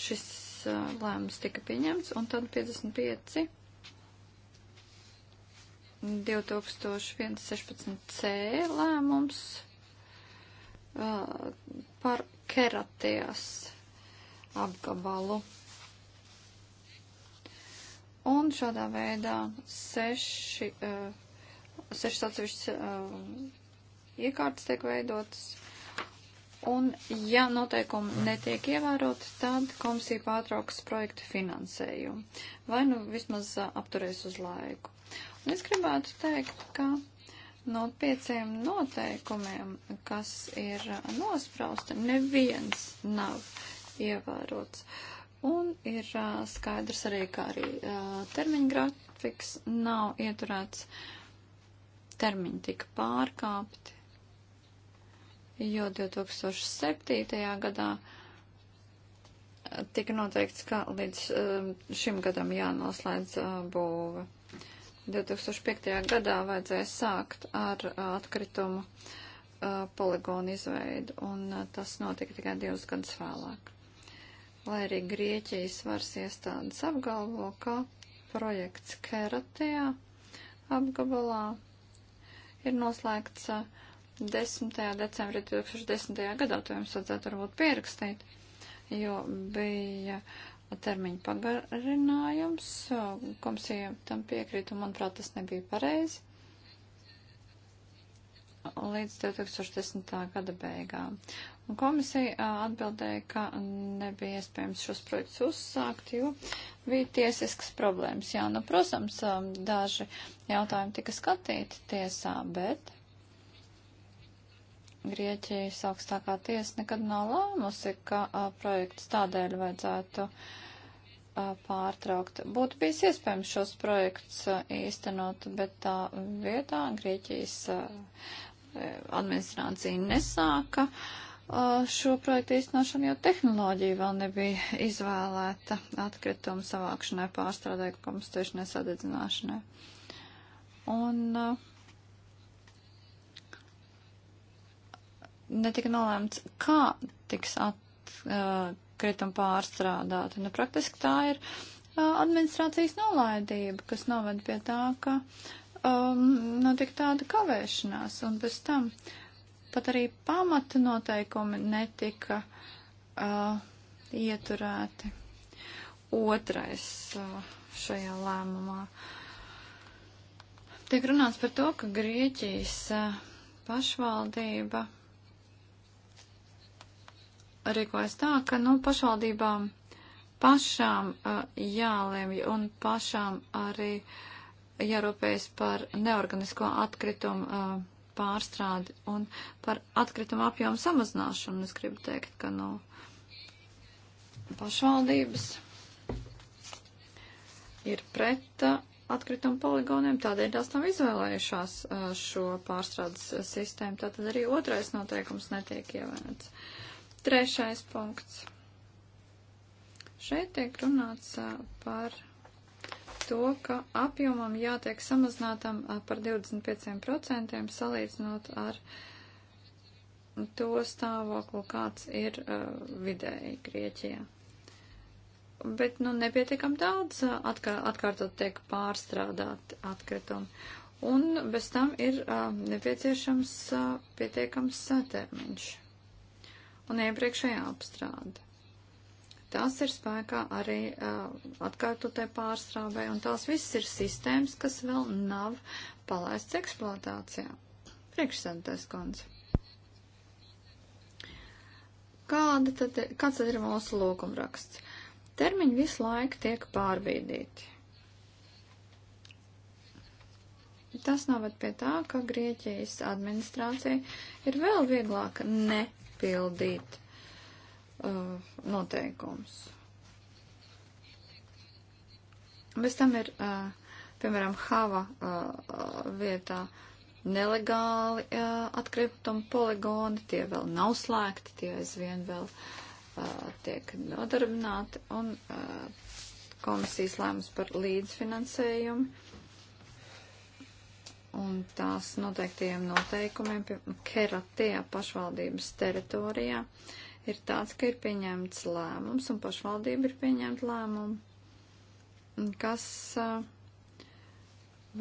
šis uh, lēmums tika pieņemts, un tad 55. 2016C lēmums uh, par keratijas apgabalu. Un šādā veidā seši, uh, sešas atsevišķas uh, iekārtas tiek veidotas. Un, ja noteikumi netiek ievēroti, tad komisija pārtrauks projektu finansējumu. Vai nu vismaz uh, apturēs uz laiku. Un es gribētu teikt, ka no pieciem noteikumiem, kas ir nosprausti, neviens nav ievērots. Uh, Un ir uh, skaidrs arī, ka arī uh, termiņa grafiks nav ieturēts, termiņi tika pārkāpti, jo 2007. gadā tika noteikts, ka līdz uh, šim gadam jānoslēdz uh, būve. 2005. gadā vajadzēja sākt ar uh, atkritumu uh, poligonu izveidu, un uh, tas notika tikai divus gadus vēlāk lai arī Grieķijas varas iestādes apgalvo, ka projekts Keratijā apgabalā ir noslēgts 10. Uh, decembrī 2010. gadā, to jums vajadzētu varbūt pierakstīt, jo bija termiņa pagarinājums, uh, komisija tam piekrīt, un manuprāt, tas nebija pareizi līdz 2010. gada beigām. Un komisija atbildēja, ka nebija iespējams šos projektus uzsākt, jo bija tiesiskas problēmas. Jā, nu, protams, daži jautājumi tika skatīti tiesā, bet Grieķijas augstākā tiesa nekad nav lēmusi, ka a, projekts tādēļ vajadzētu a, pārtraukt. Būtu bijis iespējams šos projekts a, īstenot, bet tā vietā Grieķijas administrācija nesāka. A, šo projektu īstenošanu, jo tehnoloģija vēl nebija izvēlēta atkritumu savākšanai, pārstrādē, kompostēšanai, sadedzināšanai. Un netika nolēmts, kā tiks atkrituma pārstrādāta. Nu, praktiski tā ir administrācijas nolaidība, kas noved pie tā, ka um, notika tāda kavēšanās. Un bez tam uh, Pat arī pamata noteikumi netika uh, ieturēti. Otrais uh, šajā lēmumā. Tiek runāts par to, ka Grieķijas uh, pašvaldība rīkojas tā, ka nu, pašvaldībām pašām uh, jālemj un pašām arī jārūpējas par neorganisko atkritumu uh, pārstrādi un par atkritumu apjomu samazināšanu. Es gribu teikt, ka no pašvaldības ir pret uh, atkritumu poligoniem, tādēļ tās nav izvēlējušās uh, šo pārstrādes uh, sistēmu. Tātad arī otrais noteikums netiek ievērots. Trešais punkts. Šeit tiek runāts par to, ka apjomam jātiek samazinātam par 25% salīdzinot ar to stāvoklu, kāds ir vidēji Grieķijā. Bet, nu, nepietiekam daudz atkār, atkārtot tiek pārstrādāt atkritumi. Un bez tam ir nepieciešams pietiekams termiņš un iepriekšējā apstrāde. Tās ir spēkā arī uh, atkārtotai pārstrāvē, un tās viss ir sistēmas, kas vēl nav palaists eksploatācijā. Priekšsēdētājs kundze. Kāda tad, kāds tad ir mūsu lūgumraksts? Termiņi visu laiku tiek pārbīdīti. Tas noved pie tā, ka Grieķijas administrācija ir vēl vieglāk nepildīt uh, noteikums. Bez tam ir, uh, piemēram, Hava uh, uh vietā nelegāli uh, atkrituma poligoni, tie vēl nav slēgti, tie aizvien vēl uh, tiek nodarbināti, un uh, komisijas lēmums par līdzfinansējumu. Un tās noteiktajiem noteikumiem, piemēram, Keratie pašvaldības teritorijā. Uh, ir tāds, ka ir pieņemts lēmums un pašvaldība ir pieņemta lēmumu, kas uh,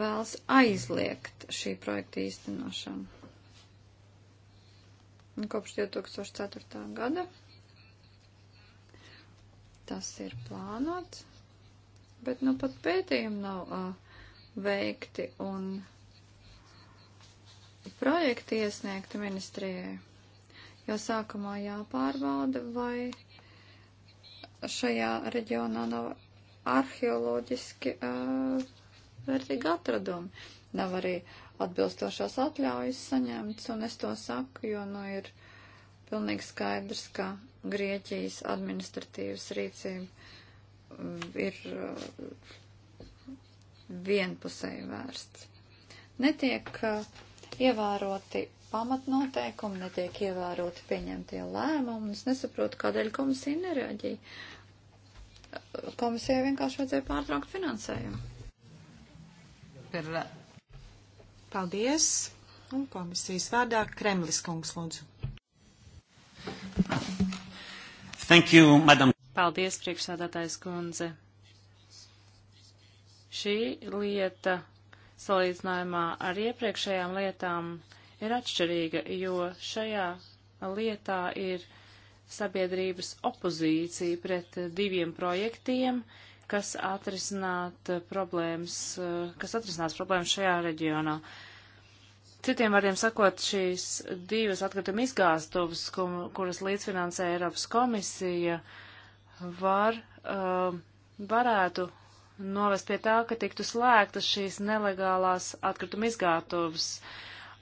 vēlas aizliegt šī projekta īstenošanu. Kopš 2004. gada tas ir plānots, bet nu pat pētījumi nav uh, veikti un projekti iesniegti ministrijai jo sākumā jāpārbauda, vai šajā reģionā nav arheoloģiski uh, vērtīgi atradumi. Nav arī atbilstošās atļaujas saņemts, un es to saku, jo nu ir pilnīgi skaidrs, ka Grieķijas administratīvas rīcība ir uh, vienpusēji vērsts. Netiek uh, ievēroti pamatnoteikumi, netiek ievēroti pieņemtie lēmumi, un es nesaprotu, kādēļ komisija nereaģīja. Komisijai vienkārši vajadzēja pārtraukt
finansējumu. Per... Paldies! Un komisijas vārdā Kremlis kungs lūdzu.
Thank you, madam.
Paldies, priekšsādātājs kundze.
Šī lieta salīdzinājumā ar iepriekšējām lietām ir atšķirīga, jo šajā lietā ir sabiedrības opozīcija pret diviem projektiem, kas atrisināt problēmas, kas atrisinās problēmas šajā reģionā. Citiem vārdiem sakot, šīs divas atkrituma izgāstuvas, kuras līdzfinansē Eiropas komisija, var, uh, varētu novest pie tā, ka tiktu slēgtas šīs nelegālās atkrituma izgāstuvas. Uh,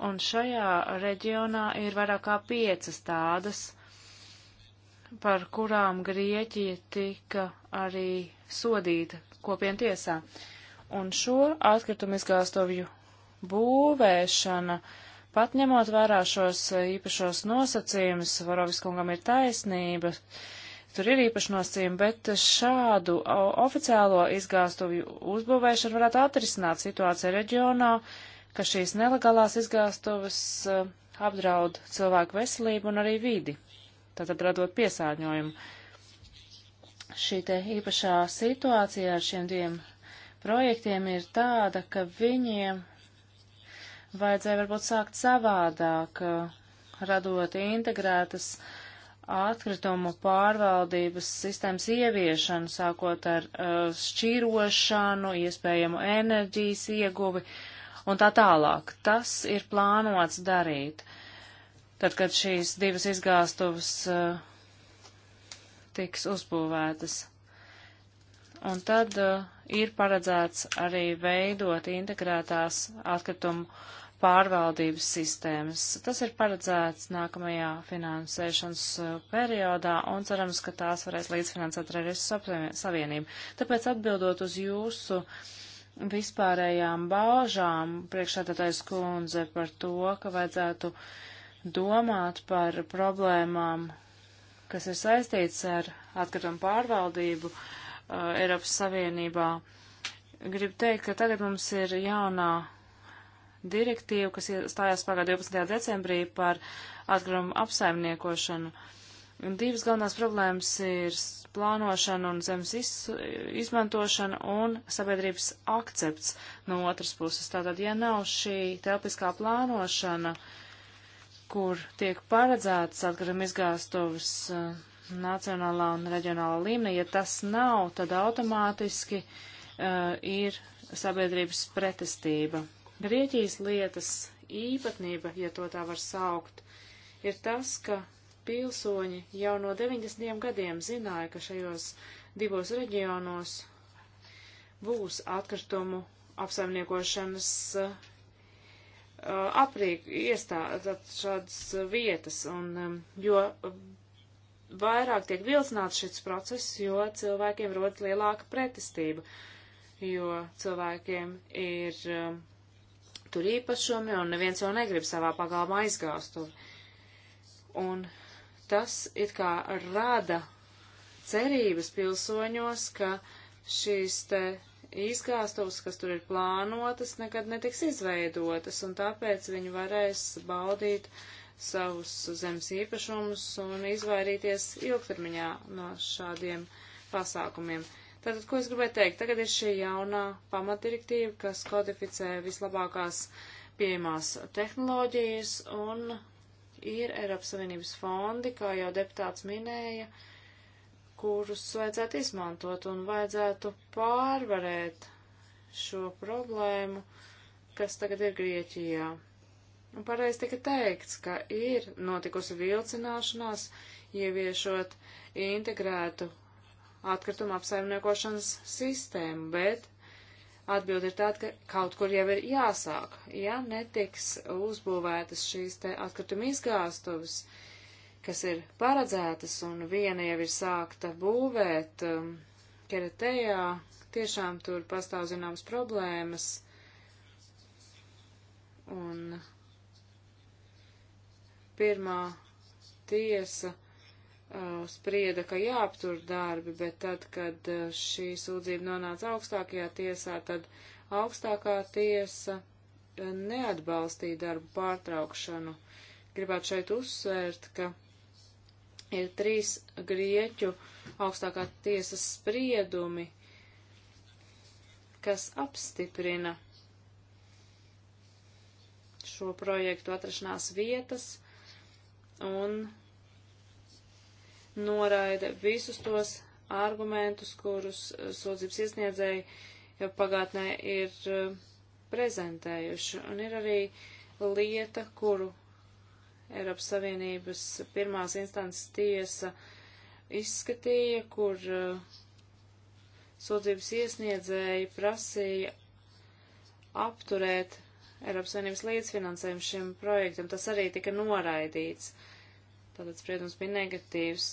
un šajā reģionā ir vairāk kā piecas tādas, par kurām Grieķija tika arī sodīta kopienu tiesā. Un šo atkritumu izgāstovju būvēšana, pat ņemot vērā šos īpašos nosacījumus, Varoviskungam ir taisnība, tur ir īpaši nosacījumi, bet šādu oficiālo izgāstovju uzbūvēšanu varētu atrisināt situāciju reģionā, uh, ka šīs nelegālās izgāstuves eh, apdraud cilvēku veselību un arī vidi, tātad radot piesārņojumu. Šī te īpašā situācija ar šiem diviem projektiem ir tāda, ka viņiem vajadzēja varbūt sākt savādāk, eh, radot integrētas atkritumu pārvaldības sistēmas ieviešanu, sākot ar eh, šķīrošanu, iespējamu enerģijas ieguvi un tā tālāk. Tas ir plānots darīt. Tad, kad šīs divas izgāstuvas uh, tiks uzbūvētas. Un tad uh, ir paredzēts arī veidot integrētās atkritumu pārvaldības sistēmas. Tas ir paredzēts nākamajā finansēšanas eh, periodā un cerams, ka tās varēs līdzfinansēt arī Savienību. Tāpēc atbildot uz jūsu uh, vispārējām bāžām priekšādātais kundze par to, ka vajadzētu domāt par problēmām, kas ir saistīts ar atkritumu pārvaldību uh, Eiropas Savienībā. Gribu teikt, ka tagad mums ir jaunā direktīva, kas stājās pagā 12. decembrī par atkritumu apsaimniekošanu. Uh, Divas galvenās problēmas ir plānošana un zemes iz, izmantošana un sabiedrības akcepts no otras puses. Tātad, ja nav šī telpiskā plānošana, kur tiek paredzētas atkrituma izgāstuves uh, nacionālā un reģionālā līmenī, ja tas nav, tad automātiski uh, ir sabiedrības pretestība. Grieķijas lietas īpatnība, ja to tā var saukt, ir tas, ka pilsoņi jau no 90. gadiem zināja, ka šajos divos reģionos būs atkritumu apsaimniekošanas uh, uh, aprīk iestādes šādas vietas, un um, jo vairāk tiek vilcināts šis process, jo cilvēkiem rodas lielāka pretestība, jo cilvēkiem ir um, tur īpašumi, un neviens jau negrib savā pagalmā aizgāstuvi. Un tas it kā rada cerības pilsoņos, ka šīs te izgāstos, kas tur ir plānotas, nekad netiks izveidotas, un tāpēc viņi varēs baudīt savus zemes īpašumus un izvairīties ilgtermiņā no šādiem pasākumiem. Tātad, ko es gribēju teikt? Tagad ir šī jaunā pamatdirektīva, kas kodificē vislabākās pieejamās tehnoloģijas, un ir Eiropas Savienības fondi, kā jau deputāts minēja, kurus vajadzētu izmantot un vajadzētu pārvarēt šo problēmu, kas tagad ir Grieķijā. Un pareizi tika teikts, ka ir notikusi vilcināšanās, ieviešot integrētu atkrituma apsaimniekošanas sistēmu, bet Atbilde ir tāda, ka kaut kur jau ir jāsāk, ja netiks uzbūvētas šīs te atkrituma izgāstuves, kas ir paredzētas, un viena jau ir sākta būvēt um, keretējā, tiešām tur pastāv zināmas problēmas, un pirmā tiesa Uh, sprieda, ka jāaptur darbi, bet tad, kad uh, šī sūdzība nonāca augstākajā tiesā, tad augstākā tiesa uh, neatbalstīja darbu pārtraukšanu. Gribētu šeit uzsvērt, ka ir trīs grieķu augstākā tiesas spriedumi, kas apstiprina šo projektu atrašanās vietas un noraida visus tos argumentus, kurus eh, sūdzības iesniedzēji jau pagātnē ir eh, prezentējuši. Un ir arī lieta, kuru Eiropas Savienības pirmās instances tiesa izskatīja, kur eh, sūdzības iesniedzēji prasīja apturēt Eiropas Savienības līdzfinansējumu šim projektam. Tas arī tika noraidīts. Tātad spriedums bija negatīvs.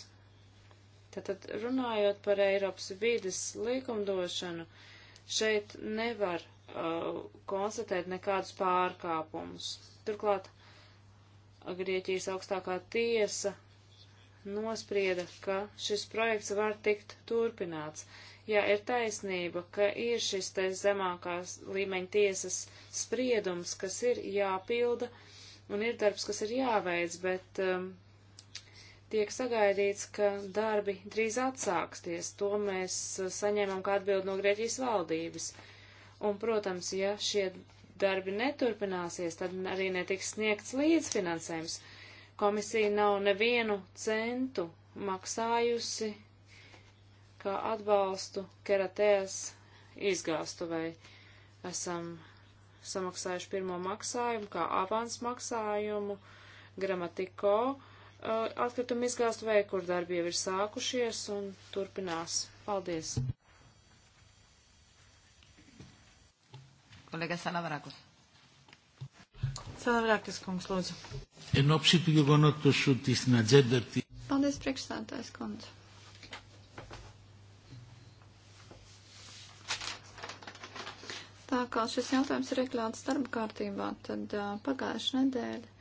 Tātad runājot par Eiropas vīdes likumdošanu, šeit nevar uh, konstatēt nekādus pārkāpumus. Turklāt Grieķijas augstākā tiesa nosprieda, ka šis projekts var tikt turpināts. Jā, ir taisnība, ka ir šis te zemākās līmeņa tiesas spriedums, kas ir jāpilda, un ir darbs, kas ir jāveic, bet um, tiek sagaidīts, ka darbi drīz atsāksties. To mēs uh, saņēmām kā atbildi no Grieķijas valdības. Un, protams, ja šie darbi neturpināsies, tad arī netiks sniegts līdzfinansējums. Komisija nav nevienu centu maksājusi kā atbalstu keratēs izgāstuvei. Esam samaksājuši pirmo maksājumu kā avans maksājumu gramatiko Uh, atkritumu izgāstu vēju, kur darbi jau ir sākušies un turpinās. Paldies! Kolēģis Salavrakos.
Salavrakos kungs,
lūdzu.
Ενόψη του γεγονότος ότι στην ατζέντα αυτή...
Πάντες πρέξταντας κόντς. Tā kā šis jautājums ir iekļauts darba kārtībā, tad uh, pagājušajā nedēļā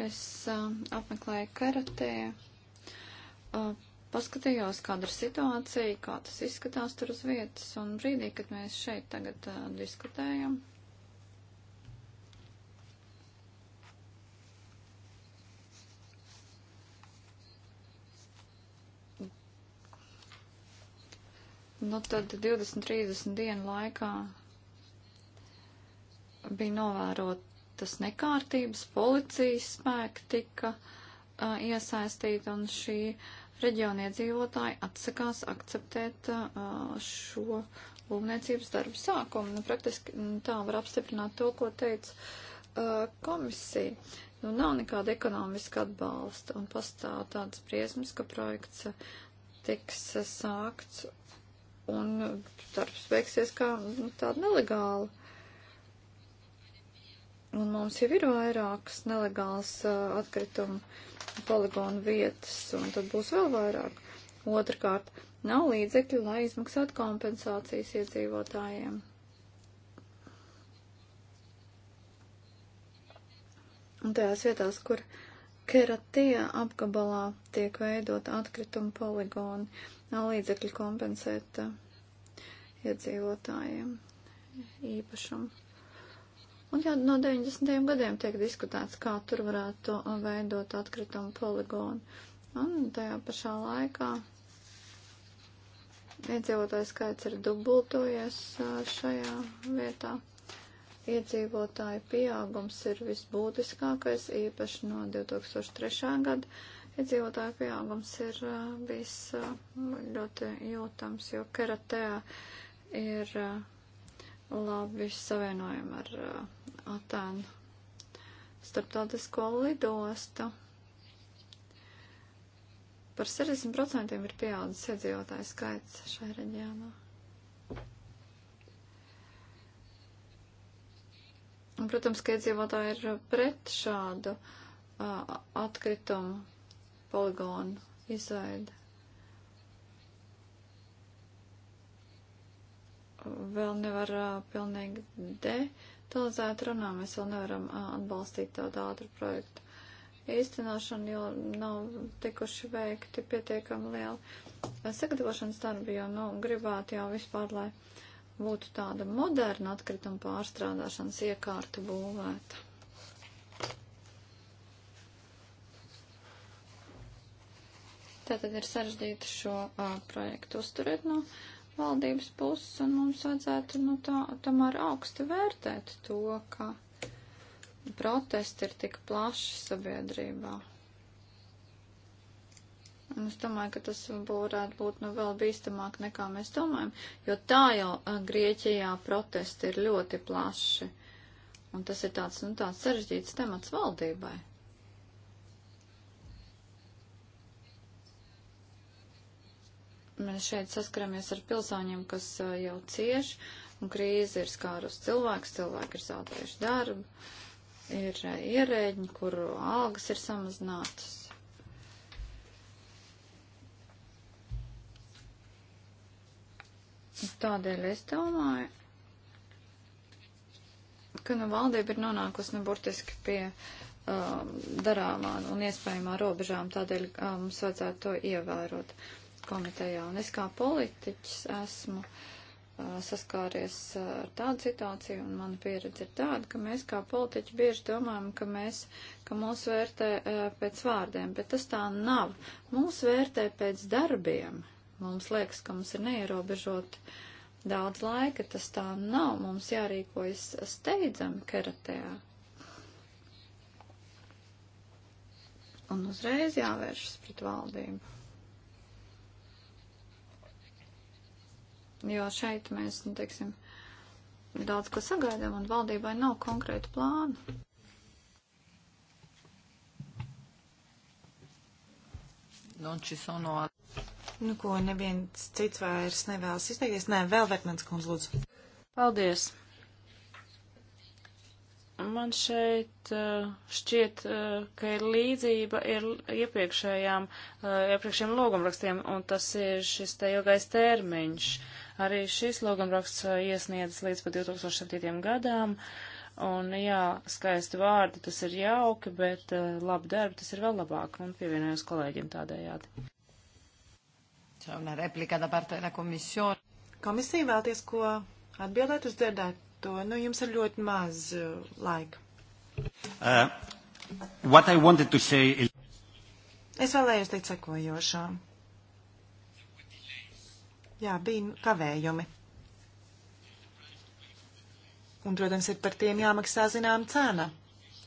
Es uh, apmeklēju karatē, uh, paskatījos, kāda ir situācija, kā tas izskatās tur uz vietas, un brīdī, kad mēs šeit tagad uh, diskutējam. Nu, tad 20-30 dienu laikā bija novērot notiktas nekārtības, policijas spēki tika uh, iesaistīti un šī reģiona iedzīvotāji atsakās akceptēt uh, šo būvniecības darbu sākumu. Nu, praktiski mm, tā var apstiprināt to, ko teica uh, komisija. Nu, nav nekāda ekonomiska atbalsta un pastāv tāds briesmas, ka projekts tiks sākts un darbs beigsies kā nu, tāda nelegāla Un mums jau ir vairākas nelegālas uh, atkritumu poligonu vietas, un tad būs vēl vairāk. Otrakārt, nav līdzekļu, lai izmaksātu kompensācijas iedzīvotājiem. Un tajās vietās, kur keratie apgabalā tiek veidot atkritumu poligoni, nav līdzekļu kompensēt uh, iedzīvotājiem īpašumu. Un jau no 90. gadiem tiek diskutēts, kā tur varētu uh, veidot atkritumu poligonu. Un tajā pašā laikā iedzīvotāju skaits ir dubultojies uh, šajā vietā. Iedzīvotāju pieaugums ir visbūtiskākais, īpaši no 2003. gada. Iedzīvotāju pieaugums ir uh, bijis ļoti jūtams, jo Keratea ir labi savienojam ar uh, Atēnu starptautisko lidostu. Par 60% ir pieaudzis iedzīvotāju skaits šajā reģionā. Un, protams, ka iedzīvotāji ir pret šādu uh, atkritumu poligonu izveidi. vēl nevar pilnīgi detalizēt runā, mēs vēl nevaram atbalstīt tādu ātru projektu īstenošanu, jo nav tikuši veikti pietiekami lieli sagatavošanas darbi, jo, nu, gribētu jau vispār, lai būtu tāda moderna atkrituma pārstrādāšanas iekārta būvēta. Tātad ir sarežģīti šo a, projektu uzturēt no. Nu valdības puses, un mums vajadzētu nu, tā, tomēr augstu vērtēt to, ka protesti ir tik plaši sabiedrībā. Un es domāju, ka tas varētu būt nu, vēl bīstamāk nekā mēs domājam, jo tā jau Grieķijā protesti ir ļoti plaši. Un tas ir tāds, nu, tāds sarežģīts temats valdībai. mēs šeit saskaramies ar pilsoņiem, kas eh, jau cieš, un krīze ir skārus cilvēks, cilvēki ir zaudējuši darbu, ir eh, ierēģi, kuru algas ir samazinātas. Tādēļ es domāju, ka nu, valdība ir nonākusi nu, burtiski pie um, darāmā un iespējamā robežām, tādēļ um, mums vajadzētu to ievērot komitejā. Un es kā politiķis esmu saskāries ar tādu situāciju, un mana pieredze ir tāda, ka mēs kā politiķi bieži domājam, ka mēs, ka mūs vērtē pēc vārdiem, bet tas tā nav. Mūs vērtē pēc darbiem. Mums liekas, ka mums ir neierobežot daudz laika, tas tā nav. Mums jārīkojas steidzami keratējā. Un uzreiz jāvēršas pret valdību. Jo šeit mēs, nu, teiksim, daudz ko sagaidām un valdībai nav konkrētu plānu.
Nu, non ci sono. Nu, ko neviens cits vairs nevēlas izteikties. Nē, vēl Vertmans kundz lūdzu. Paldies. Man šeit eh, šķiet,
eh, ka ir līdzība ir iepriekšējām, eh, iepriekšējiem logumrakstiem, un tas ir šis te ilgais termiņš. Uh, Arī šis logumraksts uh, iesniedzas līdz pat 2007. gadām. Un jā, skaisti vārdi, tas ir jauki, bet uh, labi darbi, tas ir vēl labāk. Un pievienojos kolēģiem tādējādi.
Komisija vēlties, ko atbildēt uz dzirdēto? Nu, jums ir ļoti maz uh, laika.
Uh, is...
Es vēlējos teikt sekojošām. Jā, bija kavējumi. Un, protams, ir par tiem jāmaksā zinām cena.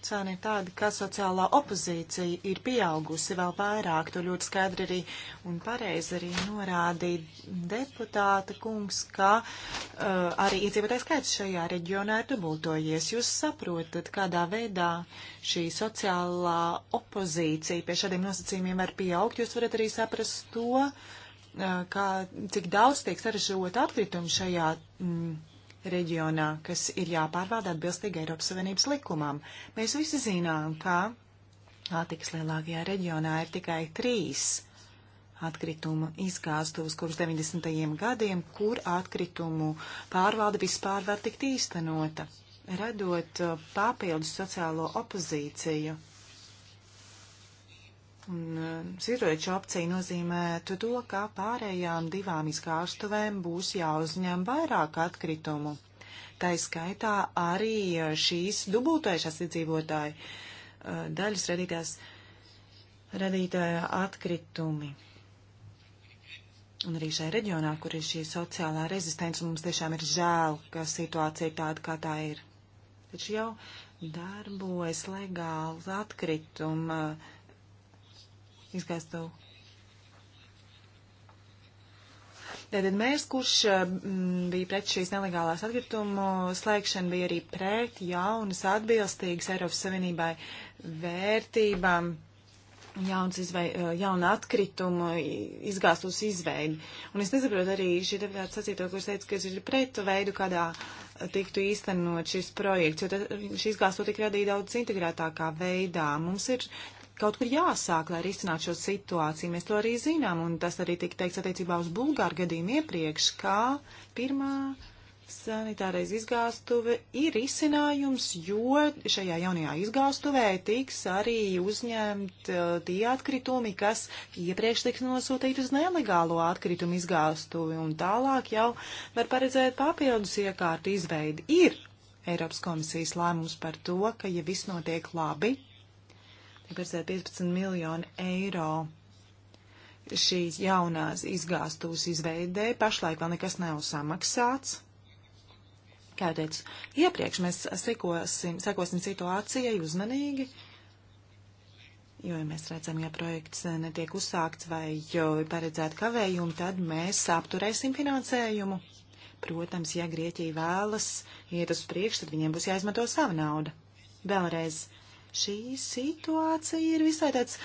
Cena ir tāda, ka sociālā opozīcija ir pieaugusi vēl vairāk. To ļoti skaidri arī un pareizi arī norādīja deputāta kungs, ka uh, arī iedzīvotājs skaits šajā reģionā ir dubultojies. Jūs saprotat, kādā veidā šī sociālā opozīcija pie šādiem nosacījumiem var pieaugt. Jūs varat arī saprast to, uh, kā, cik daudz tiek saražot atkritumu šajā mm, reģionā, kas ir jāpārvalda atbilstīgi Eiropas Savienības likumām. Mēs visi zinām, ka Ātikas lielākajā reģionā ir tikai trīs atkritumu izgāstuves, kurus 90. gadiem, kur atkritumu pārvalde vispār var tikt īstenota, radot papildus sociālo opozīciju Un eh, svirojuša opcija nozīmētu to, ka pārējām divām izkārstuvēm būs jāuzņem vairāk atkritumu. Tā skaitā arī eh, šīs dubultojušās iedzīvotāji eh, daļas radītās radītāja atkritumi. Un arī šajā reģionā, kur ir šī sociālā rezistence, mums tiešām ir žēl, ka situācija ir tāda, kā tā ir. Taču jau darbojas legāls atkrituma uh, izgāstu. Tātad mērs, kurš eh, m, bija pret šīs nelegālās atkritumu slēgšanu, bija arī pret jaunas atbilstīgas Eiropas Savienībai vērtībām, jauns izvei, eh, jauna atkritumu izgāstus izveidi. Un es nesaprotu arī šī deputāta sacīto, kurš teica, ka ir pret veidu, kādā tiktu īstenot šis projekts, jo šī izgāstu tika radīja daudz integrētākā veidā. Mums ir kaut kur jāsāk, lai risinātu šo situāciju. Mēs to arī zinām, un tas arī tika teikts attiecībā uz Bulgāru gadījumu iepriekš, kā pirmā sanitārais izgāstuve ir izcinājums, jo šajā jaunajā izgāstuvē tiks arī uzņemt uh, tie atkritumi, kas iepriekš tiks nosūtīti uz nelegālo atkritumu izgāstuvi, un tālāk jau var paredzēt papildus iekārtu izveidi. Ir Eiropas komisijas lēmums par to, ka, ja viss notiek labi, tiek paredzēta 15 miljoni eiro šīs jaunās izgāstūs izveidē. Pašlaik vēl nekas nav samaksāts. Kā jau teicu, iepriekš mēs sekosim, sekosim situācijai uzmanīgi, jo, ja mēs redzam, ja projekts netiek uzsākts vai ir paredzēta kavējuma, tad mēs apturēsim finansējumu. Protams, ja Grieķija vēlas iet uz priekšu, tad viņiem būs jāizmanto sava nauda. Vēlreiz Šī situācija ir visai tāds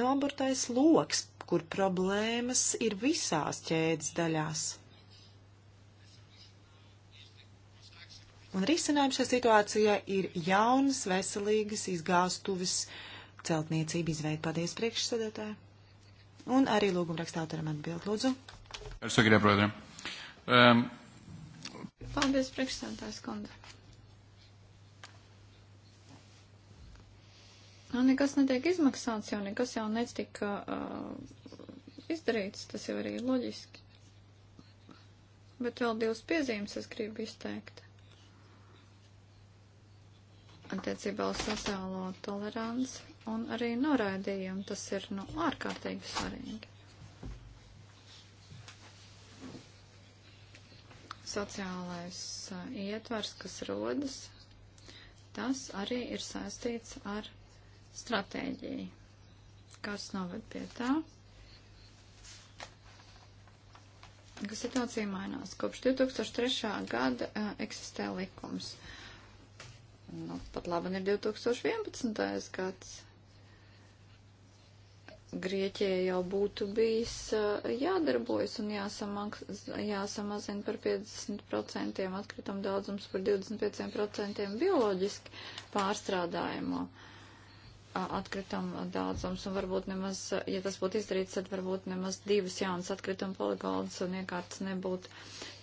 noburtais loks, kur problēmas ir visās ķēdes daļās. Un risinājums šajā situācijā ir jaunas, veselīgas izgāstuves celtniecība izveid. Paldies priekšsēdētāji. Un arī lūguma rakstātoram atbild, lūdzu. Ar sagriebu, um. Ehm. Paldies priekšsēdētājs
kundze. Nu, nekas netiek izmaksāts, jo nekas jau netika uh, izdarīts, tas jau arī loģiski. Bet vēl divas piezīmes es gribu izteikt. Attiecībā uz sociālo toleranci un arī noraidījumu tas ir, nu, ārkārtīgi svarīgi. Sociālais uh, ietvars, kas rodas, tas arī ir saistīts ar stratēģiju, kas noved pie tā, ka situācija mainās. Kopš 2003. gada uh, eksistē likums. Nu, pat labi ir 2011. gads. Grieķijai jau būtu bijis uh, jādarbojas un jāsamaks, jāsamazina par 50% atkritumu daudzums par 25% bioloģiski pārstrādājumu. Uh, atkritumu daudzums, un varbūt nemaz, ja tas būtu izdarīts, tad varbūt nemaz divas jaunas atkritumu poligonus un iekārtas nebūtu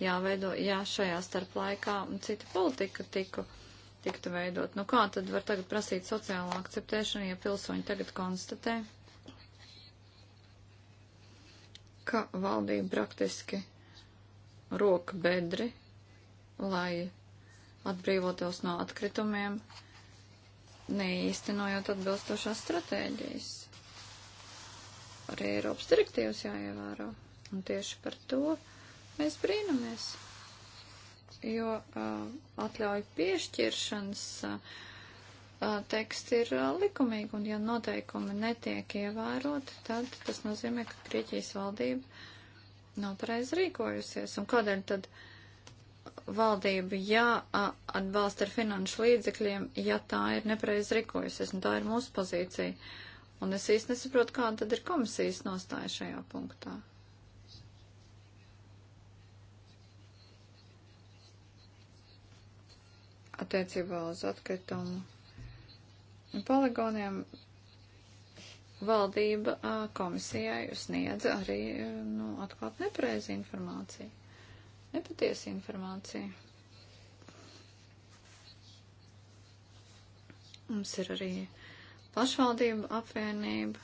jāveido, ja šajā starp laikā cita politika tiku, tiktu veidot. Nu kā tad var tagad prasīt sociālo akceptēšanu, ja pilsoņi tagad konstatē, ka valdība praktiski roka bedri, lai atbrīvotos no atkritumiem, neīstenojot atbilstošās stratēģijas. Arī Eiropas direktīvas jāievēro. Un tieši par to mēs brīnamies. Jo uh, atļauju piešķiršanas uh, teksti ir uh, likumīgi, un ja noteikumi netiek ievēroti, tad tas nozīmē, ka Grieķijas valdība nav pareizi rīkojusies. Un kādēļ tad uh, valdību jāatbalsta ar finanšu līdzekļiem, ja tā ir nepareiz rikojusies, un tā ir mūsu pozīcija. Un es īsti nesaprotu, kāda tad ir komisijas nostāja šajā punktā. Attiecībā uz atkritumu poligoniem valdība komisijai sniedz arī nu, atklāt nepareizi informāciju nepatiesa informācija. Mums ir arī pašvaldība apvienība,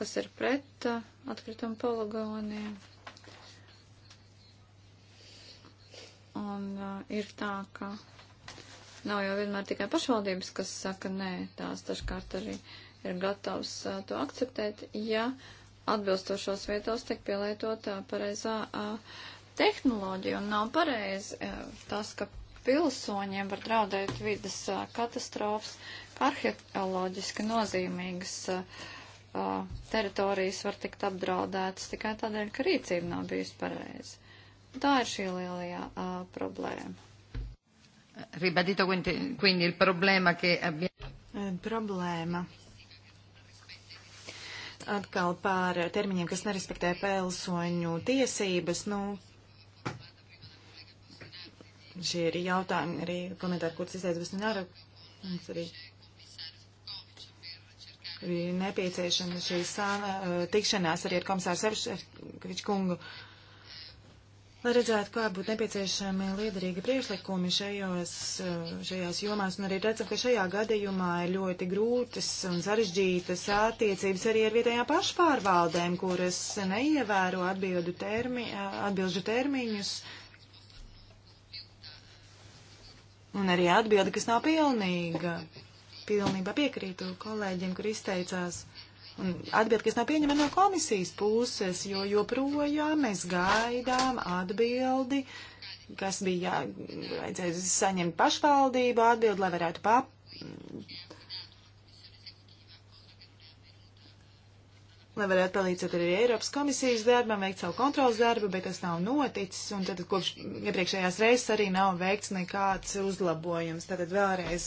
kas ir pret uh, atkrituma poligoniem. Un uh, ir tā, ka nav jau vienmēr tikai pašvaldības, kas saka, nē, tās dažkārt arī ir gatavs uh, to akceptēt, ja atbilstošos vietos tiek pielietota uh, pareizā uh, tehnoloģiju un nav pareizi e, tas, ka pilsoņiem var draudēt vidas e, katastrofas, ka arheoloģiski nozīmīgas e, teritorijas var tikt apdraudētas tikai tādēļ, ka rīcība nav bijusi pareizi. Tā ir šī lielajā problēma.
Ribadito quindi il problema che abbiamo. Problēma
atkal par termiņiem, kas nerespektē pēlsoņu tiesības, nu, Šie ir jautājumi, arī komentāri, kurus izteica Vesnināra. Mums arī ir nepieciešama šī sāna, uh, tikšanās arī ar komisāru Sevševiču kungu, lai redzētu, kā būtu nepieciešami liederīgi priekšlikumi šajos, uh, šajās jomās. Un arī redzam, ka šajā gadījumā ir ļoti grūtas un sarežģītas attiecības arī ar vietējām pašpārvaldēm, kuras neievēro atbildu termi, uh, atbilžu termiņus. Uh, Un arī atbilde, kas nav pilnīga. Pilnībā piekrītu kolēģiem, kur izteicās. Un atbildi, kas nav pieņemama no komisijas puses, jo joprojām mēs gaidām atbildi, kas bija jā, vajadzēja saņemt pašvaldību atbildi, lai varētu pap, lai varētu palīdzēt arī Eiropas komisijas darbam, veikt savu kontrolas darbu, bet tas nav noticis, un tad kopš iepriekšējās reizes arī nav veikts nekāds uzlabojums. Tātad vēlreiz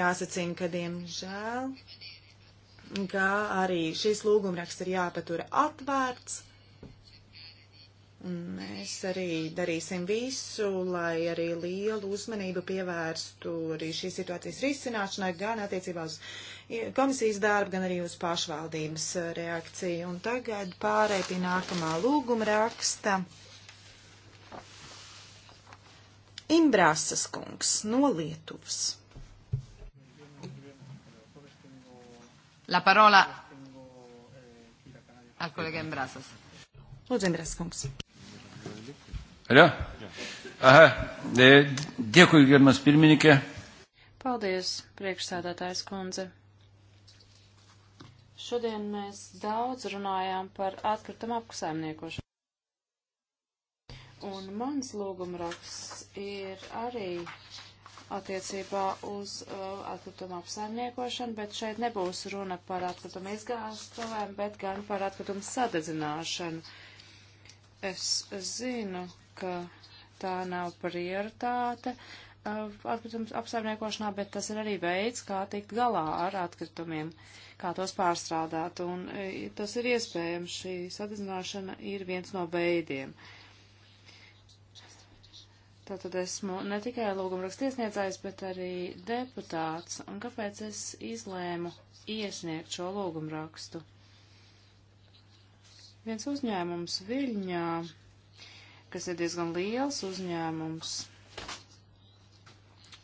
jāsacina, ka diemžēl, ka arī šis lūgumraksts ir jāpatura atvērts. Mēs arī darīsim visu, lai arī lielu uzmanību pievērstu arī šīs situācijas risināšanai, gan attiecībā uz komisijas darbu, gan arī uz pašvaldības uh, reakciju. Un tagad pārēj pie nākamā lūguma raksta. Imbrāsas kungs no Lietuvas.
La parola al kolega Imbrāsas.
Lūdzu, Imbrāsas kungs.
Aļo? Aha, e, diekuji, germas pirmininkė.
Paldies, priekšsēdētājs kundze. Šodien mēs daudz runājām par atkritumu apkusēmniekošanu. Un mans lūgumraksts ir arī attiecībā uz uh, atkritumu apsaimniekošanu, bet šeit nebūs runa par atkritumu izgāstuvēm, bet gan par atkritumu sadedzināšanu. Uh, Es zinu, ka tā nav prioritāte uh, atkritums apsaimniekošanā, bet tas ir arī veids, kā tikt galā ar atkritumiem, kā tos pārstrādāt. Un uh, tas ir iespējams, šī sadedzināšana ir viens no veidiem. Tātad esmu ne tikai lūgumrakstiesniedzājs, bet arī deputāts. Un kāpēc es izlēmu iesniegt šo lūgumrakstu? Viens uzņēmums Viļņā, kas ir diezgan liels uzņēmums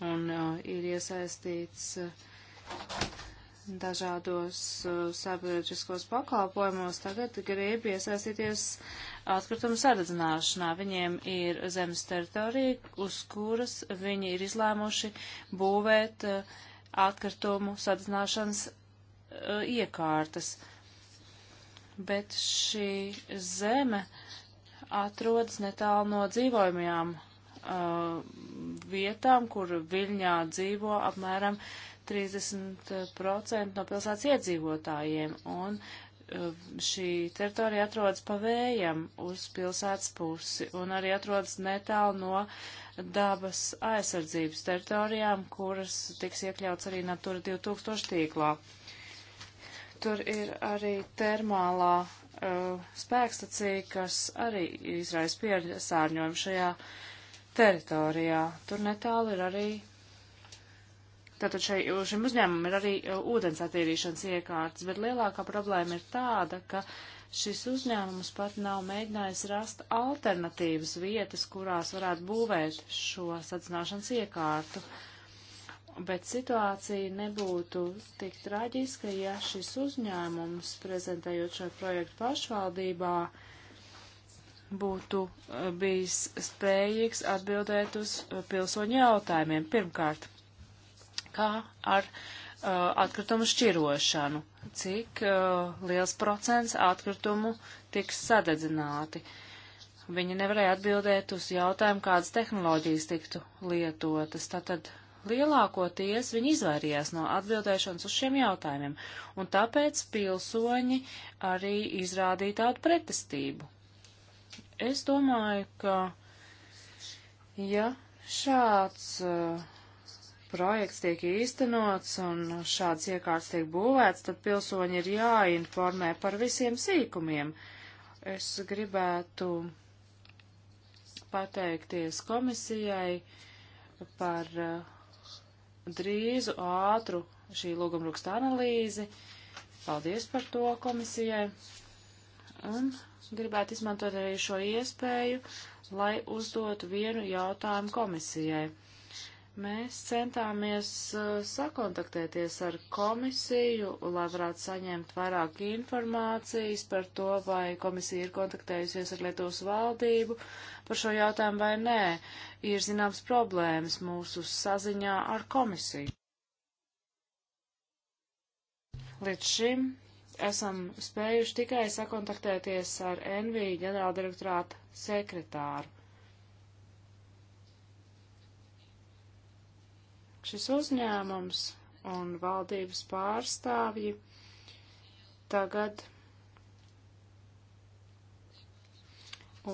un uh, ir iesaistīts uh, dažādos uh, sabiedriskos pakalpojumos, tagad grib iesaistīties atkritumu saredzināšanā. Viņiem ir zemes teritorija, uz kuras viņi ir izlēmuši būvēt uh, atkritumu saredzināšanas uh, iekārtas. Uh, bet šī zeme atrodas netālu no dzīvojumajām uh, vietām, kur Viļņā dzīvo apmēram 30% no pilsētas iedzīvotājiem, un uh, šī teritorija atrodas pa vējam uz pilsētas pusi, un arī atrodas netālu no dabas aizsardzības teritorijām, kuras tiks iekļauts arī Natura 2000 tīklā. Uh, Tur ir arī termālā uh, spēkstacija, kas arī izraisa piesārņojumu šajā teritorijā. Tur netālu ir arī. Tātad šai, šim uzņēmumam ir arī uh, ūdens attīrīšanas iekārtas, bet lielākā problēma ir tāda, ka šis uzņēmums pat nav mēģinājis rast alternatīvas vietas, kurās varētu būvēt šo sacināšanas iekārtu. Uh, bet situācija nebūtu tik traģiska, ja šis uzņēmums, prezentējot šo projektu pašvaldībā, būtu eh, bijis spējīgs atbildēt uz eh, pilsoņu jautājumiem. Pirmkārt, kā ar uh, atkritumu šķirošanu? Cik uh, liels procents atkritumu tiks sadedzināti? Viņi nevarēja atbildēt uz jautājumu, kādas tehnoloģijas tiktu lietotas. Tātad lielākoties viņi izvairījās no atbildēšanas uz šiem jautājumiem, un tāpēc pilsoņi arī izrādīja tādu pretestību. Es domāju, ka ja šāds uh, projekts tiek īstenots un šāds iekārts tiek būvēts, tad pilsoņi ir jāinformē par visiem sīkumiem. Es gribētu pateikties komisijai par uh, drīzu, ātru šī lūgumraksta analīzi. Paldies par to komisijai. Un gribētu izmantot arī šo iespēju, lai uzdotu vienu jautājumu komisijai. Mēs centāmies uh, sakontaktēties ar komisiju, lai varētu saņemt vairāk informācijas par to, vai komisija ir kontaktējusies ar Lietuvas valdību par šo jautājumu vai nē. Ir zināms problēmas mūsu saziņā ar komisiju. Līdz šim esam spējuši tikai sakontaktēties ar NV ģenerāldirektorāta sekretāru Šis uzņēmums un valdības pārstāvji tagad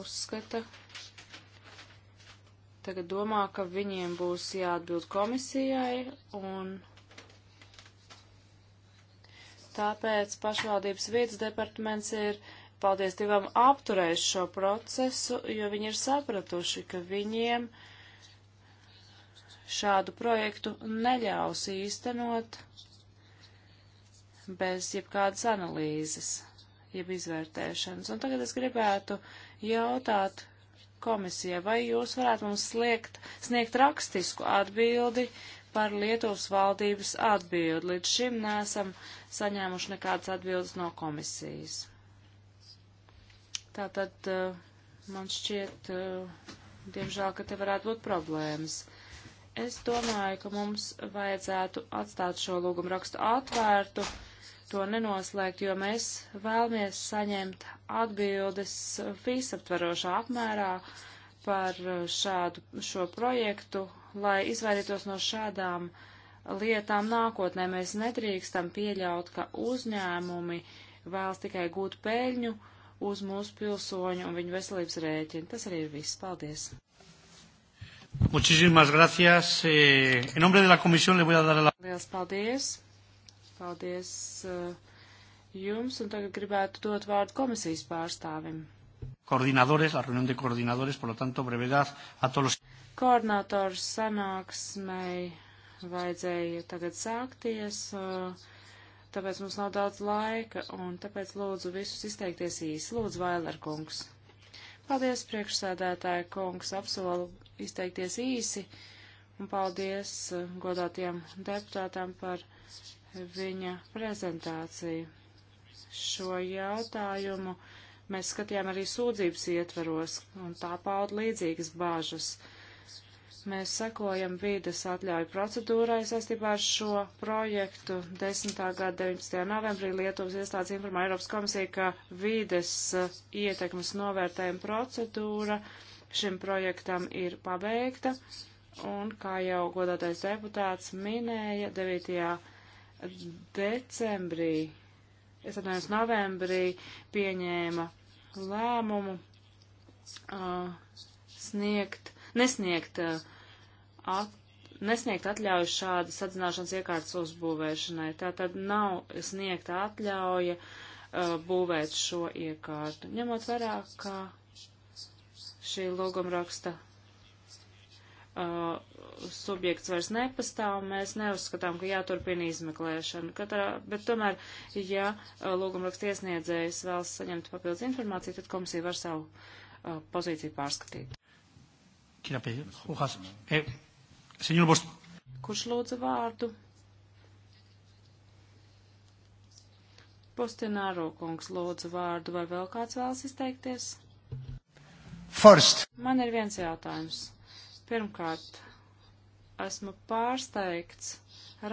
uzskata, tagad domā, ka viņiem būs jāatbild komisijai un tāpēc pašvaldības vietas departaments ir, paldies Dievam, apturējis šo procesu, jo viņi ir sapratuši, ka viņiem uh, šādu projektu neļaus īstenot bez jebkādas analīzes, jeb izvērtēšanas. Un tagad es gribētu jautāt komisijai, vai jūs varētu mums sliegt, sniegt rakstisku atbildi par Lietuvas valdības atbildi. Līdz šim nesam saņēmuši nekādas atbildes no komisijas. Tātad eh, man šķiet, eh, diemžēl, ka te varētu būt problēmas. Es domāju, ka mums vajadzētu atstāt šo lūgumu rakstu atvērtu, to nenoslēgt, jo mēs vēlamies saņemt atbildes visaptverošā apmērā par šādu, šo projektu, lai izvairītos no šādām lietām nākotnē. Mēs nedrīkstam pieļaut, ka uzņēmumi vēlas tikai gūt peļņu uz mūsu pilsoņu un viņu veselības rēķinu. Tas arī ir viss. Paldies!
Muchísimas gracias. Eh, en nombre de la comisión le voy a dar la...
Liels paldies. Paldies uh, jums. Un tagad gribētu dot vārdu komisijas pārstāvim.
Koordinadores, la reunión de coordinadores, por lo tanto, brevedad a todos los...
Koordinators sanāksmei vajadzēja tagad sākties, uh, tāpēc mums nav daudz laika, un tāpēc lūdzu visus izteikties īsi. Lūdzu, Vailerkungs. Paldies, priekšsēdētāja kungs, apsolu izteikties īsi, un paldies eh, godātiem deputātām par viņa prezentāciju. Šo jautājumu mēs skatījām arī sūdzības ietvaros, un tā pauda līdzīgas bāžas. Uh, Mēs sekojam vīdes atļauju procedūrai saistībā ar šo projektu. 10. gada 19. novembrī Lietuvas iestādes informēja Eiropas komisiju, ka vīdes eh, ietekmes novērtējuma procedūra šim projektam ir pabeigta. Un, kā jau godātais deputāts minēja, 9. decembrī, es atvainojos novembrī, pieņēma lēmumu uh, sniegt, nesniegt uh, at, nesniegt atļauju šāda sadzināšanas iekārtas uzbūvēšanai. Tā tad nav sniegta atļauja uh, būvēt šo iekārtu. Ņemot vērā, ka šī logumraksta uh, subjekts vairs nepastāv, mēs neuzskatām, ka jāturpina izmeklēšana. Katrā, bet tomēr, ja uh, logumraksta iesniedzējs vēlas saņemt papildus informāciju, tad komisija var savu uh, pozīciju pārskatīt.
Kirapē, Uhas, e, Senjor
Kurš lūdza vārdu? Postināro kungs lūdza vārdu, vai vēl kāds vēlas izteikties? First. Man ir viens jautājums. Pirmkārt, esmu pārsteigts,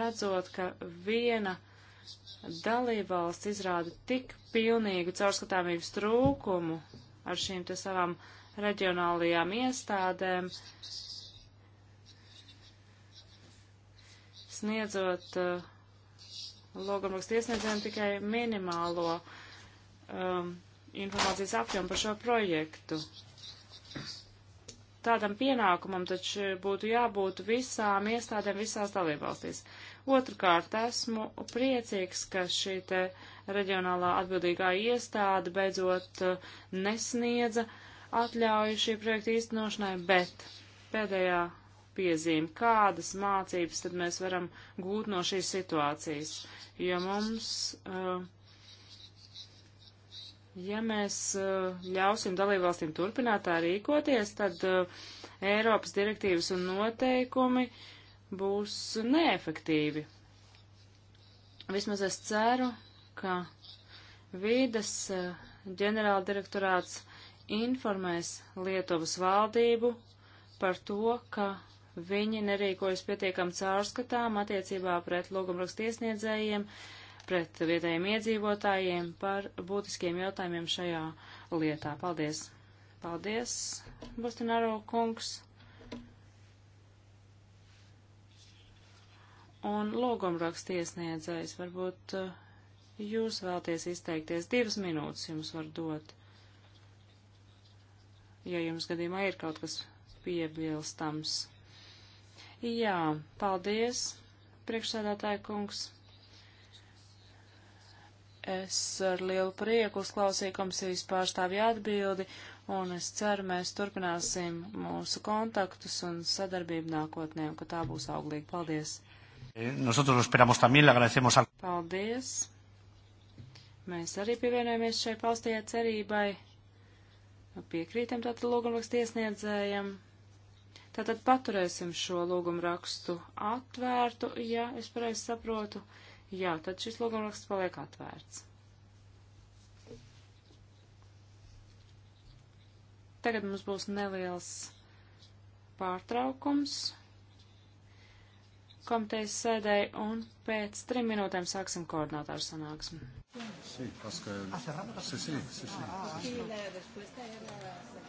redzot, ka viena dalībvalsts izrāda tik pilnīgu caurskatāmības trūkumu ar šīm te savām reģionālajām iestādēm, sniedzot uh, logumrakstu iesniedzējiem tikai minimālo um, informācijas apjomu par šo projektu. Tādam pienākumam taču būtu jābūt visām iestādēm visās dalībvalstīs. Otrkārt, esmu priecīgs, ka šī te reģionālā atbildīgā iestāde beidzot uh, nesniedza atļauju šī projekta īstenošanai, bet pēdējā piezīme, kādas mācības tad mēs varam gūt no šīs situācijas. Jo mums, eh, ja mēs eh, ļausim dalībvalstīm turpināt tā rīkoties, tad eh, Eiropas direktīvas un noteikumi būs neefektīvi. Vismaz es ceru, ka vīdes ģenerāldirektorāts informēs Lietuvas valdību par to, ka Viņi nerīkojas pietiekami caurskatām attiecībā pret logumrakstu iesniedzējiem, pret vietējiem iedzīvotājiem par būtiskiem jautājumiem šajā lietā. Paldies! Paldies, Bostināro kungs! Un logumrakstu iesniedzējs varbūt uh, jūs vēlties izteikties. Divas minūtes jums var dot. Ja jums gadījumā ir kaut kas piebilstams. Jā, paldies, priekšsēdētāja kungs. Es ar lielu prieku uzklausīju komisijas pārstāvju atbildi, un es ceru, mēs turpināsim mūsu kontaktus un sadarbību nākotnē, un ka tā būs auglīga. Paldies!
Eh,
paldies! Mēs arī pievienojamies šai paustajai cerībai. Piekrītam tātad lūgumrakstu iesniedzējiem. Tātad paturēsim šo lūgumu rakstu atvērtu, ja es pareizi saprotu. Jā, tad šis lūgumu raksts paliek atvērts. Tagad mums būs neliels pārtraukums komitejas sēdēji un pēc trim minūtēm sāksim koordinātāru sanāksmi. Sí, parce que... Ah, cerramos la... Sí, sí, sí, sí. Ah, ah,
sí. Y
la respuesta era...